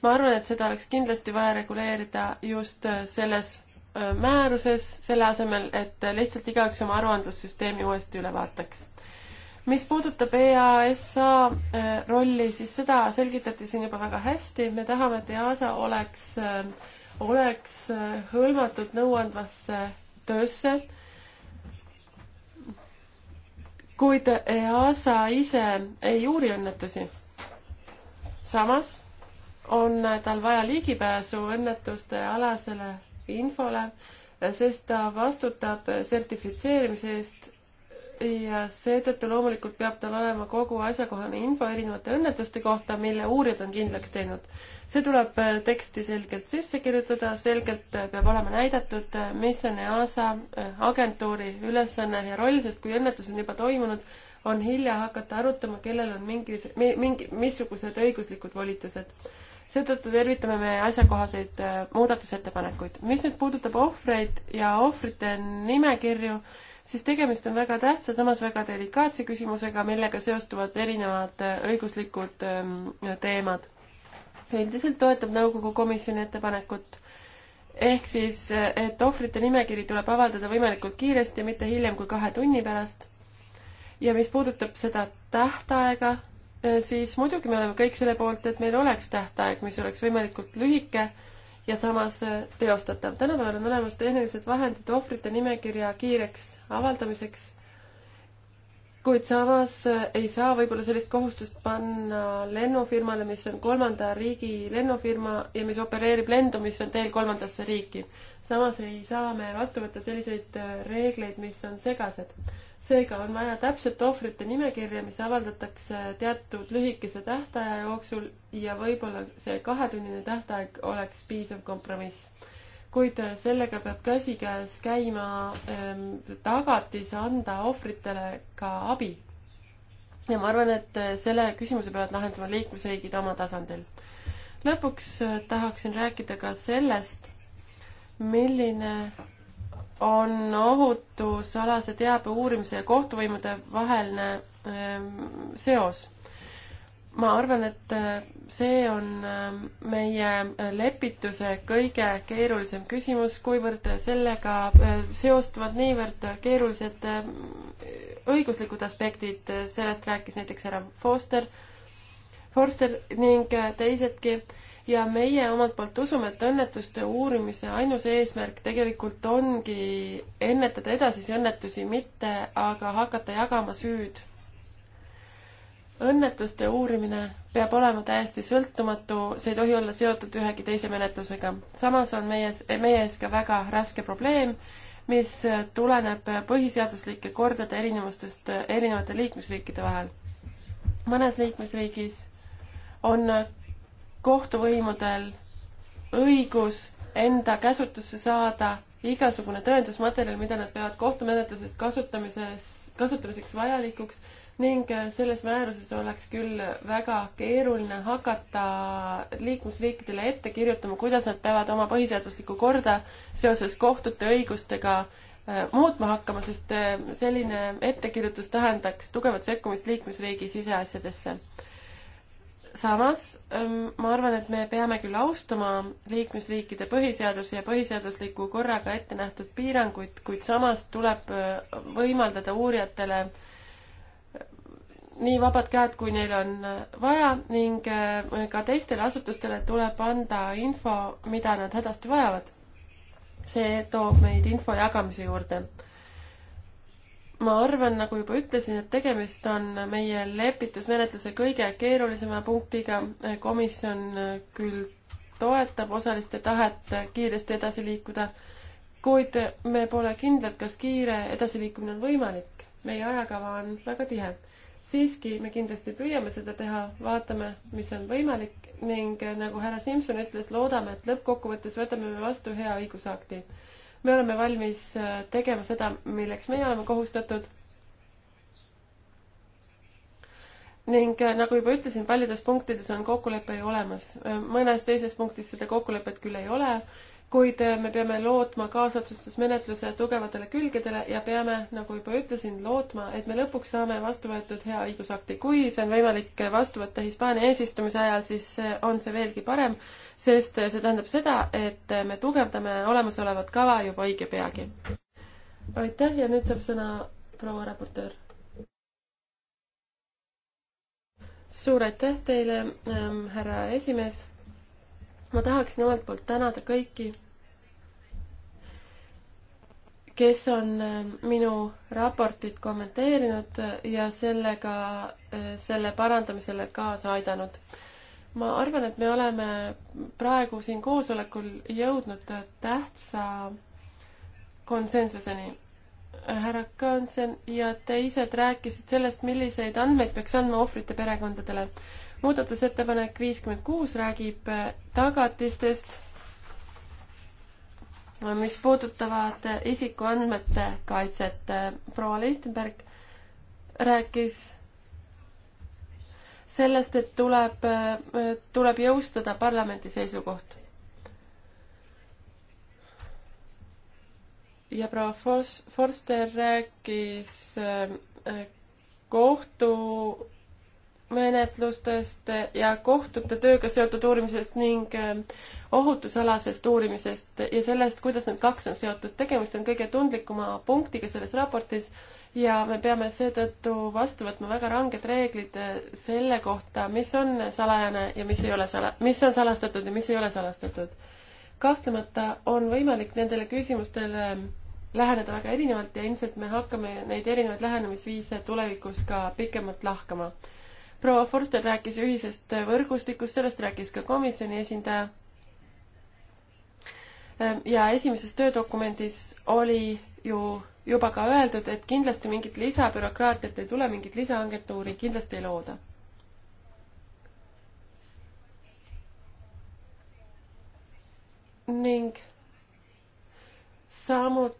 ma arvan, et seda oleks kindlasti vaja reguleerida just selles Äh, määruses, selle asemel, et lihtsalt igaüks oma aruandlussüsteemi uuesti üle vaataks. mis puudutab EASA äh, rolli, siis seda selgitati siin juba väga hästi, me tahame, et EASA oleks, äh, oleks hõlmatud nõuandvasse töösse, kuid EASA ise ei uuri õnnetusi. samas on tal vaja ligipääsu õnnetuste alasele infole, sest ta vastutab sertifitseerimise eest ja seetõttu loomulikult peab tal olema kogu asjakohane info erinevate õnnetuste kohta, mille uurijad on kindlaks teinud. see tuleb äh, teksti selgelt sisse kirjutada, selgelt äh, peab olema näidatud, äh, mis on EASA agentuuri ülesanne ja roll, sest kui õnnetus on juba toimunud, on hilja hakata arutama, kellel on mingi, mingi, missugused õiguslikud volitused seetõttu tervitame me asjakohaseid äh, muudatusettepanekuid. mis nüüd puudutab ohvreid ja ohvrite nimekirju, siis tegemist on väga tähtsa, samas väga delikaatse küsimusega, millega seostuvad erinevad äh, õiguslikud ähm, teemad. üldiselt toetab nõukogu komisjoni ettepanekut ehk siis, äh, et ohvrite nimekiri tuleb avaldada võimalikult kiiresti, mitte hiljem kui kahe tunni pärast. ja mis puudutab seda tähtaega, Äh, siis muidugi me oleme kõik selle poolt, et meil oleks tähtaeg, mis oleks võimalikult lühike ja samas äh, teostatav. tänapäeval on olemas tehnilised vahendid ohvrite nimekirja kiireks avaldamiseks, kuid samas äh, ei saa võib-olla sellist kohustust panna lennufirmale, mis on kolmanda riigi lennufirma ja mis opereerib lendu, mis on teel kolmandasse riiki. samas ei saa me vastu võtta selliseid reegleid, mis on segased seega on vaja täpset ohvrite nimekirja, mis avaldatakse teatud lühikese tähtaja jooksul ja võib-olla see kahetunnine tähtaeg oleks piisav kompromiss. kuid sellega peab käsikäes käima ähm, tagatis anda ohvritele ka abi. ja ma arvan, et selle küsimuse peavad lahendama liikmesriigid oma tasandil. lõpuks tahaksin rääkida ka sellest, milline on ohutusalase teabe uurimise ja kohtuvõimude vaheline ehm, seos. ma arvan, et eh, see on eh, meie lepituse kõige keerulisem küsimus, kuivõrd sellega eh, seostuvad niivõrd keerulised õiguslikud aspektid, sellest rääkis näiteks härra Foster, Forster ning teisedki ja meie omalt poolt usume, et õnnetuste uurimise ainus eesmärk tegelikult ongi ennetada edasisi õnnetusi, mitte aga hakata jagama süüd. õnnetuste uurimine peab olema täiesti sõltumatu, see ei tohi olla seotud ühegi teise menetlusega. samas on meie, meie ees ka väga raske probleem, mis tuleneb põhiseaduslike kordade erinevustest erinevate liikmesriikide vahel. mõnes liikmesriigis on kohtuvõimudel õigus enda käsutusse saada igasugune tõendusmaterjal, mida nad peavad kohtumenetluses kasutamises, kasutamiseks vajalikuks ning äh, selles määruses oleks küll väga keeruline hakata liikmesriikidele ette kirjutama, kuidas nad peavad oma põhiseaduslikku korda seoses kohtute õigustega äh, muutma hakkama, sest äh, selline ettekirjutus tähendaks tugevat sekkumist liikmesriigi siseasjadesse samas ähm, ma arvan, et me peame küll austama liikmesriikide põhiseadusi ja põhiseadusliku korraga ette nähtud piiranguid, kuid samas tuleb äh, võimaldada uurijatele äh, nii vabad käed, kui neil on äh, vaja ning ka teistele asutustele tuleb anda info, mida nad hädasti vajavad. see toob meid info jagamise juurde ma arvan, nagu juba ütlesin, et tegemist on meie lepitusmenetluse kõige keerulisema punktiga. komisjon küll toetab osaliste tahet kiiresti edasi liikuda, kuid me pole kindlad, kas kiire edasiliikumine on võimalik. meie ajakava on väga tihe. siiski me kindlasti püüame seda teha, vaatame, mis on võimalik ning nagu härra Simson ütles, loodame, et lõppkokkuvõttes võtame me vastu hea õigusakti me oleme valmis äh, tegema seda, milleks meie oleme kohustatud. ning äh, nagu juba ütlesin, paljudes punktides on kokkulepe ju olemas, äh, mõnes teises punktis seda kokkulepet küll ei ole kuid äh, me peame lootma kaasotsustusmenetluse tugevatele külgedele ja peame, nagu juba ütlesin, lootma, et me lõpuks saame vastu võetud hea õigusakti. kui see on võimalik vastu võtta Hispaania eesistumise ajal, siis äh, on see veelgi parem, sest äh, see tähendab seda, et me tugevdame olemasolevat kava juba õige peagi. aitäh ja nüüd saab sõna proua raportöör. suur aitäh teile ähm,, härra esimees ma tahaksin omalt poolt tänada kõiki, kes on äh, minu raportit kommenteerinud ja sellega, äh, selle parandamisele kaasa aidanud. ma arvan, et me oleme praegu siin koosolekul jõudnud tähtsa konsensuseni härra Kansen ja teised rääkisid sellest, milliseid andmeid peaks andma ohvrite perekondadele muudatusettepanek viiskümmend kuus räägib äh, tagatistest, mis puudutavad äh, isikuandmete kaitset. Äh, proua Lichtenberg rääkis sellest, et tuleb, tuleb jõustada parlamendi seisukoht. ja proua Forster rääkis kohtu menetlustest ja kohtute tööga seotud uurimisest ning äh, ohutusalasest uurimisest ja sellest, kuidas need kaks on seotud. tegemist on kõige tundlikuma punktiga selles raportis ja me peame seetõttu vastu võtma väga ranged reeglid äh, selle kohta, mis on salajane ja mis ei ole sala-, mis on salastatud ja mis ei ole salastatud. kahtlemata on võimalik nendele küsimustele läheneda väga erinevalt ja ilmselt me hakkame neid erinevaid lähenemisviise tulevikus ka pikemalt lahkama proua Forster rääkis ühisest võrgustikust, sellest rääkis ka komisjoni esindaja. Ehm, ja esimeses töödokumendis oli ju juba ka öeldud, et kindlasti mingit lisabürokraatiat ei tule, mingit lisaagentuuri kindlasti ei looda. ning samuti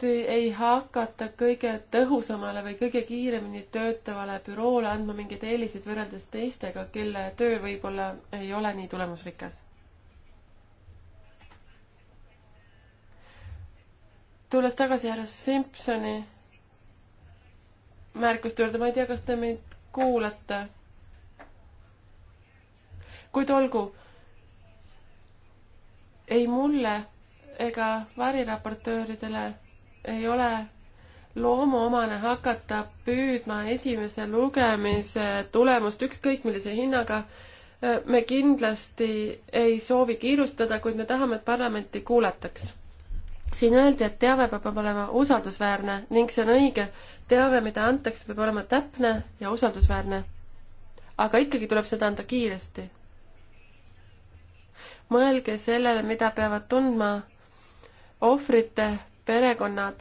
samuti ei hakata kõige tõhusamale või kõige kiiremini töötavale büroole andma mingeid eeliseid võrreldes teistega, kelle töö võib-olla ei ole nii tulemusrikas. tulles tagasi härra Simsoni märkuste juurde, ma ei tea, kas te mind kuulate. kuid olgu. ei mulle ega variraportööridele ei ole loomuomane hakata püüdma esimese lugemise tulemust ükskõik millise hinnaga. me kindlasti ei soovi kiirustada, kuid me tahame, et parlamenti kuulataks. siin öeldi, et teave peab olema usaldusväärne ning see on õige. teave, mida antakse, peab olema täpne ja usaldusväärne. aga ikkagi tuleb seda anda kiiresti. mõelge sellele, mida peavad tundma ohvrite perekonnad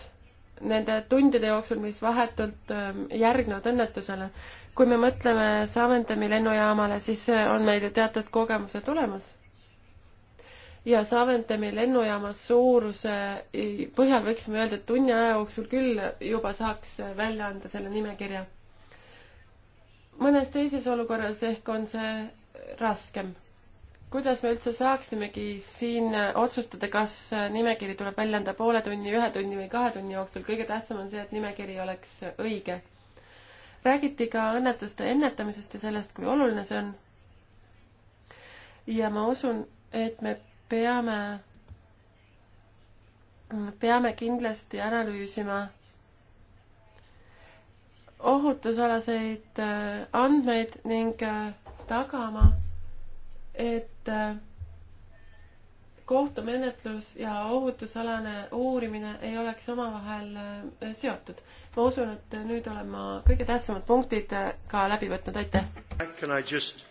nende tundide jooksul, mis vahetult ähm, järgnevad õnnetusele. kui me mõtleme Saventemi lennujaamale, siis on meil ju teatud kogemused olemas. ja Saventemi lennujaama suuruse põhjal võiksime öelda, et tunni aja jooksul küll juba saaks välja anda selle nimekirja. mõnes teises olukorras ehk on see raskem kuidas me üldse saaksimegi siin otsustada, kas nimekiri tuleb välja anda poole tunni, ühe tunni või kahe tunni jooksul, kõige tähtsam on see, et nimekiri oleks õige. räägiti ka õnnetuste ennetamisest ja sellest, kui oluline see on. ja ma usun, et me peame, peame kindlasti analüüsima ohutusalaseid äh, andmeid ning äh, tagama, et et äh, kohtumenetlus ja ohutusalane uurimine ei oleks omavahel äh, seotud. ma usun, et nüüd olen ma kõige tähtsamad punktid äh, ka läbi võtnud, aitäh! Just...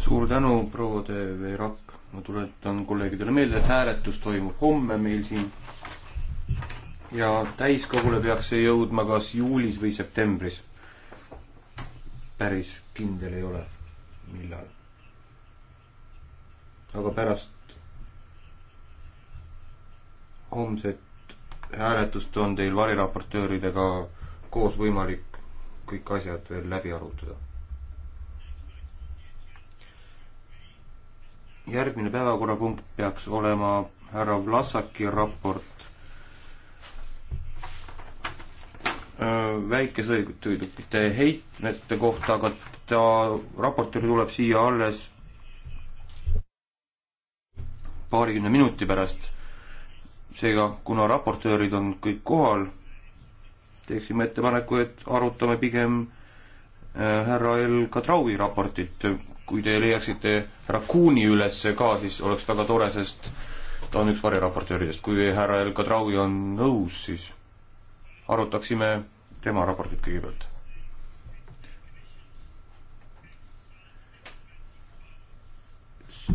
suur tänu, proua de Veerak, ma tuletan kolleegidele meelde, et hääletus toimub homme meil siin ja täiskogule peaks see jõudma kas juulis või septembris. päris kindel ei ole, millal aga pärast homset hääletust on teil variraportööridega koos võimalik kõik asjad veel läbi arutada. järgmine päevakorrapunkt peaks olema härra Vlasaki raport väikesõidukite heitmete kohta, aga ta, raportöör tuleb siia alles paarikümne minuti pärast. seega, kuna raportöörid on kõik kohal, teeksime ettepaneku, et arutame pigem äh, härra El Kadraui raportit. kui te leiaksite härra Kuuni üles ka, siis oleks väga tore, sest ta on üks variraportööridest. kui härra El Kadraui on nõus, siis arutaksime tema raportit kõigepealt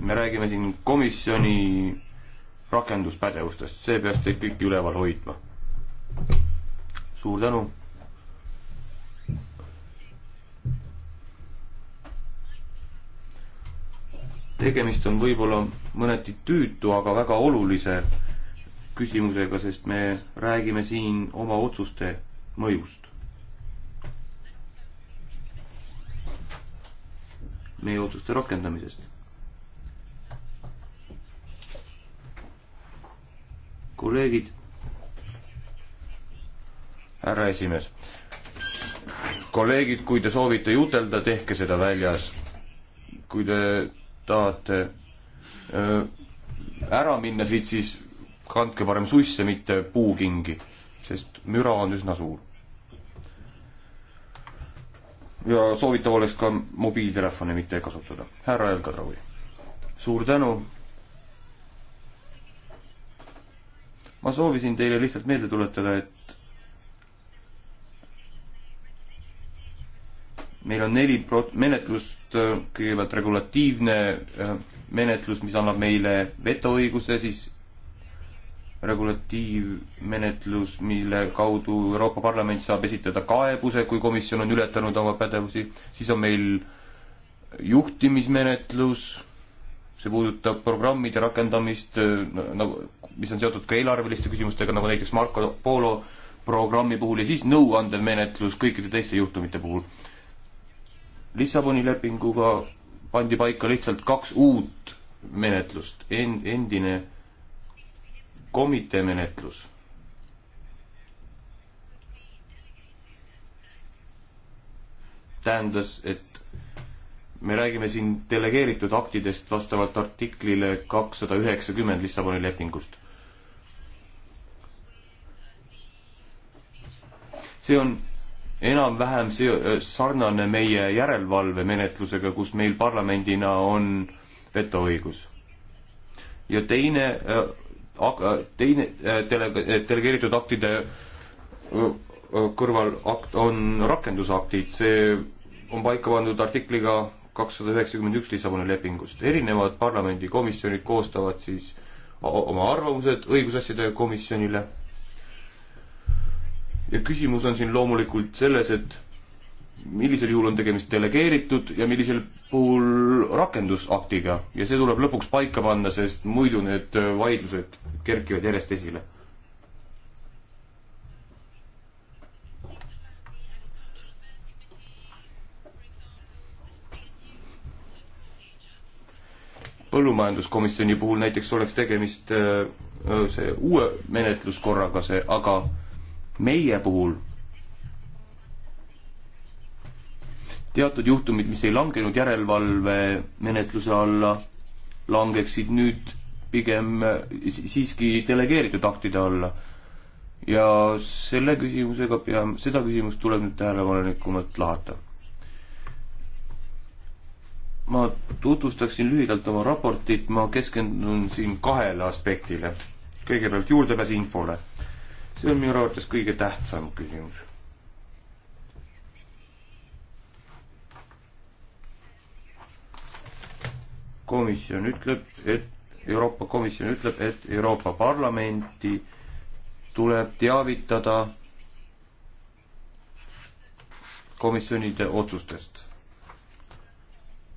me räägime siin komisjoni rakenduspädevustest, see peaks teid kõiki üleval hoidma. suur tänu. tegemist on võib-olla mõneti tüütu, aga väga olulise küsimusega, sest me räägime siin oma otsuste mõjust. meie otsuste rakendamisest kolleegid, härra esimees, kolleegid, kui te soovite jutelda, tehke seda väljas. kui te tahate äh, ära minna siit, siis kandke parem suisse, mitte puukingi, sest müra on üsna suur. ja soovitav oleks ka mobiiltelefone mitte kasutada. härra Elka Traui, suur tänu ma soovisin teile lihtsalt meelde tuletada, et meil on neli pro-, menetlust, kõigepealt regulatiivne äh, menetlus, mis annab meile vetoõiguse, siis regulatiivmenetlus, mille kaudu Euroopa Parlament saab esitada kaebuse, kui komisjon on ületanud oma pädevusi, siis on meil juhtimismenetlus see puudutab programmide rakendamist äh, nagu, mis on seotud ka eelarveliste küsimustega, nagu näiteks Marco Polo programmi puhul ja siis nõuandev menetlus kõikide teiste juhtumite puhul. Lissaboni lepinguga pandi paika lihtsalt kaks uut menetlust en,, endine komitee menetlus tähendas, et me räägime siin delegeeritud aktidest vastavalt artiklile kakssada üheksakümmend Lissaboni lepingust. see on enam-vähem see äh, sarnane meie järelevalvemenetlusega, kus meil parlamendina on vetoõigus. ja teine äh,, äh teine äh, dele-, äh, delegeeritud aktide äh, kõrvalakt on rakendusaktid, see on paika pandud artikliga kakssada üheksakümmend üks Lissaboni lepingust. erinevad parlamendikomisjonid koostavad siis oma arvamused õigusasjade komisjonile. ja küsimus on siin loomulikult selles, et millisel juhul on tegemist delegeeritud ja millisel puhul rakendusaktiga ja see tuleb lõpuks paika panna, sest muidu need vaidlused kerkivad järjest esile põllumajanduskomisjoni puhul näiteks oleks tegemist äh, äh, see uue menetluskorraga see, aga meie puhul teatud juhtumid, mis ei langenud järelevalve menetluse alla, langeksid nüüd pigem äh, siiski delegeeritud aktide alla. ja selle küsimusega peame, seda küsimust tuleb nüüd tähelepanelikumalt lahata ma tutvustaksin lühidalt oma raportit, ma keskendun siin kahele aspektile. kõigepealt juurdepääs infole. see on minu arvates kõige tähtsam küsimus. komisjon ütleb, et Euroopa Komisjon ütleb, et Euroopa Parlamenti tuleb teavitada komisjonide otsustest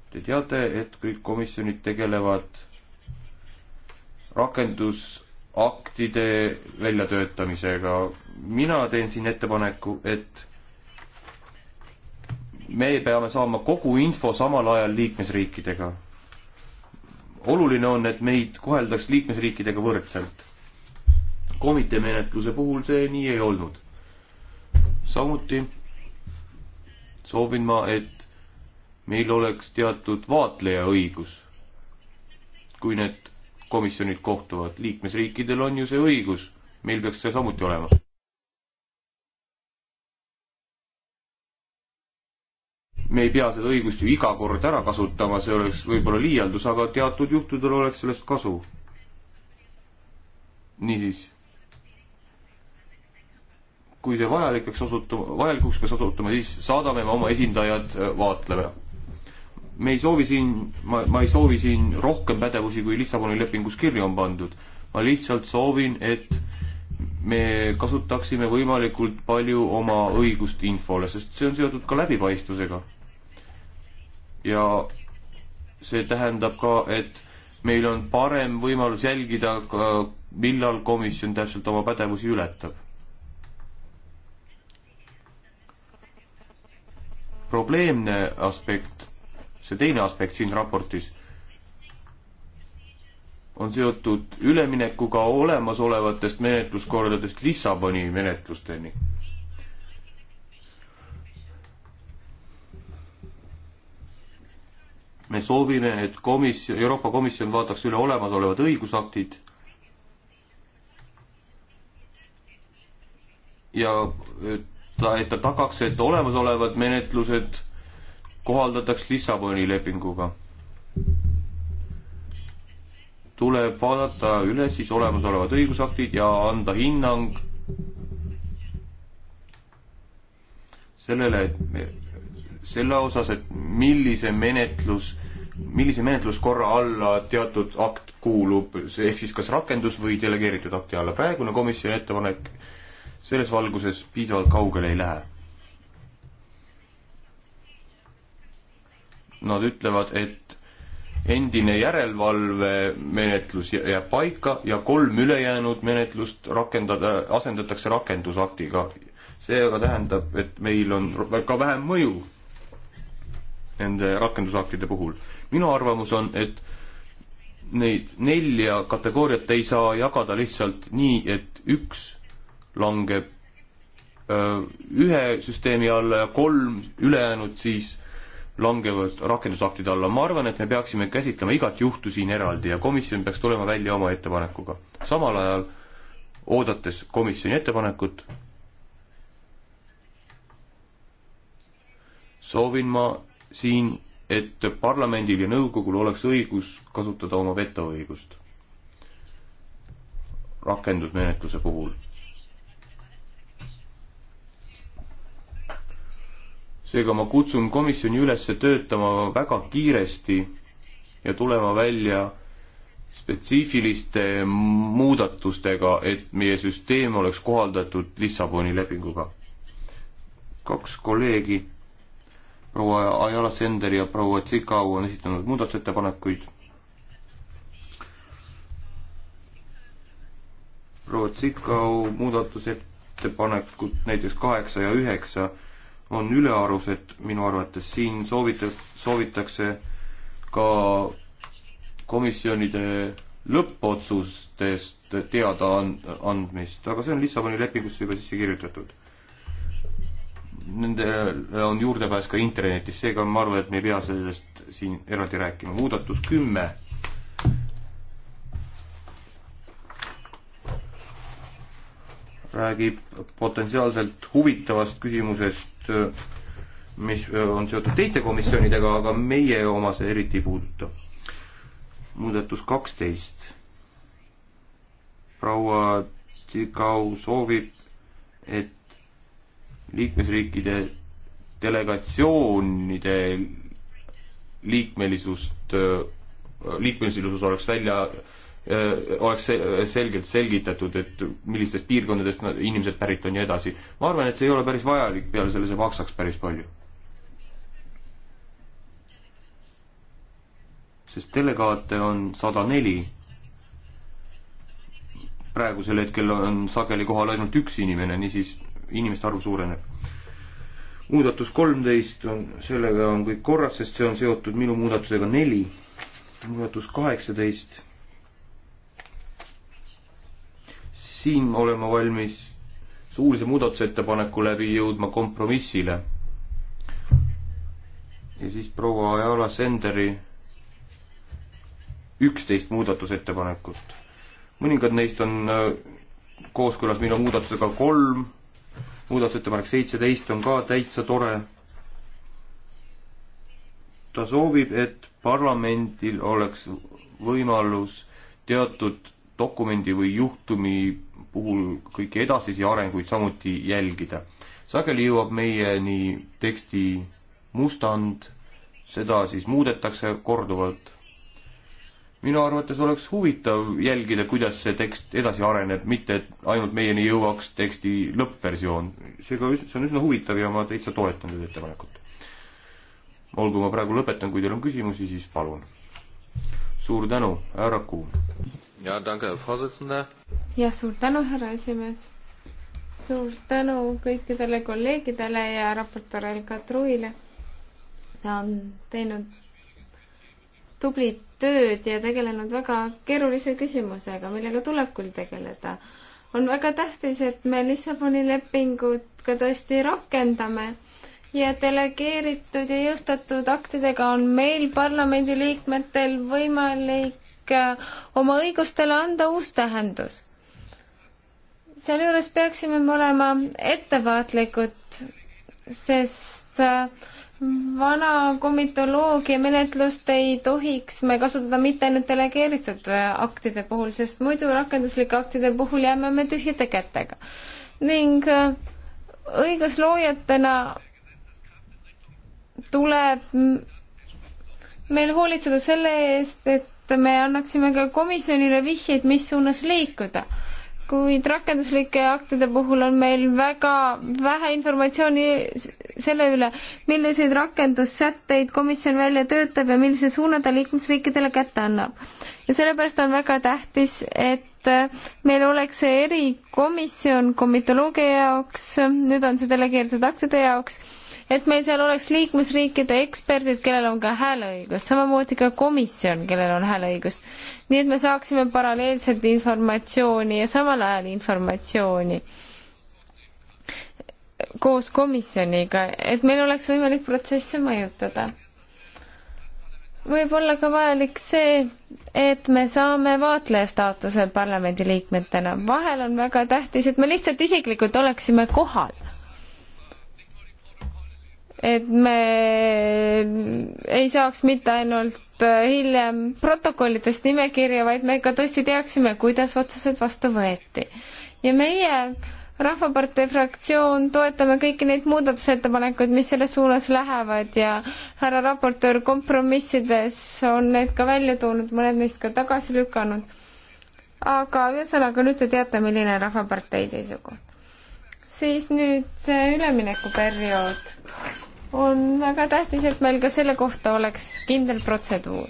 Te teate, et kõik komisjonid tegelevad rakendusaktide väljatöötamisega. mina teen siin ettepaneku, et me peame saama kogu info samal ajal liikmesriikidega. oluline on, et meid koheldaks liikmesriikidega võrdselt. komitee menetluse puhul see nii ei olnud. samuti soovin ma, et meil oleks teatud vaatlejaõigus, kui need komisjonid kohtuvad, liikmesriikidel on ju see õigus, meil peaks see samuti olema. me ei pea seda õigust ju iga kord ära kasutama, see oleks võib-olla liialdus, aga teatud juhtudel oleks sellest kasu. niisiis kui see vajalikuks osutub, vajalikuks peaks osutuma, siis saadame me oma esindajad äh, vaatlema me ei soovi siin, ma, ma ei soovi siin rohkem pädevusi, kui Lissaboni lepingus kirja on pandud. ma lihtsalt soovin, et me kasutaksime võimalikult palju oma õigust infole, sest see on seotud ka läbipaistvusega. ja see tähendab ka, et meil on parem võimalus jälgida, millal komisjon täpselt oma pädevusi ületab. probleemne aspekt see teine aspekt siin raportis on seotud üleminekuga olemasolevatest menetluskordadest Lissaboni menetlusteni. me soovime, et komisjon, Euroopa Komisjon vaataks üle olemasolevad õigusaktid ja ta, et ta tagaks, et olemasolevad menetlused kohaldataks Lissaboni lepinguga. tuleb vaadata üle siis olemasolevad õigusaktid ja anda hinnang sellele, et me, selle osas, et millise menetlus, millise menetluskorra alla teatud akt kuulub, ehk siis kas rakendus või delegeeritud akti alla. praegune komisjoni ettepanek selles valguses piisavalt kaugele ei lähe Nad ütlevad, et endine järelevalvemenetlus jääb paika ja kolm ülejäänud menetlust rakendada, asendatakse rakendusaktiga. see aga tähendab, et meil on väga vähem mõju nende rakendusaktide puhul. minu arvamus on, et neid nelja kategooriat ei saa jagada lihtsalt nii, et üks langeb öö, ühe süsteemi alla ja kolm ülejäänud siis langevad rakendusaktide alla, ma arvan, et me peaksime käsitlema igat juhtu siin eraldi ja komisjon peaks tulema välja oma ettepanekuga. samal ajal, oodates komisjoni ettepanekut, soovin ma siin, et parlamendil ja nõukogul oleks õigus kasutada oma vetoõigust rakendusmenetluse puhul seega ma kutsun komisjoni üles töötama väga kiiresti ja tulema välja spetsiifiliste muudatustega, et meie süsteem oleks kohaldatud Lissaboni lepinguga. kaks kolleegi, proua Ajala Sender ja proua Tsikau on esitanud muudatusettepanekuid. proua Tsikau muudatusettepanekud näiteks kaheksa ja üheksa on ülearused minu arvates, siin soovita-, soovitakse ka komisjonide lõppotsustest teada and-, andmist, aga see on Lissaboni lepingusse juba sisse kirjutatud. Nendele on juurdepääs ka internetis, seega ma arvan, et me ei pea sellest siin eraldi rääkima. muudatus kümme. räägib potentsiaalselt huvitavast küsimusest Äh, mis äh, on seotud teiste komisjonidega, aga meie oma see eriti ei puuduta. muudatus kaksteist. proua Tsikau soovib, et liikmesriikide delegatsioonide liikmelisust, äh, liikmelisust oleks välja Äh, oleks selgelt selgitatud, et millistest piirkondadest nad, inimesed pärit on ja edasi. ma arvan, et see ei ole päris vajalik, peale selle see maksaks päris palju. sest delegaate on sada neli. praegusel hetkel on sageli kohal ainult üks inimene, niisiis inimeste arv suureneb. muudatus kolmteist on, sellega on kõik korras, sest see on seotud minu muudatusega neli. muudatus kaheksateist siin olen ma valmis suulise muudatusettepaneku läbi jõudma kompromissile. ja siis proua Ajala Senderi üksteist muudatusettepanekut. mõningad neist on äh, kooskõlas minu muudatusega kolm, muudatusettepanek seitseteist on ka täitsa tore. ta soovib, et parlamendil oleks võimalus teatud dokumendi või juhtumi puhul kõiki edasisi arenguid samuti jälgida. sageli jõuab meieni teksti mustand, seda siis muudetakse korduvalt. minu arvates oleks huvitav jälgida, kuidas see tekst edasi areneb, mitte et ainult meieni jõuaks teksti lõppversioon. seega see on üsna huvitav ja ma täitsa toetan teie ettepanekut. olgu, ma praegu lõpetan, kui teil on küsimusi, siis palun. suur tänu, härra Kuum ja danke, Vorsitzende. jah, suur tänu, härra esimees. suur tänu kõikidele kolleegidele ja raportöör Elka Truile. ta on teinud tublit tööd ja tegelenud väga keerulise küsimusega, millega tuleb küll tegeleda. on väga tähtis, et me Lissaboni lepingut ka tõesti rakendame ja delegeeritud ja jõustatud aktidega on meil parlamendiliikmetel võimalik Äh, oma õigustele anda uus tähendus. sealjuures peaksime me olema ettevaatlikud, sest äh, vana komitoloogia menetlust ei tohiks me kasutada mitte ainult delegeeritud äh, aktide puhul, sest muidu rakenduslike aktide puhul jääme me tühjade kätega. ning õigusloojatena tuleb meil hoolitseda selle eest, et et me annaksime ka komisjonile vihjeid, mis suunas liikuda. kuid rakenduslike aktide puhul on meil väga vähe informatsiooni selle üle, milliseid rakendussätteid komisjon välja töötab ja millise suuna ta liikmesriikidele kätte annab. ja sellepärast on väga tähtis, et meil oleks see erikomisjon komitoloogia jaoks, nüüd on see delegeeritud aktide jaoks et meil seal oleks liikmesriikide eksperdid, kellel on ka hääleõigus, samamoodi ka komisjon, kellel on hääleõigus. nii et me saaksime paralleelselt informatsiooni ja samal ajal informatsiooni koos komisjoniga, et meil oleks võimalik protsesse mõjutada. võib olla ka vajalik see, et me saame vaatleja staatuse parlamendiliikmetena. vahel on väga tähtis, et me lihtsalt isiklikult oleksime kohal et me ei saaks mitte ainult hiljem protokollidest nimekirja, vaid me ka tõesti teaksime, kuidas otsused vastu võeti. ja meie Rahvapartei fraktsioon toetame kõiki neid muudatusettepanekuid, mis selles suunas lähevad ja härra raportöör kompromissides on need ka välja toonud, mõned neist ka tagasi lükanud. aga ühesõnaga nüüd te teate, milline on Rahvapartei seisukoht. siis nüüd see üleminekuperiood on väga tähtis, et meil ka selle kohta oleks kindel protseduur.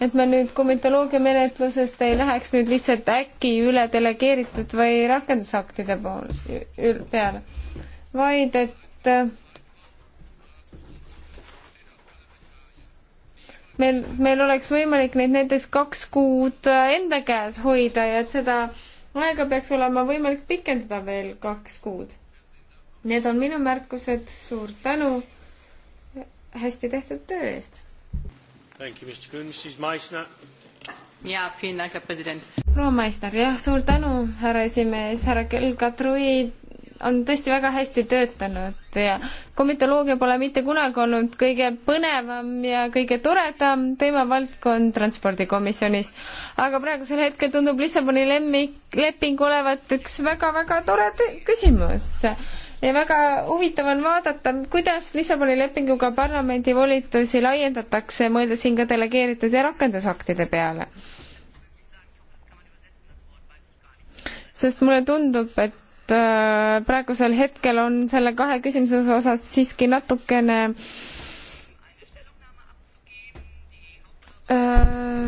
et me nüüd komitoloogia menetlusest ei läheks nüüd lihtsalt äkki üle delegeeritud või rakendusaktide pool, peale, vaid et äh, meil, meil oleks võimalik neid näiteks kaks kuud enda käes hoida ja et seda aega peaks olema võimalik pikendada veel kaks kuud Need on minu märkused, suur tänu hästi tehtud töö eest. jaa, proua Maisner, jah, suur tänu, härra esimees, härra Kelgatrui on tõesti väga hästi töötanud ja komitoloogia pole mitte kunagi olnud kõige põnevam ja kõige toredam teemavaldkond Transpordikomisjonis. aga praegusel hetkel tundub Lissaboni lemmik, leping olevat üks väga-väga tore küsimus ja väga huvitav on vaadata, kuidas Lissaboni lepinguga parlamendi volitusi laiendatakse, mõeldes siin ka delegeeritud ja rakendusaktide peale. sest mulle tundub, et äh, praegusel hetkel on selle kahe küsimuse osas siiski natukene äh,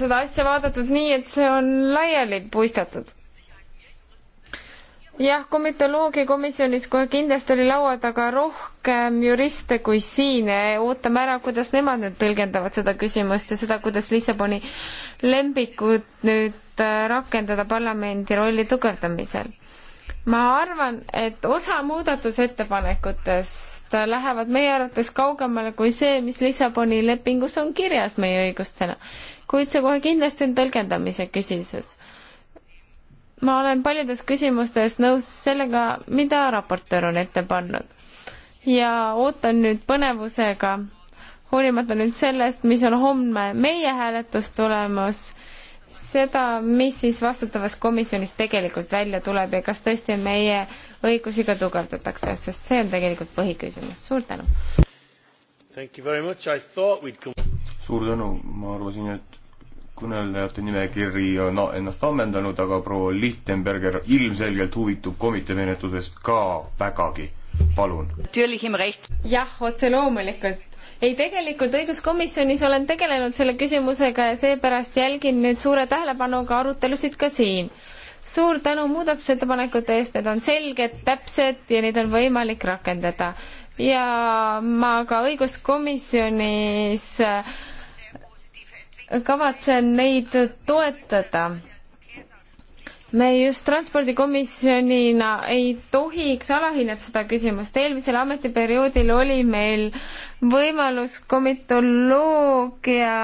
seda asja vaadatud nii, et see on laiali puistatud jah, komitoloogiakomisjonis kohe kindlasti oli laua taga rohkem juriste kui siin. ootame ära, kuidas nemad nüüd tõlgendavad seda küsimust ja seda, kuidas Lissaboni lembikut nüüd äh, rakendada parlamendi rolli tugevdamisel. ma arvan, et osa muudatusettepanekutest lähevad meie arvates kaugemale kui see, mis Lissaboni lepingus on kirjas meie õigustena. kuid see kohe kindlasti on tõlgendamise küsimus ma olen paljudes küsimustes nõus sellega, mida raportöör on ette pannud. ja ootan nüüd põnevusega, hoolimata nüüd sellest, mis on homme meie hääletustulemus, seda, mis siis vastutavas komisjonis tegelikult välja tuleb ja kas tõesti meie õigusi ka tugevdatakse, sest see on tegelikult põhiküsimus. suur tänu! suur tänu, ma arvasin, et kõnelejate nimekiri on ennast ammendanud, aga proua Lichtenberger ilmselgelt huvitub komitee menetlusest ka vägagi. palun. jah, otse loomulikult ei, tegelikult õiguskomisjonis olen tegelenud selle küsimusega ja seepärast jälgin nüüd suure tähelepanuga arutelusid ka siin. suur tänu muudatusettepanekute eest, need on selged, täpsed ja neid on võimalik rakendada. ja ma ka õiguskomisjonis äh, kavatsen neid toetada me just transpordikomisjonina ei tohiks alahinnata seda küsimust. eelmisel ametiperioodil oli meil võimalus komitoloogia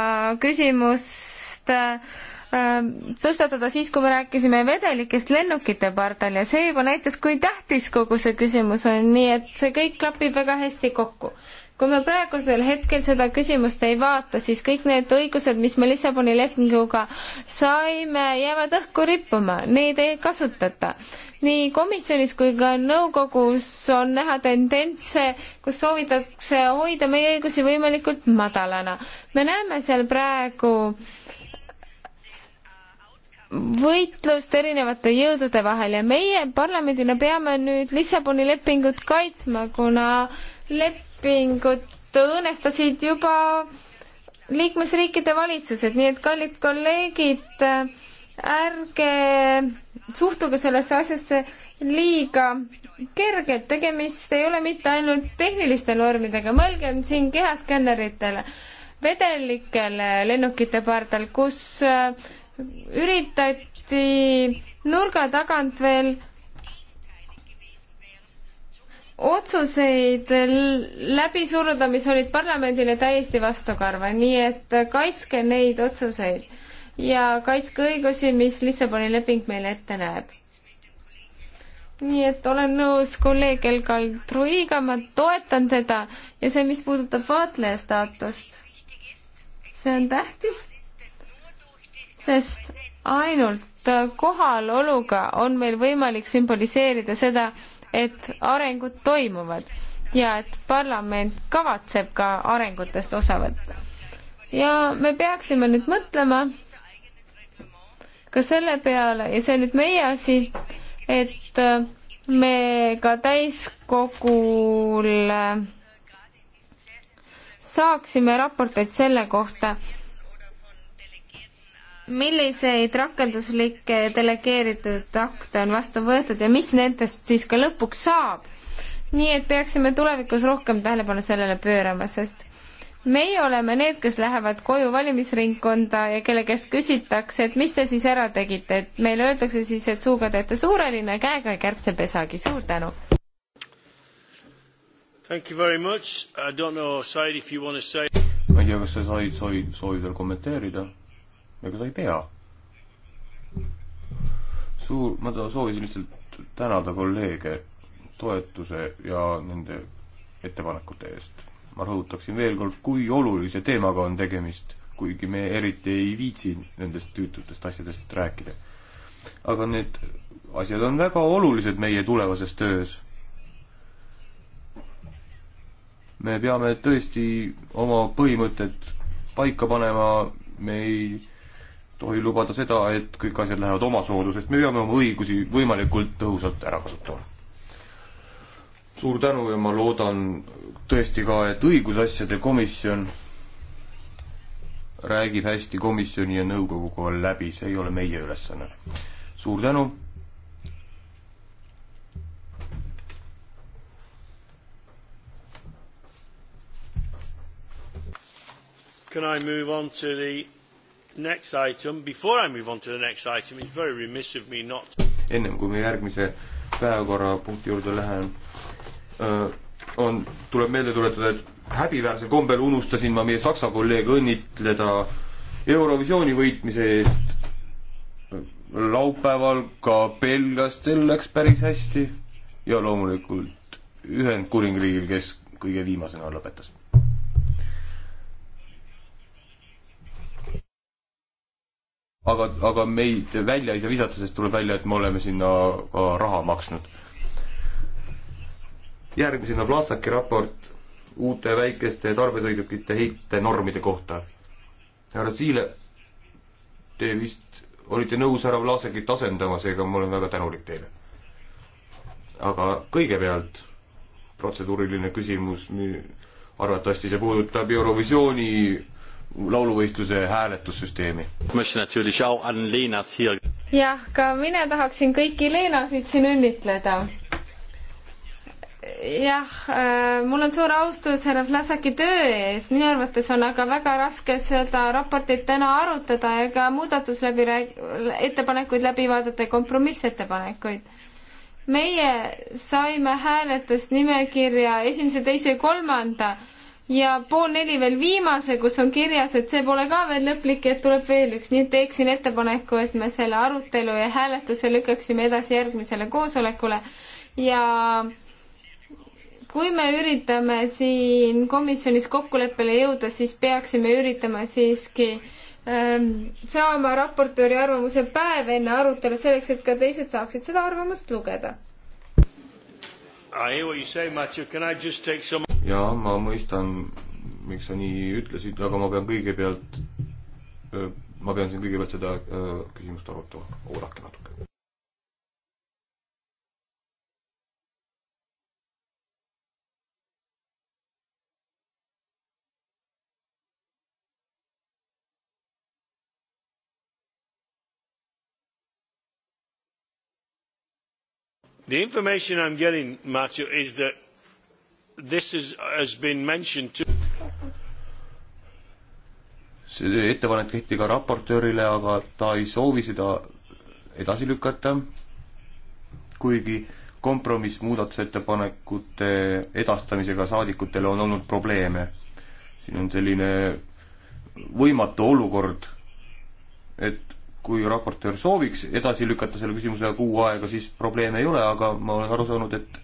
küsimust ähm, tõstatada siis, kui me rääkisime vedelikest lennukite pardal ja see juba näitas, kui tähtis kogu see küsimus on, nii et see kõik klapib väga hästi kokku kui me praegusel hetkel seda küsimust ei vaata, siis kõik need õigused, mis me Lissaboni lepinguga saime, jäävad õhku rippuma, neid ei kasutata. nii komisjonis kui ka nõukogus on näha tendentse, kus soovitakse hoida meie õigusi võimalikult madalana. me näeme seal praegu võitlust erinevate jõudude vahel ja meie parlamendina peame nüüd Lissaboni lepingut kaitsma, kuna lep-, lepingut õõnestasid juba liikmesriikide valitsused, nii et kallid kolleegid, ärge suhtuge sellesse asjasse liiga kergelt, tegemist ei ole mitte ainult tehniliste normidega, mõelgem siin kehaskänneritele, vedelikele lennukite pardal, kus üritati nurga tagant veel otsuseid läbi suruda, mis olid parlamendile täiesti vastukarva, nii et kaitske neid otsuseid ja kaitske õigusi, mis Lissaboni leping meile ette näeb. nii et olen nõus kolleeg Elgal Truiga, ma toetan teda ja see, mis puudutab vaatleja staatust, see on tähtis, sest ainult kohaloluga on meil võimalik sümboliseerida seda, et arengud toimuvad ja et parlament kavatseb ka arengutest osa võtta. ja me peaksime nüüd mõtlema ka selle peale ja see on nüüd meie asi, et äh, me ka täiskogul äh, saaksime raporteid selle kohta, milliseid rakenduslikke delegeeritud akte on vastu võetud ja mis nendest siis ka lõpuks saab. nii et peaksime tulevikus rohkem tähelepanu sellele pöörama, sest meie oleme need, kes lähevad koju valimisringkonda ja kelle käest küsitakse, et mis te siis ära tegite, et meile öeldakse siis, et suuga teete suureline, käega ei kärbse pesagi, suur tänu. Thank you very much, I don't know, Said, if you want to say. ma ei tea, kas sa said, said, soovid veel kommenteerida? ega sa ei pea. suur, ma soovisin lihtsalt tänada kolleege toetuse ja nende ettepanekute eest. ma rõhutaksin veel kord, kui olulise teemaga on tegemist, kuigi me eriti ei viitsi nendest tüütutest asjadest rääkida. aga need asjad on väga olulised meie tulevases töös. me peame tõesti oma põhimõtted paika panema, me ei tohi lubada seda, et kõik asjad lähevad omasoodu, sest me peame oma õigusi võimalikult tõhusalt ära kasutama. suur tänu ja ma loodan tõesti ka, et õigusasjade komisjon räägib hästi komisjoni ja nõukoguga läbi, see ei ole meie ülesanne. suur tänu. Can I move on to the next item, before I move on to the next item, it's very remiss of me not ennem kui me järgmise päevakorrapunkti juurde lähen, on, tuleb meelde tuletada, et häbiväärsel kombel unustasin ma meie saksa kolleege õnnitleda Eurovisiooni võitmise eest. laupäeval ka belglastel läks päris hästi ja loomulikult Ühendkuningriigil, kes kõige viimasena lõpetas aga, aga meid välja ei saa visata, sest tuleb välja, et me oleme sinna ka raha maksnud. järgmisena Vlasaki raport uute väikeste tarbesõidukite heitenormide kohta. härra Siile, te vist olite nõus härra Vlasakit asendama, seega ma olen väga tänulik teile. aga kõigepealt protseduuriline küsimus, arvatavasti see puudutab Eurovisiooni lauluvõistluse hääletussüsteemi. jah, ka mina tahaksin kõiki Leenasid siin õnnitleda. jah, äh, mul on suur austus härra Vlasaki töö ees, minu arvates on aga väga raske seda raportit täna arutada ja ka muudatusläbi ettepanekuid läbi vaadata ja kompromissettepanekuid meie saime hääletusnimekirja esimese, teise ja kolmanda ja pool neli veel viimase, kus on kirjas, et see pole ka veel lõplik, et tuleb veel üks, nii et teeksin ettepaneku, et me selle arutelu ja hääletuse lükkaksime edasi järgmisele koosolekule ja kui me üritame siin komisjonis kokkuleppele jõuda, siis peaksime üritama siiski ähm, saama raportööri arvamuse päev enne arutelu selleks, et ka teised saaksid seda arvamust lugeda jaa, ma mõistan, miks sa nii ütlesid, aga ma pean kõigepealt, ma pean siin kõigepealt seda äh, küsimust arutama, oodake natuke. The information I'm getting, Matthew, is that this is, has been mentioned to see ettepanek tehti ka raportöörile, aga ta ei soovi seda edasi lükata, kuigi kompromiss muudatusettepanekute edastamisega saadikutele on olnud probleeme. siin on selline võimatu olukord, et kui raportöör sooviks edasi lükata selle küsimuse kuu aega, siis probleeme ei ole, aga ma olen aru saanud, et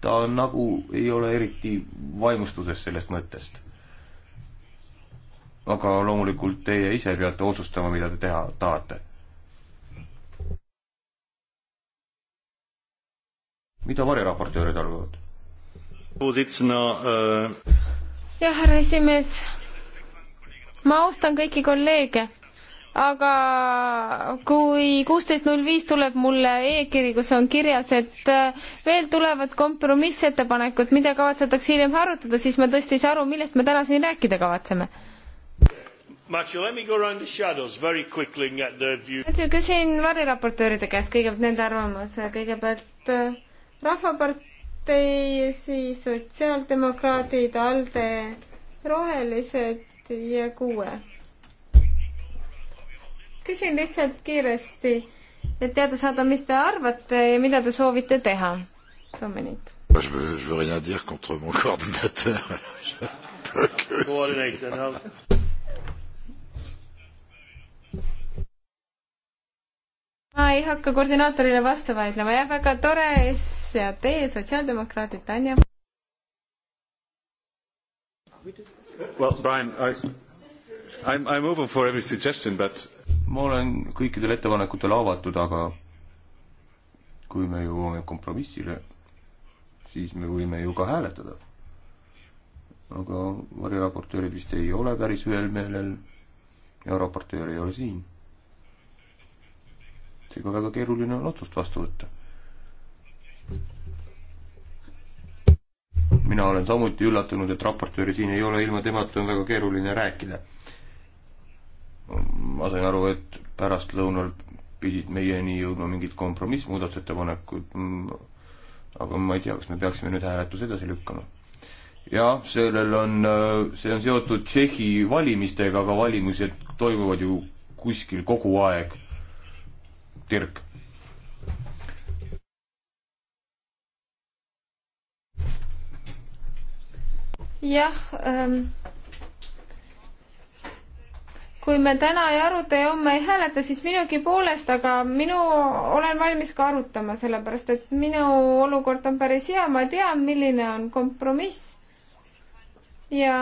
ta nagu ei ole eriti vaimustuses sellest mõttest. aga loomulikult teie ise peate otsustama, mida te teha tahate. mida variraportöörid arvavad? Äh, jah, härra esimees, ma austan kõiki kolleege aga kui kuusteist null viis tuleb mulle e-kiri, kus on kirjas, et äh, veel tulevad kompromissettepanekud, mida kavatsetakse hiljem arutada, siis ma tõesti ei saa aru, millest me täna siin rääkida kavatseme. küsin variraportööride käest kõigepealt nende arvamuse, kõigepealt äh, Rahvapartei, siis Sotsiaaldemokraadid, ALDE, Rohelised ja Kuue küsin lihtsalt kiiresti, et teada saada, mis te arvate ja mida te soovite teha, Dominik. Je veux, je veux rien dire contre mon coordinateur. [laughs] Je bloque aussi. ma ei hakka koordinaatorile vastu vaidlema, jah, väga tore, SAP, sotsiaaldemokraadid, Tanja. Well, Brian, I I'm, I'm open for every suggestion, but ma olen kõikidele ettepanekutele avatud, aga kui me jõuame kompromissile, siis me võime ju ka hääletada. aga variraportöörid vist ei ole päris ühel meelel ja raportöör ei ole siin. seega väga keeruline on otsust vastu võtta mina olen samuti üllatunud, et raportööri siin ei ole, ilma temata on väga keeruline rääkida ma sain aru, et pärastlõunal pidid meieni jõudma mingid kompromissmuudatusettepanekud, aga ma ei tea, kas me peaksime nüüd hääletuse edasi lükkama. jah, sellel on, see on seotud Tšehhi valimistega, aga valimised toimuvad ju kuskil kogu aeg. Dirk. jah ähm kui me täna ei aruta ja homme ei hääleta, siis minugi poolest, aga minu, olen valmis ka arutama, sellepärast et minu olukord on päris hea, ma tean, milline on kompromiss. ja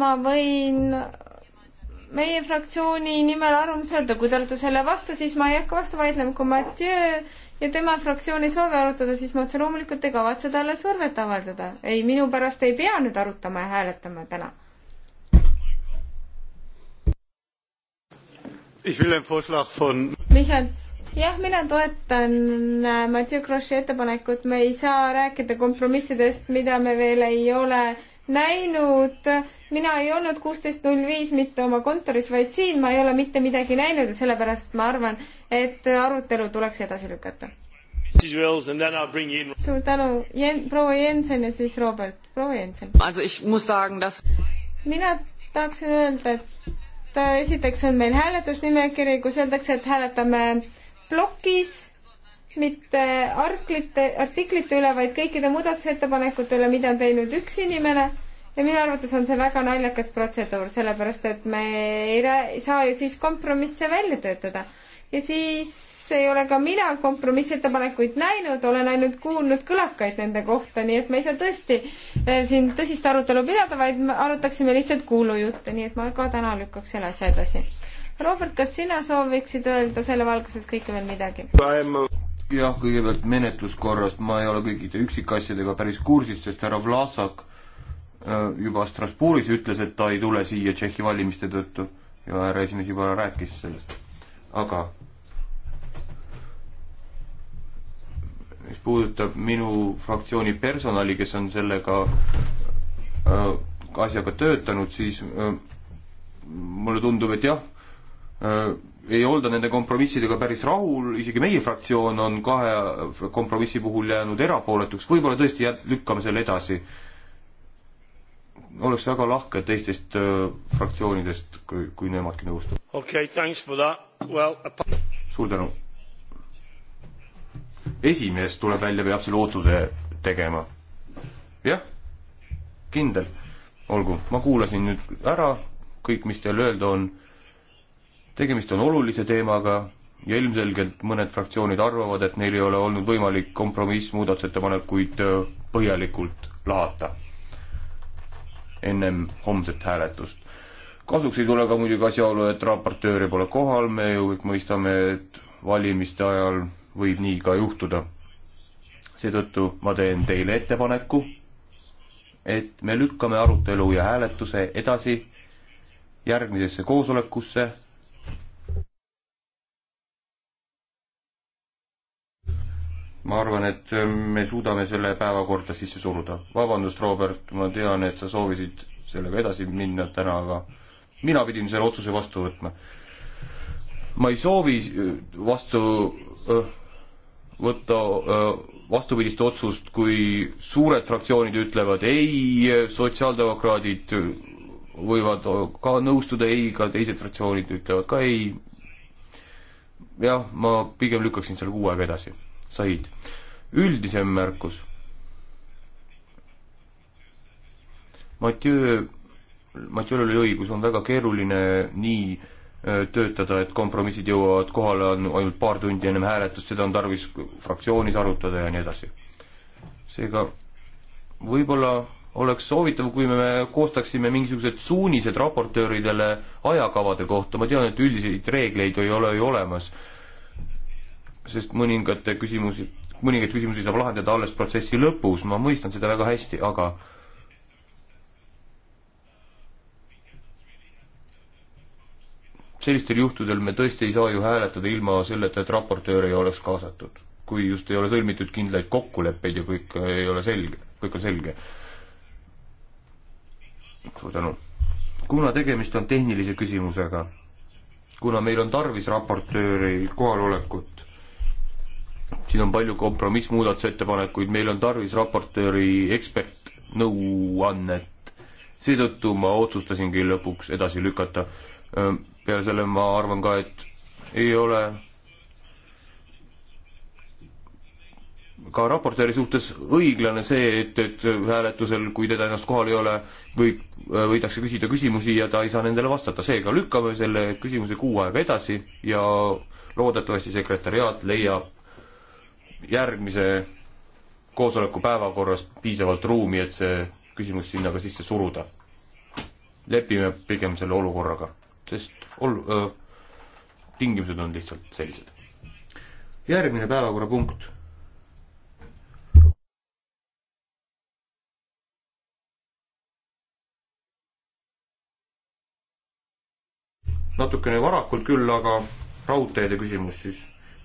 ma võin meie fraktsiooni nimel arvamuse öelda, kui te olete selle vastu, siis ma ei hakka vastu vaidlema, kui Mathieu ja tema fraktsioon ei soovi arutada, siis ma otse loomulikult ei kavatse talle survet avaldada. ei, minu pärast ei pea nüüd arutama ja hääletama täna Mihhail, jah, mina toetan äh, Mathieu Grossi ettepanekut, me ei saa rääkida kompromissidest, mida me veel ei ole näinud. mina ei olnud kuusteist null viis mitte oma kontoris, vaid siin ma ei ole mitte midagi näinud ja sellepärast ma arvan, et arutelu tuleks edasi lükata. suur tänu, Jen-, proua Jensen ja siis Robert, proua Jensen. mina tahaksin öelda, et Äh, esiteks on meil hääletusnimekiri, kus öeldakse, et hääletame plokis, mitte arklite, artiklite üle, vaid kõikide muudatusettepanekute üle, mida on teinud üks inimene ja minu arvates on see väga naljakas protseduur, sellepärast et me ei, ei saa ju siis kompromisse välja töötada. ja siis ei ole ka mina kompromissettepanekuid näinud, olen ainult kuulnud kõlakaid nende kohta, nii et me ei saa tõesti eh, siin tõsist arutelu pidada, vaid me arutaksime lihtsalt kuulujutte, nii et ma ka täna lükkaks selle asja edasi. Robert, kas sina sooviksid öelda selle valguses kõike veel midagi? jah, kõigepealt menetluskorrast, ma ei ole kõikide üksikasjadega päris kursis, sest härra Vlasak eh, juba Strasbourgis ütles, et ta ei tule siia Tšehhi valimiste tõttu ja härra esimees juba rääkis sellest. aga mis puudutab minu fraktsiooni personali, kes on sellega äh, asjaga töötanud, siis äh, mulle tundub, et jah äh,, ei olda nende kompromissidega päris rahul, isegi meie fraktsioon on kahe kompromissi puhul jäänud erapooletuks, võib-olla tõesti jää-, lükkame selle edasi. oleks väga lahke teistest äh, fraktsioonidest, kui, kui nemadki nõustuvad. okei okay,, thanks for that, well a... suur tänu esimees tuleb välja, peab selle otsuse tegema. jah, kindel. olgu, ma kuulasin nüüd ära kõik, mis teil öelda on. tegemist on olulise teemaga ja ilmselgelt mõned fraktsioonid arvavad, et neil ei ole olnud võimalik kompromissmuudatusettepanekuid äh, põhjalikult lahata ennem homset hääletust. kasuks ei tule ka muidugi asjaolu, et raportööri pole kohal, me ju kõik mõistame, et valimiste ajal võib nii ka juhtuda. seetõttu ma teen teile ettepaneku, et me lükkame arutelu ja hääletuse edasi järgmisesse koosolekusse. ma arvan, et me suudame selle päevakorda sisse suruda. vabandust, Robert, ma tean, et sa soovisid sellega edasi minna täna, aga mina pidin selle otsuse vastu võtma. ma ei soovi vastu võtta vastupidist otsust, kui suured fraktsioonid ütlevad ei, sotsiaaldemokraadid võivad ka nõustuda ei, ka teised fraktsioonid ütlevad ka ei. jah, ma pigem lükkaksin selle kuu aega edasi. Said, üldisem märkus. Mathieu, Mathieu'l oli õigus, on väga keeruline nii äh, Äh, töötada, et kompromissid jõuavad kohale, on ainult paar tundi ennem hääletust, seda on tarvis fraktsioonis arutada ja nii edasi. seega võib-olla oleks soovitav, kui me koostaksime mingisugused suunised raportööridele ajakavade kohta, ma tean, et üldiseid reegleid ei ole ju olemas, sest mõningate küsimusi, mõningaid küsimusi saab lahendada alles protsessi lõpus, ma mõistan seda väga hästi, aga äh, sellistel juhtudel me tõesti ei saa ju hääletada ilma selleta, et raportöör ei oleks kaasatud. kui just ei ole sõlmitud kindlaid kokkuleppeid ja kõik ei ole selge, kõik on selge. suur tänu. kuna tegemist on tehnilise küsimusega, kuna meil on tarvis raportööri kohalolekut, siin on palju kompromissmuudatusettepanekuid, meil on tarvis raportööri ekspertnõuannet, seetõttu ma otsustasingi lõpuks edasi lükata peale selle ma arvan ka, et ei ole ka raportööri suhtes õiglane see, et, et hääletusel, kui teda ennast kohal ei ole, võib, võidakse küsida küsimusi ja ta ei saa nendele vastata, seega lükkame selle küsimuse kuu aega edasi ja loodetavasti sekretäriaat leiab järgmise koosoleku päevakorras piisavalt ruumi, et see küsimus sinna ka sisse suruda. lepime pigem selle olukorraga sest ol-, öö, tingimused on lihtsalt sellised. järgmine päevakorrapunkt. natukene varakult küll, aga raudteede küsimus siis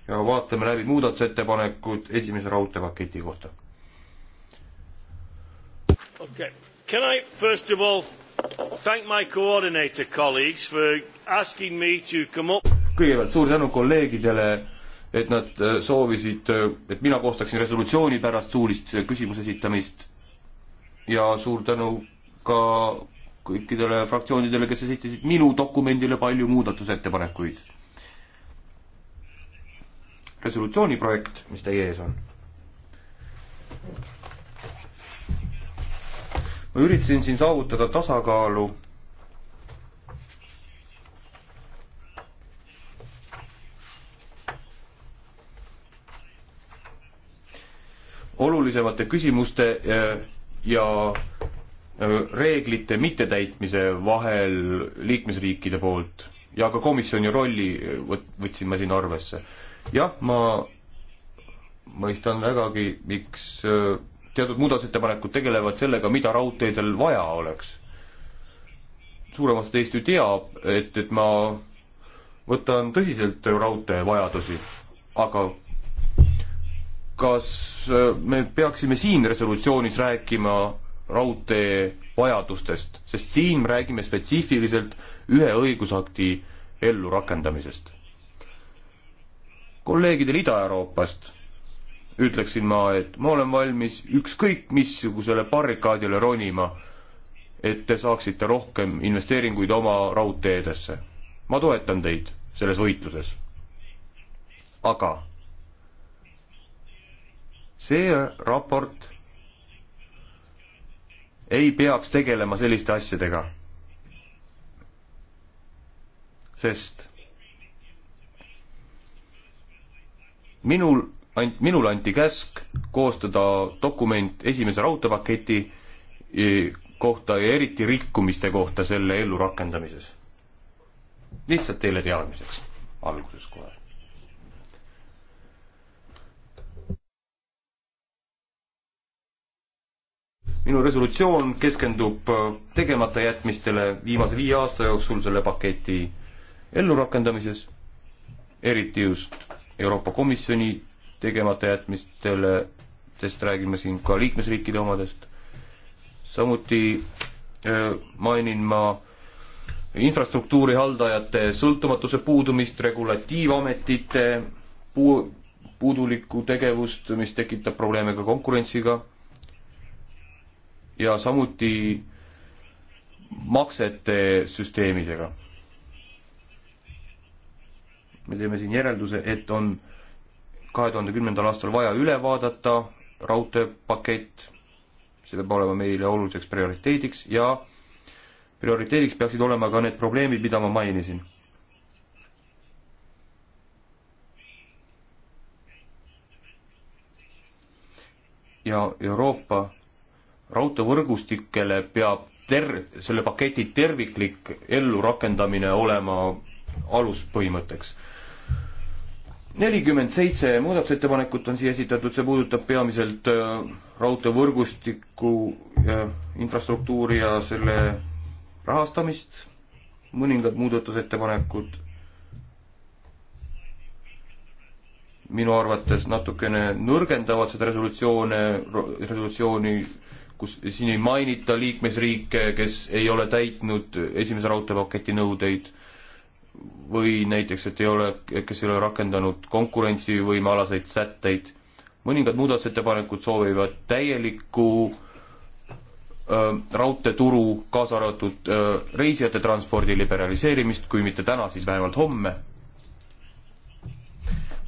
ja vaatame läbi muudatusettepanekud esimese raudteepaketi kohta. okei okay., can I first of all thank my coordinator colleagues for asking me to come up kõigepealt suur tänu kolleegidele, et nad äh, soovisid, äh, et mina koostaksin resolutsiooni pärast suulist äh, küsimuse esitamist ja suur tänu ka kõikidele fraktsioonidele, kes esitasid minu dokumendile palju muudatusettepanekuid. resolutsiooni projekt, mis teie ees on ma üritasin siin saavutada tasakaalu olulisemate küsimuste eh, ja eh, reeglite mittetäitmise vahel liikmesriikide poolt ja ka komisjoni rolli eh, võtsin ma siin arvesse. jah, ma mõistan vägagi, miks teatud muudatusettepanekud tegelevad sellega, mida raudteedel vaja oleks. suurem osa teist ju teab, et, et ma võtan tõsiselt raudtee vajadusi, aga kas me peaksime siin resolutsioonis rääkima raudtee vajadustest, sest siin me räägime spetsiifiliselt ühe õigusakti ellurakendamisest. kolleegidel Ida-Euroopast ütleksin ma, et ma olen valmis ükskõik missugusele barrikaadile ronima, et te saaksite rohkem investeeringuid oma raudteedesse. ma toetan teid selles võitluses. aga see raport ei peaks tegelema selliste asjadega. sest minul ant-, minule anti käsk koostada dokument esimese raudteepaketi e, kohta ja eriti rikkumiste kohta selle ellurakendamises. lihtsalt teile teadmiseks, alguses kohe. minu resolutsioon keskendub äh, tegemata jätmistele viimase viie aasta jooksul selle paketi ellurakendamises, eriti just Euroopa Komisjoni tegemata jätmistele, sest räägime siin ka liikmesriikide omadest. samuti äh, mainin ma infrastruktuuri haldajate sõltumatuse puudumist, regulatiivametite puu-, puudulikku tegevust, mis tekitab probleeme ka konkurentsiga ja samuti maksete süsteemidega. me teeme siin järelduse, et on kahe tuhande kümnendal aastal vaja üle vaadata, raudteepakett, see peab olema meile oluliseks prioriteediks ja prioriteediks peaksid olema ka need probleemid, mida ma mainisin. ja Euroopa raudteevõrgustikele peab ter-, selle paketi terviklik ellurakendamine olema aluspõhimõtteks nelikümmend seitse muudatusettepanekut on siia esitatud, see puudutab peamiselt äh, raudteevõrgustiku äh, infrastruktuuri ja selle rahastamist, mõningad muudatusettepanekud minu arvates natukene nõrgendavad seda resolutsioone, resolutsiooni, kus siin ei mainita liikmesriike, kes ei ole täitnud esimese raudteepaketi nõudeid või näiteks, et ei ole, kes ei ole rakendanud konkurentsivõimealaseid sätteid. mõningad muudatusettepanekud soovivad täielikku äh, raudteeturu, kaasa arvatud äh, reisijate transpordi liberaliseerimist, kui mitte täna, siis vähemalt homme.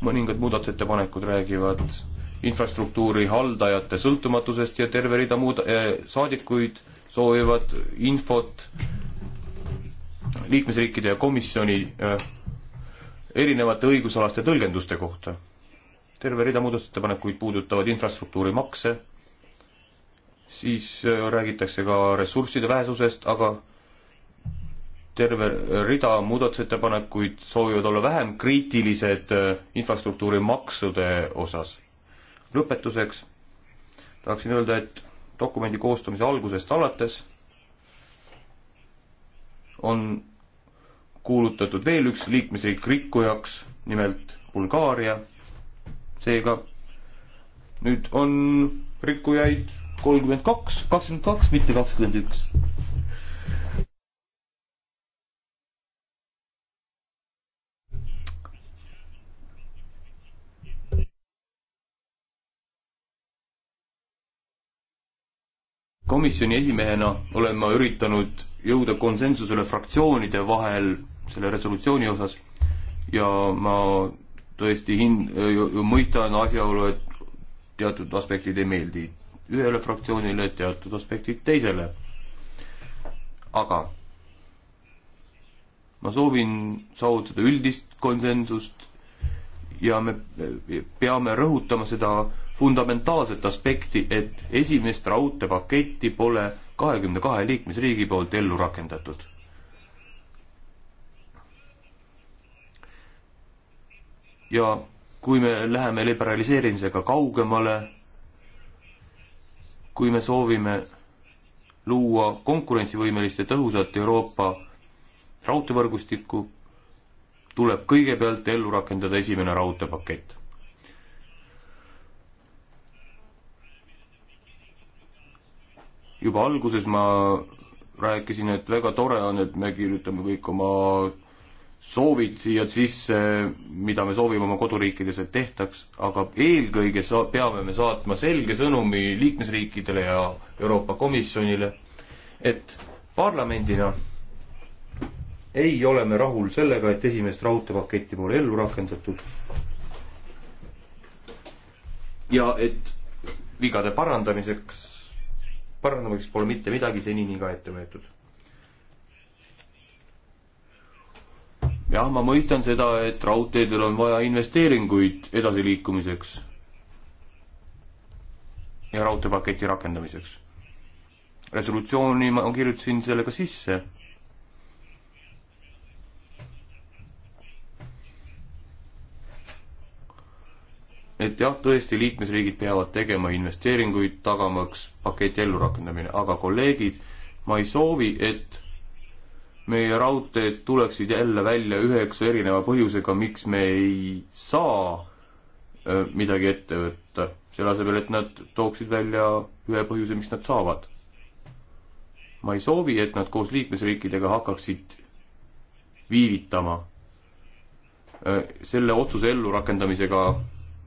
mõningad muudatusettepanekud räägivad infrastruktuuri haldajate sõltumatusest ja terve rida muud äh, saadikuid soovivad infot äh, liikmesriikide ja komisjoni äh, erinevate õigusalaste tõlgenduste kohta. terve rida muudatusettepanekuid puudutavad infrastruktuuri makse, siis äh, räägitakse ka ressursside vähesusest, aga terve rida muudatusettepanekuid soovivad olla vähem kriitilised äh, infrastruktuuri maksude osas. lõpetuseks tahaksin öelda, et dokumendi koostamise algusest alates on kuulutatud veel üks liikmesriik rikkujaks, nimelt Bulgaaria. seega nüüd on rikkujaid kolmkümmend kaks, kakskümmend kaks, mitte kakskümmend üks. komisjoni esimehena olen ma üritanud jõuda konsensusele fraktsioonide vahel selle resolutsiooni osas ja ma tõesti hin-, mõistan asjaolu, et teatud aspektid ei meeldi ühele fraktsioonile, teatud aspektid teisele. aga ma soovin saavutada üldist konsensust ja me peame rõhutama seda fundamentaalset aspekti, et esimest raudteepaketti pole kahekümne kahe liikmesriigi poolt ellu rakendatud. ja kui me läheme liberaliseerimisega kaugemale, kui me soovime luua konkurentsivõimelist ja tõhusat Euroopa raudteevõrgustikku, tuleb kõigepealt ellu rakendada esimene raudteepakett juba alguses ma rääkisin, et väga tore on, et me kirjutame kõik oma soovid siia sisse, mida me soovime oma koduriikides, et tehtaks, aga eelkõige sa-, peame me saatma selge sõnumi liikmesriikidele ja Euroopa Komisjonile, et parlamendina ei ole me rahul sellega, et esimest raudteepaketti pole ellu rakendatud. ja et vigade parandamiseks parandamiseks pole mitte midagi senini ka ette võetud. jah, ma mõistan seda, et raudteedel on vaja investeeringuid edasiliikumiseks ja raudteepaketi rakendamiseks. resolutsiooni ma kirjutasin selle ka sisse et jah, tõesti, liikmesriigid peavad tegema investeeringuid, tagamaks paketi ellurakendamine, aga kolleegid, ma ei soovi, et meie raudteed tuleksid jälle välja üheksa erineva põhjusega, miks me ei saa midagi ette võtta, selle asemel, et nad tooksid välja ühe põhjuse, miks nad saavad. ma ei soovi, et nad koos liikmesriikidega hakkaksid viivitama selle otsuse ellurakendamisega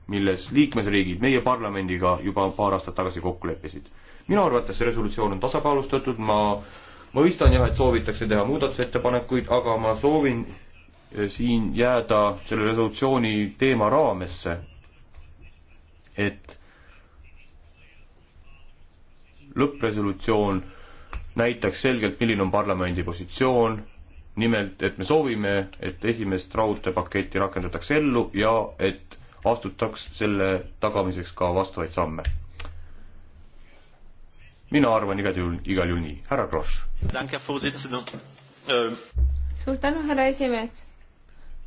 milles liikmesriigid meie parlamendiga juba paar aastat tagasi kokku leppisid. minu arvates see resolutsioon on tasakaalustatud, ma mõistan jah, et soovitakse teha muudatusettepanekuid, aga ma soovin eh, siin jääda selle resolutsiooni teema raamesse, et lõppresolutsioon näitaks selgelt, milline on parlamendi positsioon, nimelt, et me soovime, et esimest raudteepaketti rakendatakse ellu ja et astutaks selle tagamiseks ka vastavaid samme. mina arvan igal juhul, igal juhul nii. härra Kross. Ähm. suur tänu, härra esimees.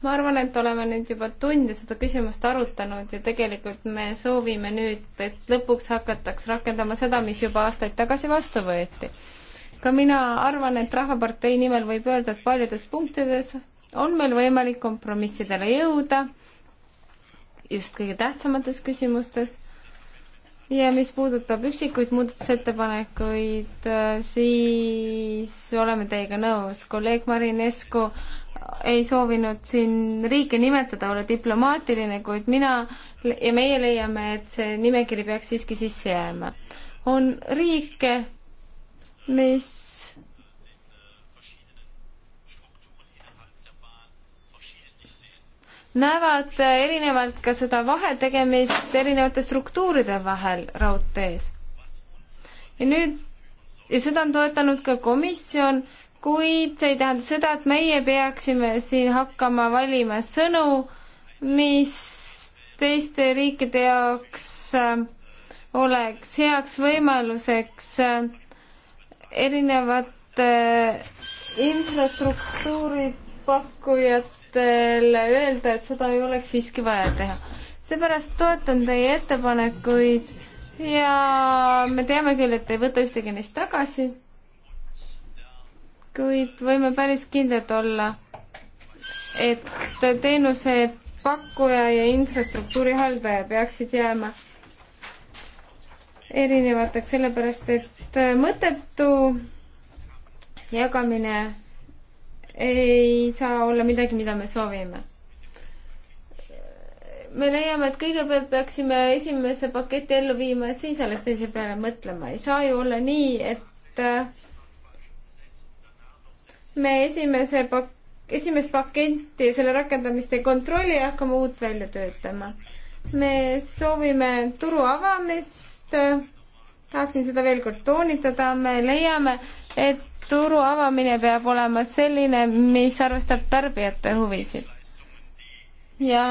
ma arvan, et oleme nüüd juba tunde seda küsimust arutanud ja tegelikult me soovime nüüd, et lõpuks hakataks rakendama seda, mis juba aastaid tagasi vastu võeti ka mina arvan, et Rahvapartei nimel võib öelda, et paljudes punktides on meil võimalik kompromissidele jõuda just kõige tähtsamates küsimustes. ja mis puudutab üksikuid muudatusettepanekuid, äh, siis oleme teiega nõus. kolleeg Marin Esko ei soovinud siin riike nimetada, olla diplomaatiline, kuid mina ja meie leiame, et see nimekiri peaks siiski sisse jääma. on riike, mis näevad erinevalt ka seda vahetegemist erinevate struktuuride vahel raudtees. ja nüüd, ja seda on toetanud ka komisjon, kuid see ei tähenda seda, et meie peaksime siin hakkama valima sõnu, mis teiste riikide jaoks äh, oleks heaks võimaluseks äh, erinevate äh, infrastruktuuri pakkujate juhtidel öelda, et seda ei oleks siiski vaja teha. seepärast toetan teie ettepanekuid ja me teame küll, et ei võta ühtegi neist tagasi, kuid võime päris kindlad olla, et teenuse pakkuja ja infrastruktuuri haldaja peaksid jääma erinevateks, sellepärast et mõttetu jagamine ei saa olla midagi, mida me soovime. me leiame, et kõigepealt peaksime esimese paketi ellu viima ja siis alles teise peale mõtlema. ei saa ju olla nii, et äh, me esimese pak-, esimest paketti ja selle rakendamist ei kontrolli ja hakkame uut välja töötama. me soovime turu avamist tahaksin seda veel kord toonitada, me leiame, et turu avamine peab olema selline, mis arvestab tarbijate huvisid. ja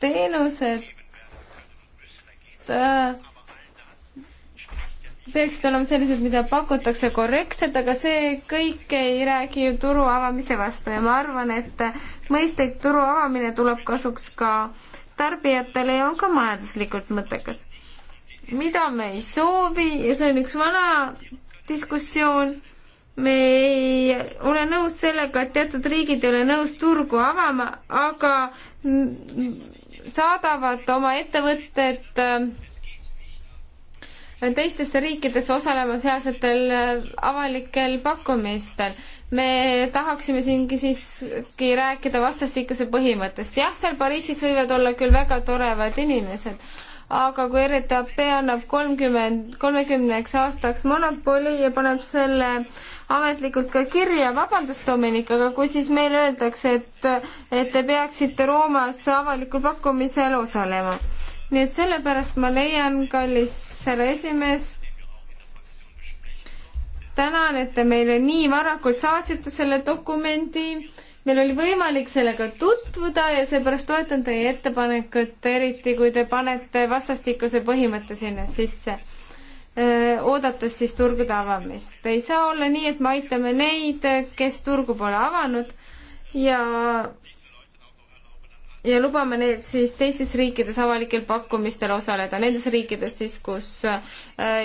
teenused äh, peaksid olema sellised, mida pakutakse korrektselt, aga see kõik ei räägi ju turu avamise vastu ja ma arvan, et mõisteid turu avamine tuleb kasuks ka tarbijatele ja on ka majanduslikult mõttekas. mida me ei soovi ja see on üks vana diskussioon, me ei ole nõus sellega, et teatud riigid ei ole nõus turgu avama, aga saadavad oma ettevõtted äh, teistesse riikidesse osalema sealsetel äh, avalikel pakkumistel. me tahaksime siingi siiski rääkida vastastikuse põhimõttest. jah, seal Pariisis võivad olla küll väga toredad inimesed, aga kui RTAP annab kolmkümmend, kolmekümneks aastaks monopoli ja paneb selle ametlikult ka kirja, vabandust, Dominik, aga kui siis meile öeldakse, et, et te peaksite Roomas avalikul pakkumisel osalema. nii et sellepärast ma leian, kallis härra esimees, tänan, et te meile nii varakult saatsite selle dokumendi meil oli võimalik sellega tutvuda ja seepärast toetan teie ettepanekut, eriti kui te panete vastastikuse põhimõtte sinna sisse, oodates siis turgude avamist. ei saa olla nii, et me aitame neid, kes turgu pole avanud ja ja lubame neil siis teistes riikides avalikel pakkumistel osaleda, nendes riikides siis, kus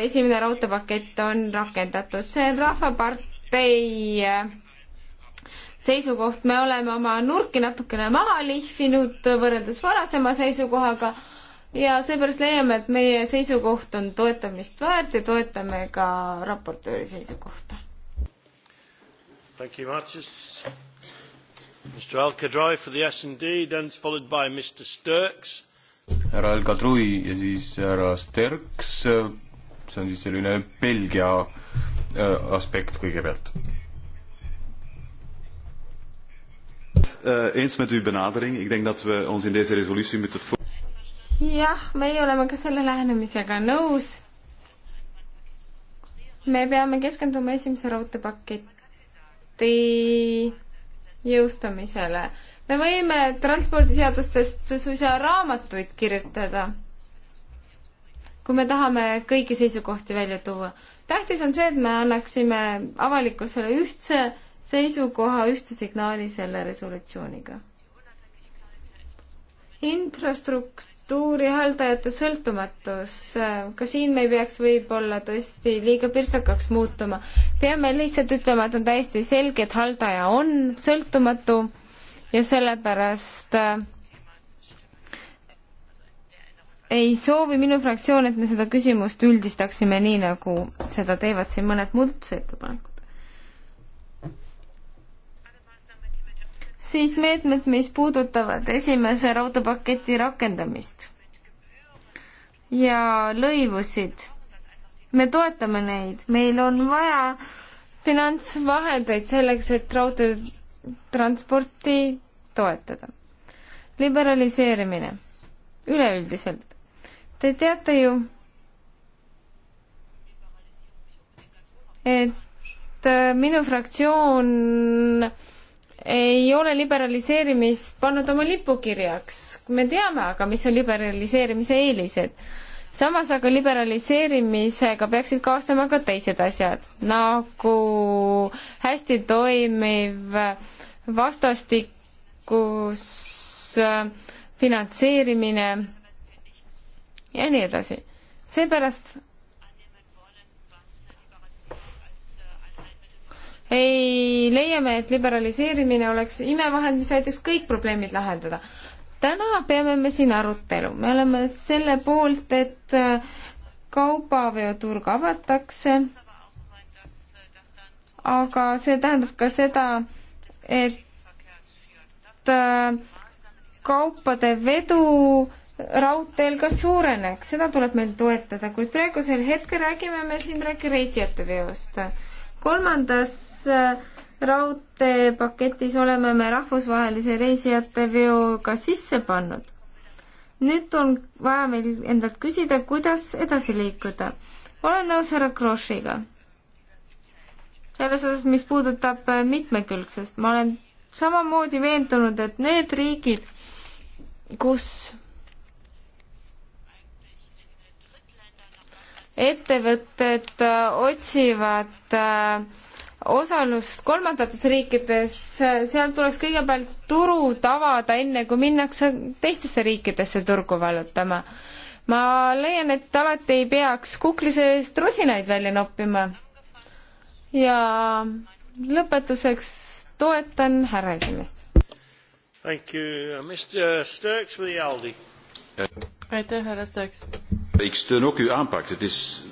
esimene raudteepakett on rakendatud. see on Rahvapartei seisukoht, me oleme oma nurki natukene maha lihvinud võrreldes varasema seisukohaga ja seepärast leiame, et meie seisukoht on toetamist väärt ja toetame ka raportööri seisukohta. Thank you much. Mr Al Kadri for the S and D, then followed by Mr Sturks. härra Al Kadri ja siis härra Sterks, see on siis selline Belgia äh, aspekt kõigepealt Eh, eens met uw benadering. Ik denk dat we ons in deze resolutie moeten jah, meie oleme ka selle lähenemisega nõus. me peame keskenduma esimese raudteepaketi jõustamisele. me võime transpordiseadustest suisa raamatuid kirjutada, kui me tahame kõiki seisukohti välja tuua. tähtis on see, et me annaksime avalikkusele ühtse seisukoha ühtse signaali selle resolutsiooniga. infrastruktuuri haldajate sõltumatus, ka siin me ei peaks võib-olla tõesti liiga pirtsakaks muutuma. peame lihtsalt ütlema, et on täiesti selge, et haldaja on sõltumatu ja sellepärast äh, ei soovi minu fraktsioon, et me seda küsimust üldistaksime nii, nagu seda teevad siin mõned muudatusettepanekud. siis meetmed, mis puudutavad esimese raudteepaketi rakendamist ja lõivusid. me toetame neid, meil on vaja finantsvahendeid selleks, et raudteetransporti toetada. liberaliseerimine üleüldiselt. Te teate ju, et minu fraktsioon ei ole liberaliseerimist pannud oma lipukirjaks. me teame aga, mis on liberaliseerimise eelised. samas aga liberaliseerimisega peaksid kaasnema ka teised asjad, nagu hästi toimiv vastastikus äh, finantseerimine ja nii edasi. seepärast ei, leiame, et liberaliseerimine oleks imevahend, mis aitaks kõik probleemid lahendada. täna peame me siin arutelu, me oleme selle poolt, et äh, kaubaveoturg avatakse, aga see tähendab ka seda, et äh, kaupade vedu raudteel ka suureneks, seda tuleb meil toetada, kuid praegusel hetkel räägime me siin praegu reisijate veost kolmandas äh, raudteepaketis oleme me rahvusvahelise reisijateveo ka sisse pannud. nüüd on vaja meil endalt küsida, kuidas edasi liikuda. olen nõus härra Krossiga. selles osas, mis puudutab äh, mitmekülgsust, ma olen samamoodi veendunud, et need riigid, kus ettevõtted äh, otsivad Äh, osalust kolmandates riikides, äh, seal tuleks kõigepealt turud avada, enne kui minnakse teistesse riikidesse turgu vallutama. ma leian, et alati ei peaks kukli seest rusinaid välja noppima. ja lõpetuseks toetan härra esimeest. Uh, aitäh, härra Sturks. Ik steun ook uw aanpak. Het is,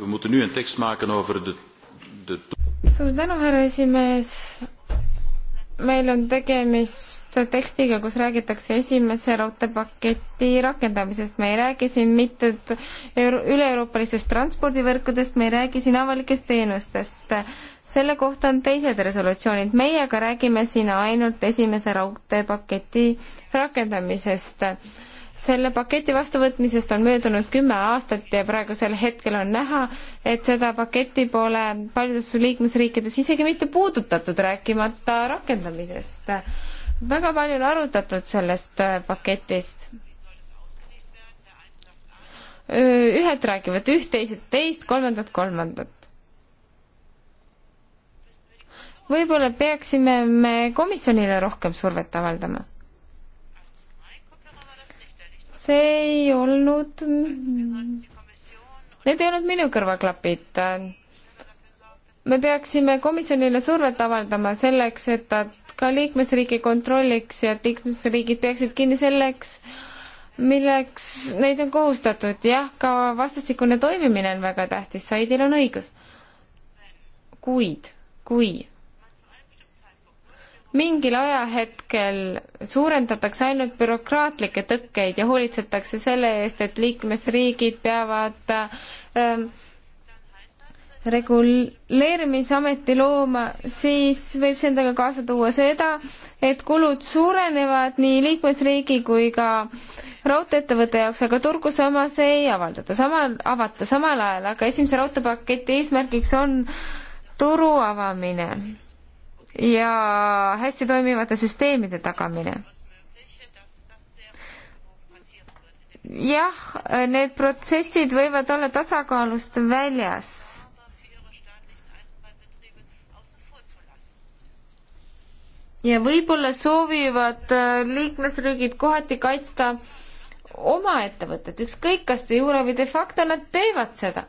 we moeten nu een tekst maken over de suur tänu, härra esimees. meil on tegemist tekstiga, kus räägitakse esimese raudteepaketi rakendamisest. me ei räägi siin mitte euro üle-euroopalistest transpordivõrkudest, me ei räägi siin avalikest teenustest. selle kohta on teised resolutsioonid. meie aga räägime siin ainult esimese raudteepaketi rakendamisest selle paketi vastuvõtmisest on möödunud kümme aastat ja praegusel hetkel on näha, et seda paketti pole paljudes liikmesriikides isegi mitte puudutatud, rääkimata rakendamisest. väga palju on arutatud sellest äh, paketist. ühed räägivad üht, teised teist, kolmandad kolmandat. võib-olla peaksime me komisjonile rohkem survet avaldama see ei olnud, need ei olnud minu kõrvaklapid. me peaksime komisjonile survet avaldama selleks, et nad ka liikmesriiki kontrolliks ja et liikmesriigid peaksid kinni selleks, milleks neid on kohustatud. jah, ka vastastikune toimimine on väga tähtis, Saidil on õigus. kuid, kui mingil ajahetkel suurendatakse ainult bürokraatlikke tõkkeid ja hoolitsetakse selle eest, et liikmesriigid peavad äh, reguleerimisameti looma, siis võib see endaga kaasa tuua seda, et kulud suurenevad nii liikmesriigi kui ka raudtee-ettevõtte jaoks, aga turgu samas ei avaldata, samal, avata samal ajal, aga esimese raudteepaketi eesmärgiks on turu avamine ja hästi toimivate süsteemide tagamine. jah, need protsessid võivad olla tasakaalust väljas ja võib-olla soovivad äh, liikmesriigid kohati kaitsta oma ettevõtet, ükskõik kas de jure või de facto nad teevad seda.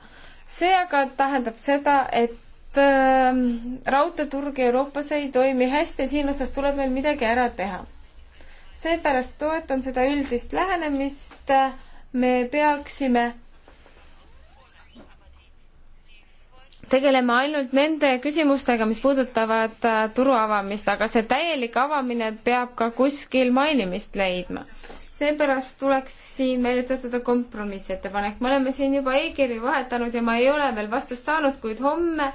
see aga tähendab seda, et Ähm, raudteeturg Euroopas ei toimi hästi ja siin osas tuleb meil midagi ära teha. seepärast toetan seda üldist lähenemist, me peaksime tegeleme ainult nende küsimustega, mis puudutavad äh, turu avamist, aga see täielik avamine peab ka kuskil mainimist leidma. seepärast tuleks siin välja töötada kompromissettepanek. me oleme siin juba e-kirju vahetanud ja ma ei ole veel vastust saanud, kuid homme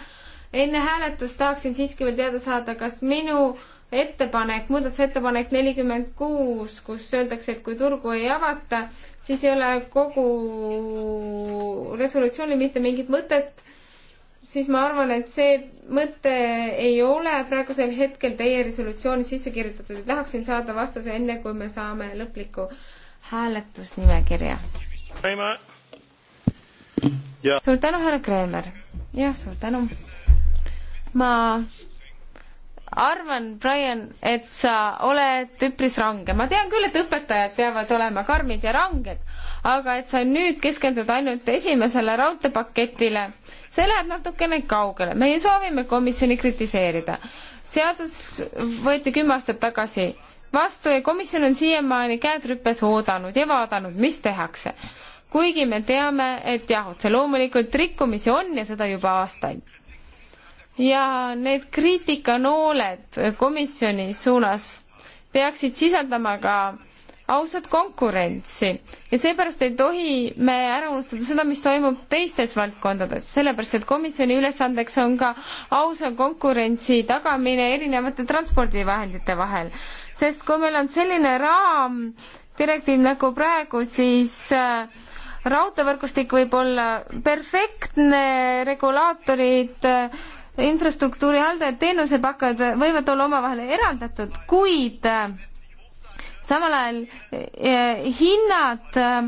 enne hääletust tahaksin siiski veel teada saada, kas minu ettepanek, muudatusettepanek nelikümmend kuus, kus öeldakse, et kui turgu ei avata, siis ei ole kogu resolutsioonil mitte mingit mõtet, siis ma arvan, et see mõte ei ole praegusel hetkel teie resolutsiooni sisse kirjutatud, et tahaksin saada vastuse enne, kui me saame lõpliku hääletusnimekirja. suur tänu, härra Kreemer. jah, suur tänu ma arvan, Brian, et sa oled üpris range. ma tean küll, et õpetajad peavad olema karmid ja ranged, aga et sa nüüd keskendud ainult esimesele raudteepaketile, see läheb natukene kaugele. meie soovime komisjoni kritiseerida. seadus võeti kümme aastat tagasi vastu ja komisjon on siiamaani käed rüpes oodanud ja vaadanud, mis tehakse. kuigi me teame, et jah, otse loomulikult rikkumisi on ja seda juba aastaid ja need kriitikanooled komisjoni suunas peaksid sisaldama ka ausat konkurentsi ja seepärast ei tohi me ära unustada seda, mis toimub teistes valdkondades, sellepärast et komisjoni ülesandeks on ka ausa konkurentsi tagamine erinevate transpordivahendite vahel. sest kui meil on selline raam, direktiiv nagu praegu, siis äh, raudteevõrgustik võib olla perfektne, regulaatorid äh, infrastruktuuri haldajad, teenusepakkajad võivad olla omavahel eraldatud, kuid äh, samal ajal äh, hinnad äh,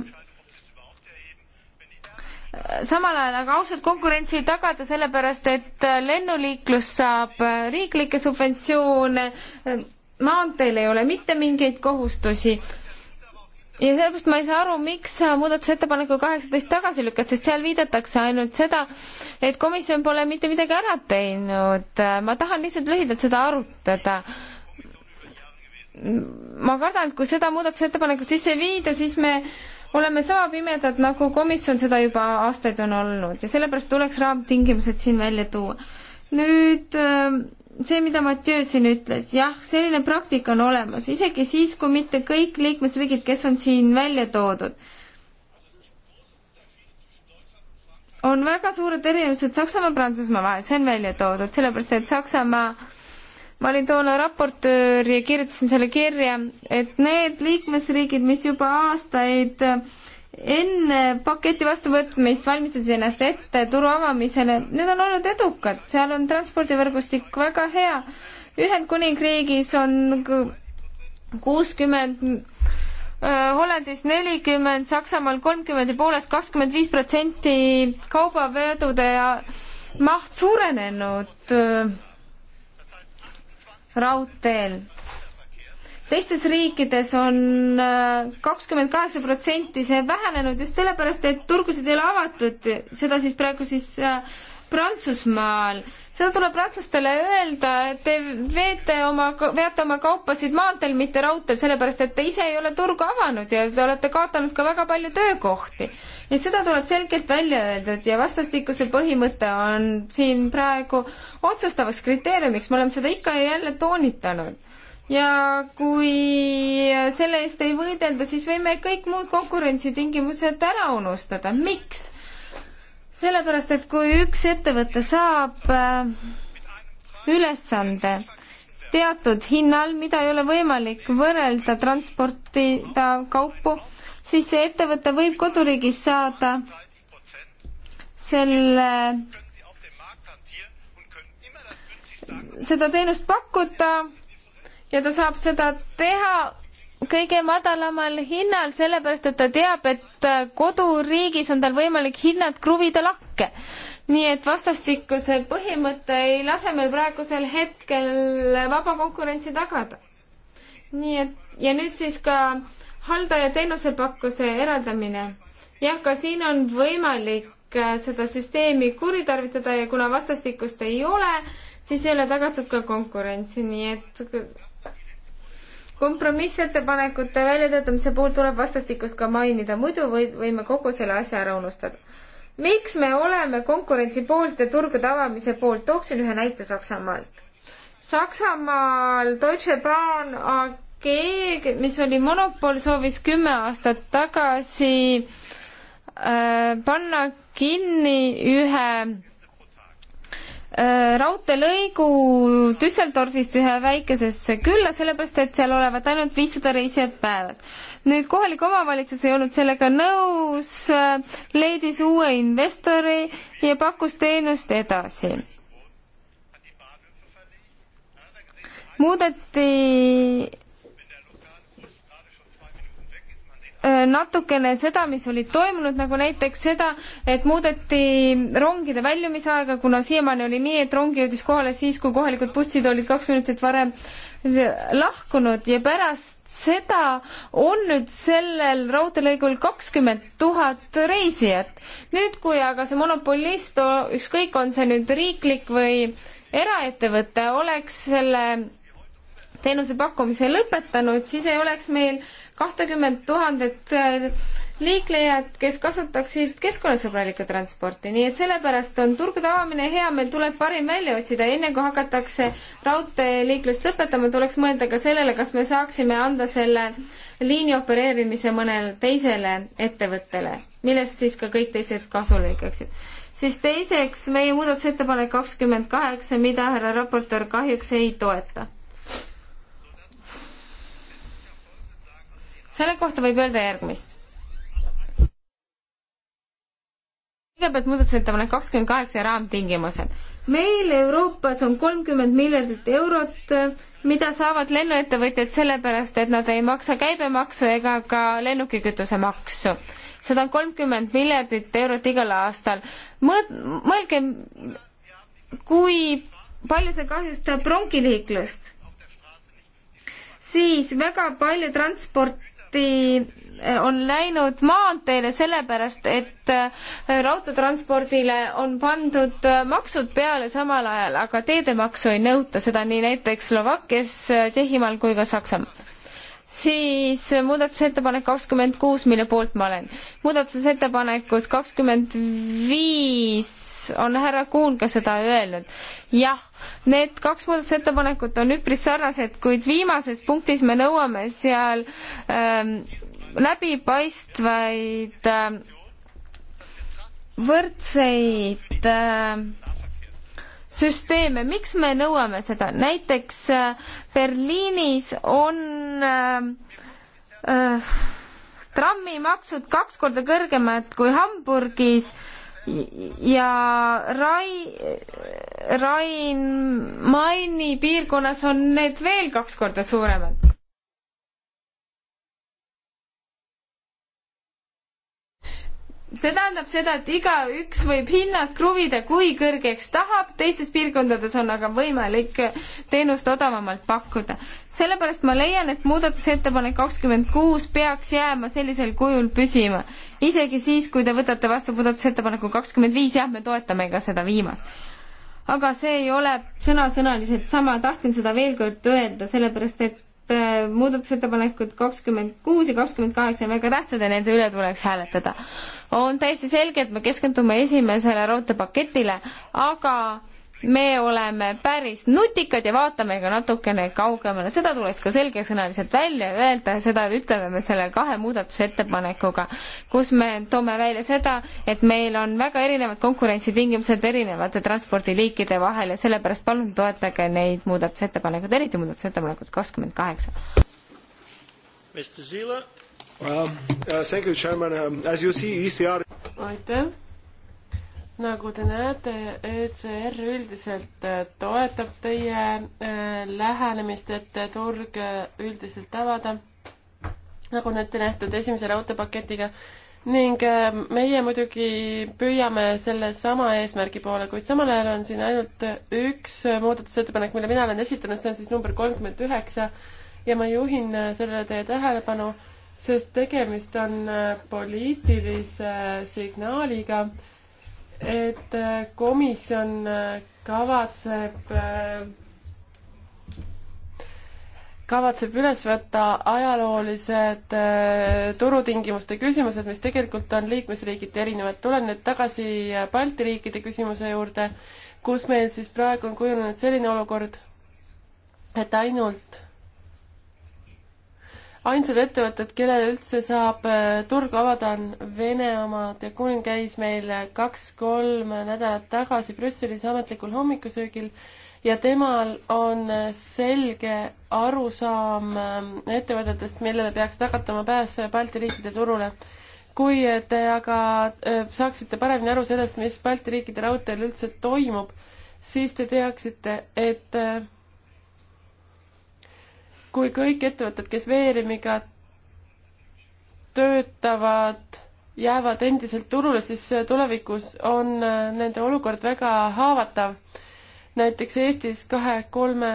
samal ajal aga ausat konkurentsi ei tagada, sellepärast et lennuliiklus saab riiklikke subventsioone, maanteel ei ole mitte mingeid kohustusi ja sellepärast ma ei saa aru, miks sa muudatusettepaneku kaheksateist tagasi lükkad, sest seal viidatakse ainult seda, et komisjon pole mitte midagi ära teinud. ma tahan lihtsalt lühidalt seda arutada. ma kardan, et kui seda muudatusettepanekut sisse ei viida, siis me oleme sama pimedad, nagu komisjon seda juba aastaid on olnud ja sellepärast tuleks raamtingimused siin välja tuua. nüüd ähm, see, mida Mathieu siin ütles, jah, selline praktika on olemas, isegi siis, kui mitte kõik liikmesriigid, kes on siin välja toodud, on väga suured erinevused Saksamaa ja Prantsusmaa vahel, see on välja toodud, sellepärast et Saksamaa, ma olin toona raportöör ja kirjutasin selle kirja, et need liikmesriigid, mis juba aastaid äh, enne paketi vastuvõtmist valmistades ennast ette turu avamisele, need on olnud edukad, seal on transpordivõrgustik väga hea. Ühendkuningriigis on kuuskümmend, Hollandis nelikümmend, Saksamaal kolmkümmend ja Poolas kakskümmend viis protsenti kaubavedude maht suurenenud raudteel teistes riikides on äh, kakskümmend kaheksa protsenti see vähenenud just sellepärast, et turgusid ei ole avatud, seda siis praegu siis äh, Prantsusmaal. seda tuleb prantslastele öelda, et te veete oma, veate oma kaupasid maanteel, mitte raudteel, sellepärast et te ise ei ole turgu avanud ja te olete kaotanud ka väga palju töökohti. et seda tuleb selgelt välja öeldud ja vastastikuse põhimõte on siin praegu otsustavaks kriteeriumiks, me oleme seda ikka ja jälle toonitanud ja kui selle eest ei võidelda, siis võime kõik muud konkurentsitingimused ära unustada. miks? sellepärast, et kui üks ettevõte saab äh, ülesande teatud hinnal, mida ei ole võimalik võrrelda transportida kaupu, siis see ettevõte võib koduriigis saada selle seda teenust pakkuda ja ta saab seda teha kõige madalamal hinnal, sellepärast et ta teab, et äh, koduriigis on tal võimalik hinnad kruvida lakke. nii et vastastikuse põhimõte ei lase meil praegusel hetkel vaba konkurentsi tagada. nii et ja nüüd siis ka haldaja teenusepakkuse eraldamine. jah, ka siin on võimalik äh, seda süsteemi kuritarvitada ja kuna vastastikust ei ole, siis ei ole tagatud ka konkurentsi, nii et kompromissettepanekute väljatöötamise puhul tuleb vastastikust ka mainida, muidu või, võime kogu selle asja ära unustada. miks me oleme konkurentsi poolt ja turgude avamise poolt, tooksin ühe näite Saksamaalt. Saksamaal Deutsche Bahn AG, mis oli monopol, soovis kümme aastat tagasi äh, panna kinni ühe Äh, raudteelõigu Düsseldorfist ühe väikesesse külla, sellepärast et seal olevat ainult viissada reisijat päevas. nüüd kohalik omavalitsus ei olnud sellega nõus, äh, leidis uue investori ja pakkus teenust edasi. muudeti Äh, natukene seda, mis oli toimunud, nagu näiteks seda, et muudeti rongide väljumisaega, kuna siiamaani oli nii, et rong jõudis kohale siis, kui kohalikud bussid olid kaks minutit varem lahkunud ja pärast seda on nüüd sellel raudteelõigul kakskümmend tuhat reisijat. nüüd, kui aga see monopolist, ükskõik, on see nüüd riiklik või eraettevõte, oleks selle teenuse pakkumise lõpetanud, siis ei oleks meil äh, kahtekümmet tuhandet äh, liiklejad, kes kasutaksid keskkonnasõbralikku transporti, nii et sellepärast on turgude avamine hea, meil tuleb parim välja otsida, enne kui hakatakse raudteeliiklust lõpetama, tuleks mõelda ka sellele, kas me saaksime anda selle liini opereerimise mõnele teisele ettevõttele, millest siis ka kõik teised kasu lõikaksid. siis teiseks meie muudatusettepanek kakskümmend kaheksa, mida härra raportöör kahjuks ei toeta selle kohta võib öelda järgmist. kõigepealt muudatusettepanek kakskümmend kaheksa ja raamtingimused. meil Euroopas on kolmkümmend miljardit eurot, mida saavad lennuettevõtjad sellepärast, et nad ei maksa käibemaksu ega ka lennukikütuse maksu seda on kolmkümmend miljardit eurot igal aastal. Mõõt-, mõelge, kui palju see kahjustab rongiliiklust, siis väga palju transport alati eh, on läinud maanteele sellepärast, et eh, raudteetranspordile on pandud eh, maksud peale samal ajal, aga teedemaksu ei nõuta, seda nii näiteks Slovakkias, Tšehhimaal kui ka Saksamaal. siis muudatusettepanek kakskümmend kuus, mille poolt ma olen. muudatusettepanekus kakskümmend viis siis on härra Kuun ka seda öelnud. jah, need kaks muudatusettepanekut on üpris sarnased, kuid viimases punktis me nõuame seal ähm, läbipaistvaid äh, võrdseid äh, süsteeme, miks me nõuame seda, näiteks äh, Berliinis on äh, äh, trammimaksud kaks korda kõrgemad kui Hamburgis äh, ja Rai, Rain Maini piirkonnas on need veel kaks korda suuremad see tähendab seda, et igaüks võib hinnad kruvida, kui kõrgeks tahab, teistes piirkondades on aga võimalik teenust odavamalt pakkuda. sellepärast ma leian, et muudatusettepanek kakskümmend kuus peaks jääma sellisel kujul püsima. isegi siis, kui te võtate vastu muudatusettepaneku kakskümmend viis, jah, me toetame ka seda viimast aga see ei ole sõnasõnaliselt sama, tahtsin seda veel kord öelda, sellepärast et Äh, muudatusettepanekud kakskümmend kuus ja kakskümmend kaheksa on väga tähtsad ja nende üle tuleks hääletada. on täiesti selge, et me keskendume esimesele raudteepaketile, aga me oleme päris nutikad ja vaatame ka natukene kaugemale, seda tuleks ka selgesõnaliselt välja öelda ja seda ütleme me selle kahe muudatusettepanekuga, kus me toome välja seda, et meil on väga erinevad konkurentsitingimused erinevate transpordiliikide vahel ja sellepärast palun toetage neid muudatusettepanekuid, eriti muudatusettepanekut kakskümmend kaheksa. Um, uh, um, e aitäh nagu te näete, ECR üldiselt äh, toetab teie äh, lähenemist, et äh, turg üldiselt avada, nagu on ette nähtud esimese raudteepaketiga ning meie muidugi püüame selle sama eesmärgi poole, kuid samal ajal on siin ainult üks muudatusettepanek, mille mina olen esitanud, see on siis number kolmkümmend üheksa ja ma juhin sellele teie tähelepanu, sest tegemist on poliitilise signaaliga äh, et äh, komisjon äh, kavatseb äh, kavatseb üles võtta ajaloolised turutingimuste küsimused, mis tegelikult on liikmesriigiti erinevad. tulen nüüd tagasi Balti riikide küsimuse juurde, kus meil siis praegu on kujunenud selline olukord, et ainult ainsad ettevõtted, kellele üldse saab äh, turgu avada, on Vene omad ja kuning käis meil äh, kaks-kolm nädalat tagasi Brüsselis ametlikul hommikusöögil ja temal on äh, selge arusaam ähm, ettevõtetest, millele peaks tagatama pääs Balti riikide turule. kui te aga saaksite paremini aru sellest, mis Balti riikide raudteel üldse toimub, siis te teaksite, et kui kõik ettevõtted, kes veeremiga töötavad, jäävad endiselt turule, siis tulevikus on äh, nende olukord väga haavatav. näiteks Eestis kahe-kolme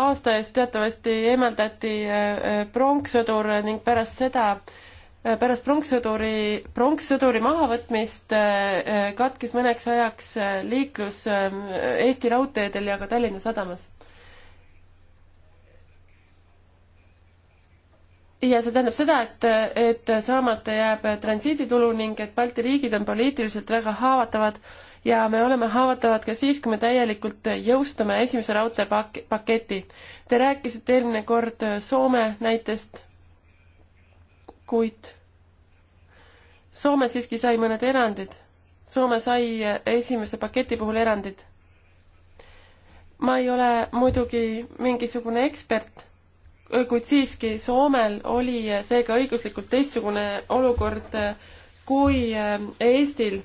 aasta eest teatavasti eemaldati äh, äh, pronkssõdur ning pärast seda, pärast pronkssõduri, pronkssõduri mahavõtmist katkes mõneks ajaks liiklus Eesti raudteedel ja ka Tallinna sadamas ja see tähendab seda, et, et saamata jääb transiiditulu ning et Balti riigid on poliitiliselt väga haavatavad ja me oleme haavatavad ka siis, kui me täielikult jõustame esimese raudteepaketi. Te rääkisite eelmine kord Soome näitest, kuid Soome siiski sai mõned erandid. Soome sai esimese paketi puhul erandid. ma ei ole muidugi mingisugune ekspert kuid siiski Soomel oli seega õiguslikult teistsugune olukord äh, kui äh, Eestil.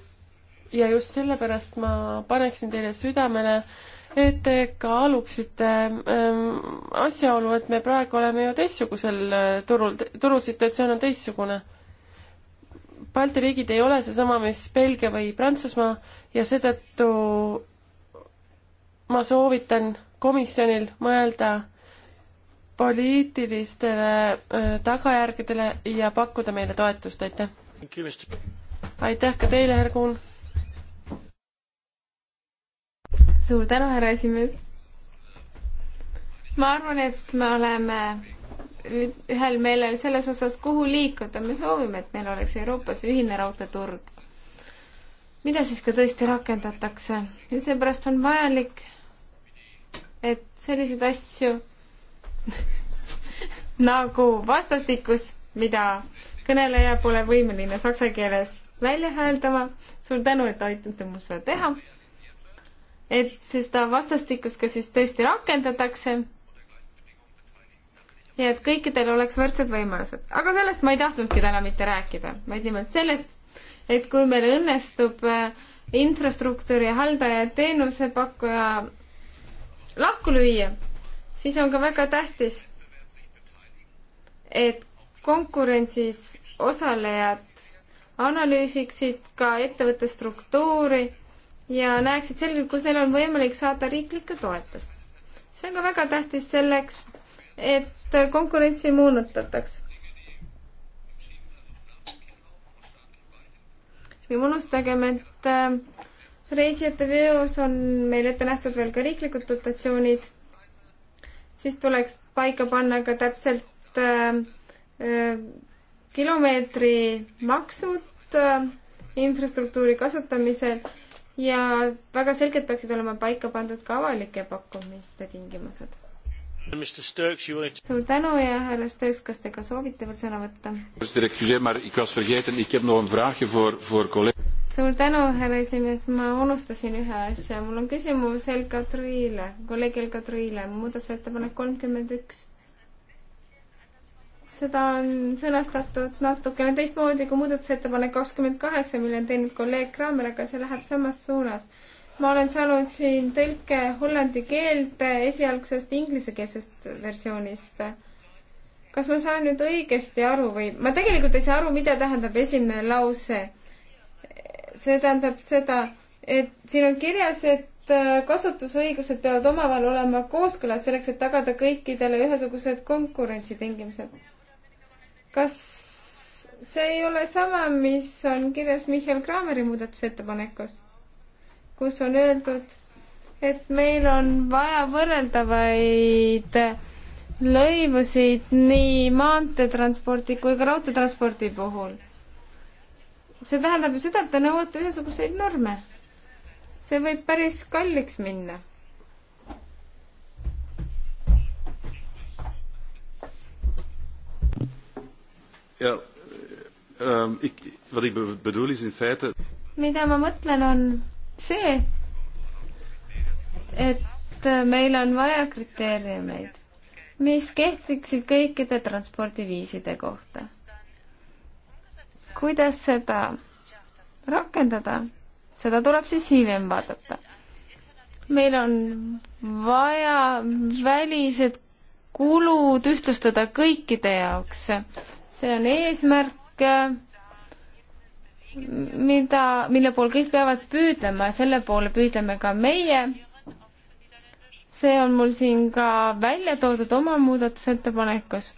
ja just sellepärast ma paneksin teile südamele, et te kaaluksite ähm, asjaolu, et me praegu oleme ju teistsugusel äh, turul, turusituatsioon on teistsugune. Balti riigid ei ole seesama, mis Belgia või Prantsusmaa ja seetõttu ma soovitan komisjonil mõelda poliitilistele tagajärgedele ja pakkuda meile toetust, aitäh! aitäh ka teile, härra Kuhn! suur tänu, härra esimees! ma arvan, et me oleme ühel meelel selles osas, kuhu liikuda, me soovime, et meil oleks Euroopas ühine raudteeturg, mida siis ka tõesti rakendatakse ja seepärast on vajalik, et selliseid asju [laughs] nagu vastastikus, mida kõneleja pole võimeline saksa keeles välja hääldama. suur tänu, et aitate mul seda teha. et seda vastastikus ka siis tõesti rakendatakse. ja et kõikidel oleks võrdsed võimalused. aga sellest ma ei tahtnudki täna mitte rääkida, vaid nimelt sellest, et kui meil õnnestub äh, infrastruktuuri haldaja, teenusepakkuja lahku lüüa, siis on ka väga tähtis, et konkurentsis osalejad analüüsiksid ka ettevõtte struktuuri ja näeksid selgelt, kus neil on võimalik saada riiklikku toetust. see on ka väga tähtis selleks, et konkurentsi moonutataks. ärgem unustagem, et äh, reisijate veos on meil ette nähtud veel ka riiklikud dotatsioonid siis tuleks paika panna ka täpselt äh, äh, kilomeetri maksud äh, infrastruktuuri kasutamisel ja väga selgelt peaksid olema paika pandud ka avalike pakkumiste tingimused. suur tänu ja härra Stööks, kas te ka soovite veel sõna võtta? suur tänu, härra esimees, ma unustasin ühe asja, mul on küsimus Helka Truile, kolleeg Helka Truile, muudatusettepanek kolmkümmend üks. seda on sõnastatud natukene teistmoodi kui muudatusettepanek kakskümmend kaheksa, mille on teinud kolleeg Kramer, aga see läheb samas suunas. ma olen saanud siin tõlke hollandi keelde esialgsest inglisekeelsest versioonist kas ma saan nüüd õigesti aru või ma tegelikult ei saa aru, mida tähendab esimene lause see tähendab seda, et siin on kirjas, et äh, kasutusõigused peavad omavahel olema kooskõlas selleks, et tagada kõikidele ühesugused konkurentsitingimused. kas see ei ole sama, mis on kirjas Michael Krahmeri muudatusettepanekus, kus on öeldud, et meil on vaja võrreldavaid lõivusid nii maanteetranspordi kui ka raudteetranspordi puhul see tähendab ju seda, et te nõuate ühesuguseid norme. see võib päris kalliks minna. ja ähm, ik, wat ik bedoel is in feite mida ma mõtlen, on see, et meil on vaja kriteeriumeid, mis kehtiksid kõikide transpordiviiside kohta kuidas seda rakendada, seda tuleb siis hiljem vaadata. meil on vaja välised kulud ühtlustada kõikide jaoks. see on eesmärk, mida, mille pool kõik peavad püüdlema, selle poole püüdleme ka meie. see on mul siin ka välja toodud oma muudatusettepanekus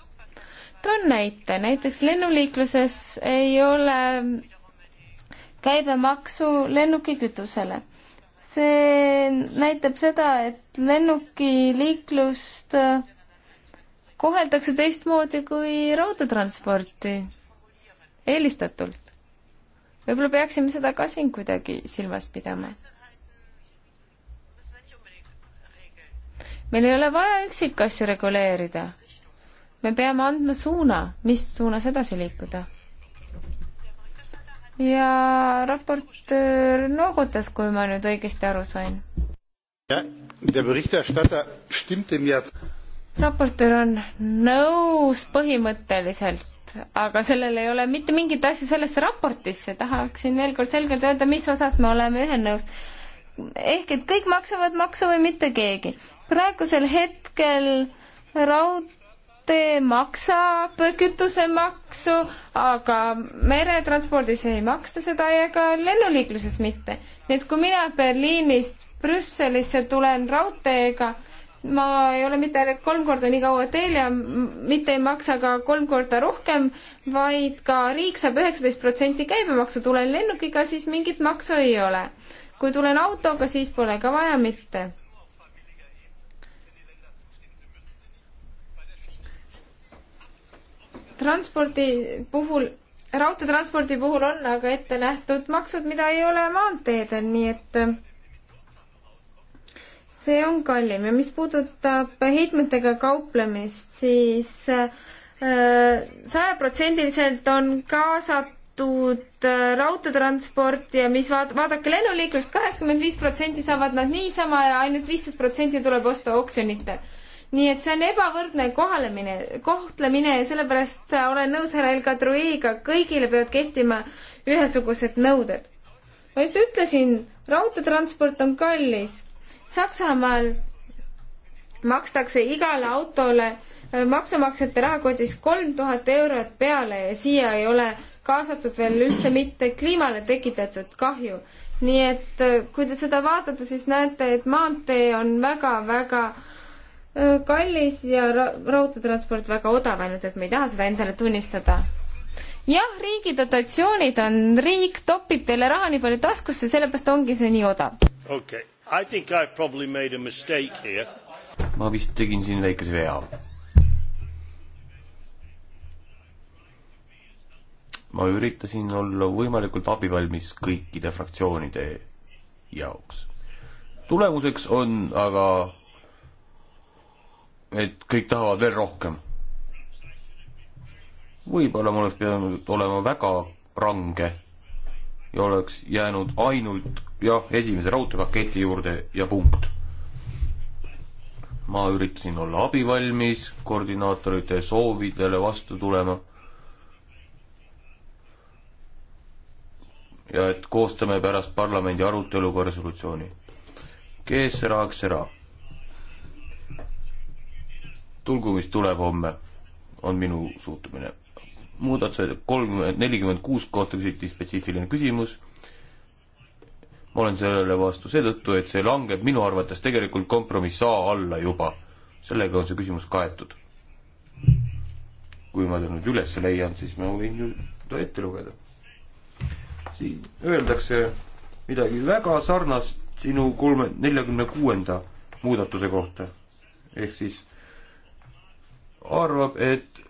toon näite, näiteks lennuliikluses ei ole käibemaksu lennukikütusele. see näitab seda, et lennukiliiklust äh, koheldakse teistmoodi kui raudteetransporti, eelistatult. võib-olla peaksime seda ka siin kuidagi silmas pidama. meil ei ole vaja üksikasju reguleerida me peame andma suuna, mis suunas edasi liikuda. ja raportöör noogutas, kui ma nüüd õigesti aru sain. raportöör on nõus põhimõtteliselt aga sellel ei ole mitte mingit asja sellesse raportisse, tahaksin veel kord selgelt öelda, mis osas me oleme ühel nõus. ehk et kõik maksavad maksu või mitte keegi. praegusel hetkel raud, raudtee maksab kütusemaksu, aga meretranspordis ei maksta seda ja ka lennuliikluses mitte. nii et kui mina Berliinist Brüsselisse tulen raudteega, ma ei ole mitte ainult kolm korda nii kaua teel ja mitte ei maksa ka kolm korda rohkem, vaid ka riik saab üheksateist protsenti käibemaksu, tulen lennukiga, siis mingit maksu ei ole. kui tulen autoga, siis pole ka vaja mitte transpordi puhul, raudteetranspordi puhul on aga ette nähtud maksud, mida ei ole maanteedel, nii et äh, see on kallim ja mis puudutab heitmetega kauplemist siis, siis äh, sajaprotsendiliselt on kaasatud äh, raudteetransport ja mis vaat-, vaadake lennuliiklust, kaheksakümmend viis protsenti saavad nad niisama ja ainult viisteist protsenti tuleb osta oksjonitel nii et see on ebavõrdne kohalemine, kohtlemine ja sellepärast olen nõus härra El Kadriiga, kõigile peavad kehtima ühesugused nõuded. ma just ütlesin, raudteetransport on kallis. Saksamaal makstakse igale autole äh, maksumaksjate rahakotis kolm tuhat eurot peale ja siia ei ole kaasatud veel üldse mitte kliimale tekitatud kahju. nii et äh, kui te seda vaatate, siis näete, et maantee on väga-väga kallis ja ra raudteetransport väga odav, ainult et me ei taha seda endale tunnistada. jah, riigi dotatsioonid on, riik topib teile raha nii palju taskusse, sellepärast ongi see nii odav. okei okay., I think I probably made a mistake here. ma vist tegin siin väikese vea. ma üritasin olla võimalikult abivalmis kõikide fraktsioonide jaoks. tulemuseks on aga et kõik tahavad veel rohkem. võib-olla ma oleks pidanud olema väga range ja oleks jäänud ainult jah, esimese raudteepaketi juurde ja punkt. ma üritasin olla abivalmis, koordinaatorite soovidele vastu tulema. ja et koostame pärast parlamendi arutelu ka resolutsiooni. kes ära, kes ära tulgu, mis tuleb homme, on minu suhtumine. muudatused kolmkümmend, nelikümmend kuus kohta küsiti spetsiifiline küsimus. ma olen sellele vastu seetõttu, et see langeb minu arvates tegelikult kompromiss A alla juba. sellega on see küsimus kaetud. kui ma ta nüüd üles leian, siis ma võin ju ta ette lugeda. siin öeldakse midagi väga sarnast sinu kolme, neljakümne kuuenda muudatuse kohta. ehk siis arvab, et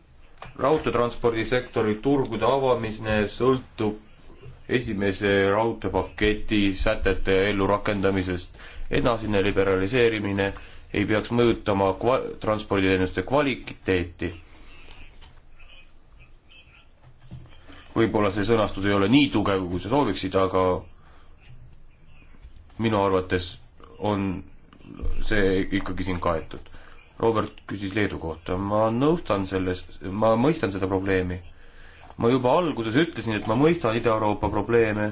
raudteetranspordisektori turgude avamine sõltub esimese raudteepaketi sätete ellurakendamisest. edasine liberaliseerimine ei peaks mõjutama kva-, transporditeenuste kvaliteeti. võib-olla see sõnastus ei ole nii tugev, kui sa sooviksid, aga minu arvates on see ikkagi siin kaetud Robert küsis Leedu kohta, ma nõustan selles, ma mõistan seda probleemi. ma juba alguses ütlesin, et ma mõistan Ida-Euroopa probleeme.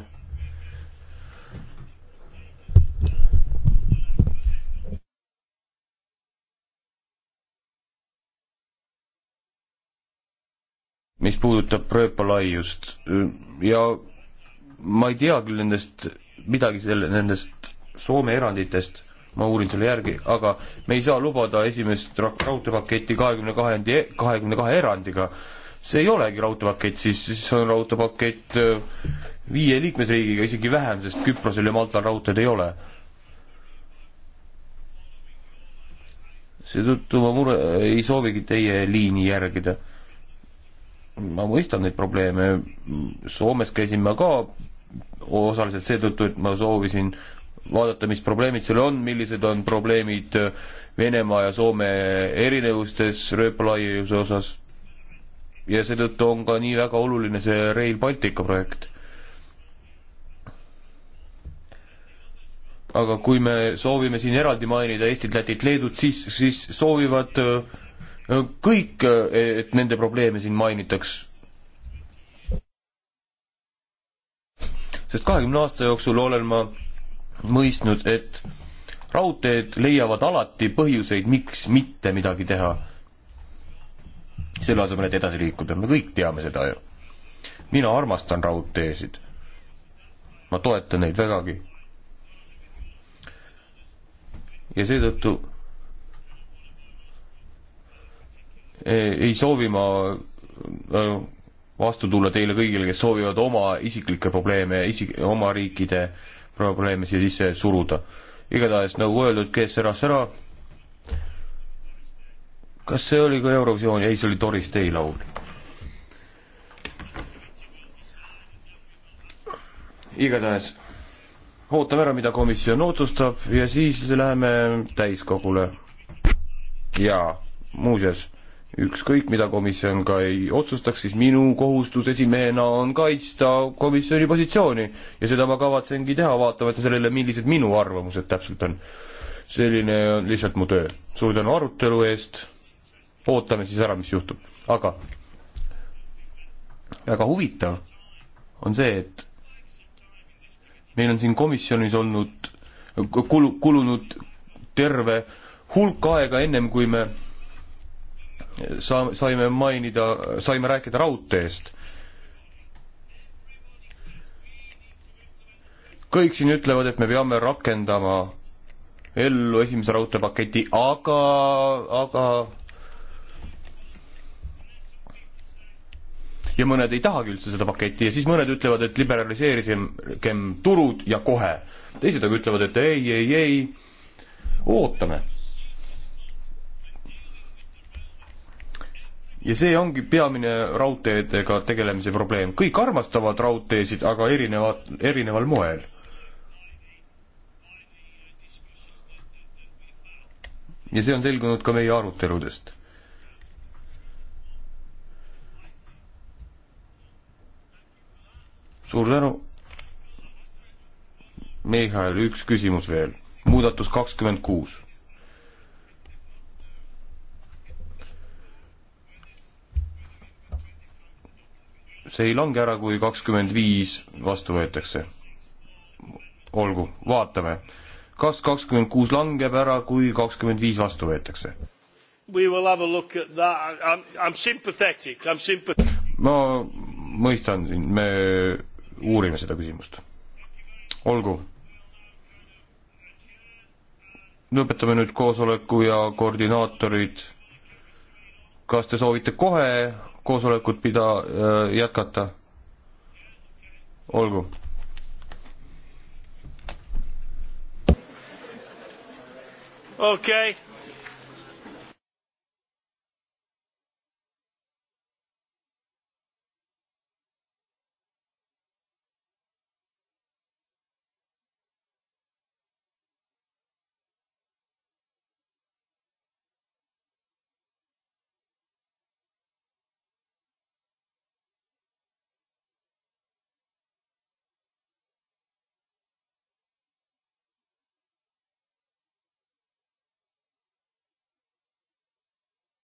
mis puudutab rööpalaiust ja ma ei tea küll nendest midagi selle, nendest Soome eranditest ma uurin selle järgi, aga me ei saa lubada esimest raudteepaketti kahekümne kahendi, e-, kahekümne kahe erandiga. see ei olegi raudteepakett, siis, siis on raudteepakett äh, viie liikmesriigiga, isegi vähem, sest Küprosel ja Maltal raudteed ei ole. seetõttu ma mure, ei soovigi teie liini järgida. ma mõistan neid probleeme, Soomes käisin ma ka osaliselt seetõttu, et ma soovisin äh, vaadata, mis probleemid seal on, millised on probleemid Venemaa ja Soome erinevustes rööpalaiuse osas. ja seetõttu on ka nii väga oluline see Rail Baltica projekt. aga kui me soovime siin eraldi mainida Eestit, Lätit, Leedut, siis, siis soovivad äh, kõik, et nende probleeme siin mainitaks sest kahekümne aasta jooksul olen ma mõistnud, et raudteed leiavad alati põhjuseid, miks mitte midagi teha. selle asemel, et edasi liikuda, me kõik teame seda ju. mina armastan raudteesid. ma toetan neid vägagi. ja seetõttu ei soovi ma äh, vastu tulla teile kõigile, kes soovivad oma isiklikke probleeme, isik-, oma riikide äh, probleeme siia sisse suruda. igatahes nagu öeldud, kes ära, ära. kas see oli ka Eurovisioon? ei, see oli Doris Day laul. igatahes ootame ära, mida komisjon otsustab ja siis läheme täiskogule. jaa, muuseas ükskõik, mida komisjon ka ei otsustaks, siis minu kohustus esimehena on kaitsta komisjoni positsiooni ja seda ma kavatsengi teha, vaatamata sellele, millised minu arvamused täpselt on. selline on lihtsalt mu töö. suur tänu arutelu eest, ootame siis ära, mis juhtub, aga väga huvitav on see, et meil on siin komisjonis olnud, kulu, kulunud terve hulk aega ennem, kui me sa-, saime mainida, saime rääkida raudteest. kõik siin ütlevad, et me peame rakendama ellu esimese raudteepaketi, aga, aga ja mõned ei tahagi üldse seda paketti ja siis mõned ütlevad, et liberaliseerigem turud ja kohe. teised aga ütlevad, et ei, ei, ei, ootame ja see ongi peamine raudteedega tegelemise probleem. kõik armastavad raudteesid, aga erinevad, erineval moel. ja see on selgunud ka meie aruteludest. suur tänu. Mihhail, üks küsimus veel. muudatus kakskümmend kuus see ei lange ära, kui kakskümmend viis vastu võetakse. olgu, vaatame. kas kakskümmend kuus langeb ära, kui kakskümmend viis vastu võetakse? ma mõistan sind, me uurime seda küsimust. olgu. lõpetame nüüd koosoleku ja koordinaatorid kas te soovite kohe koosolekut pida-, äh, jätkata? olgu. okei okay..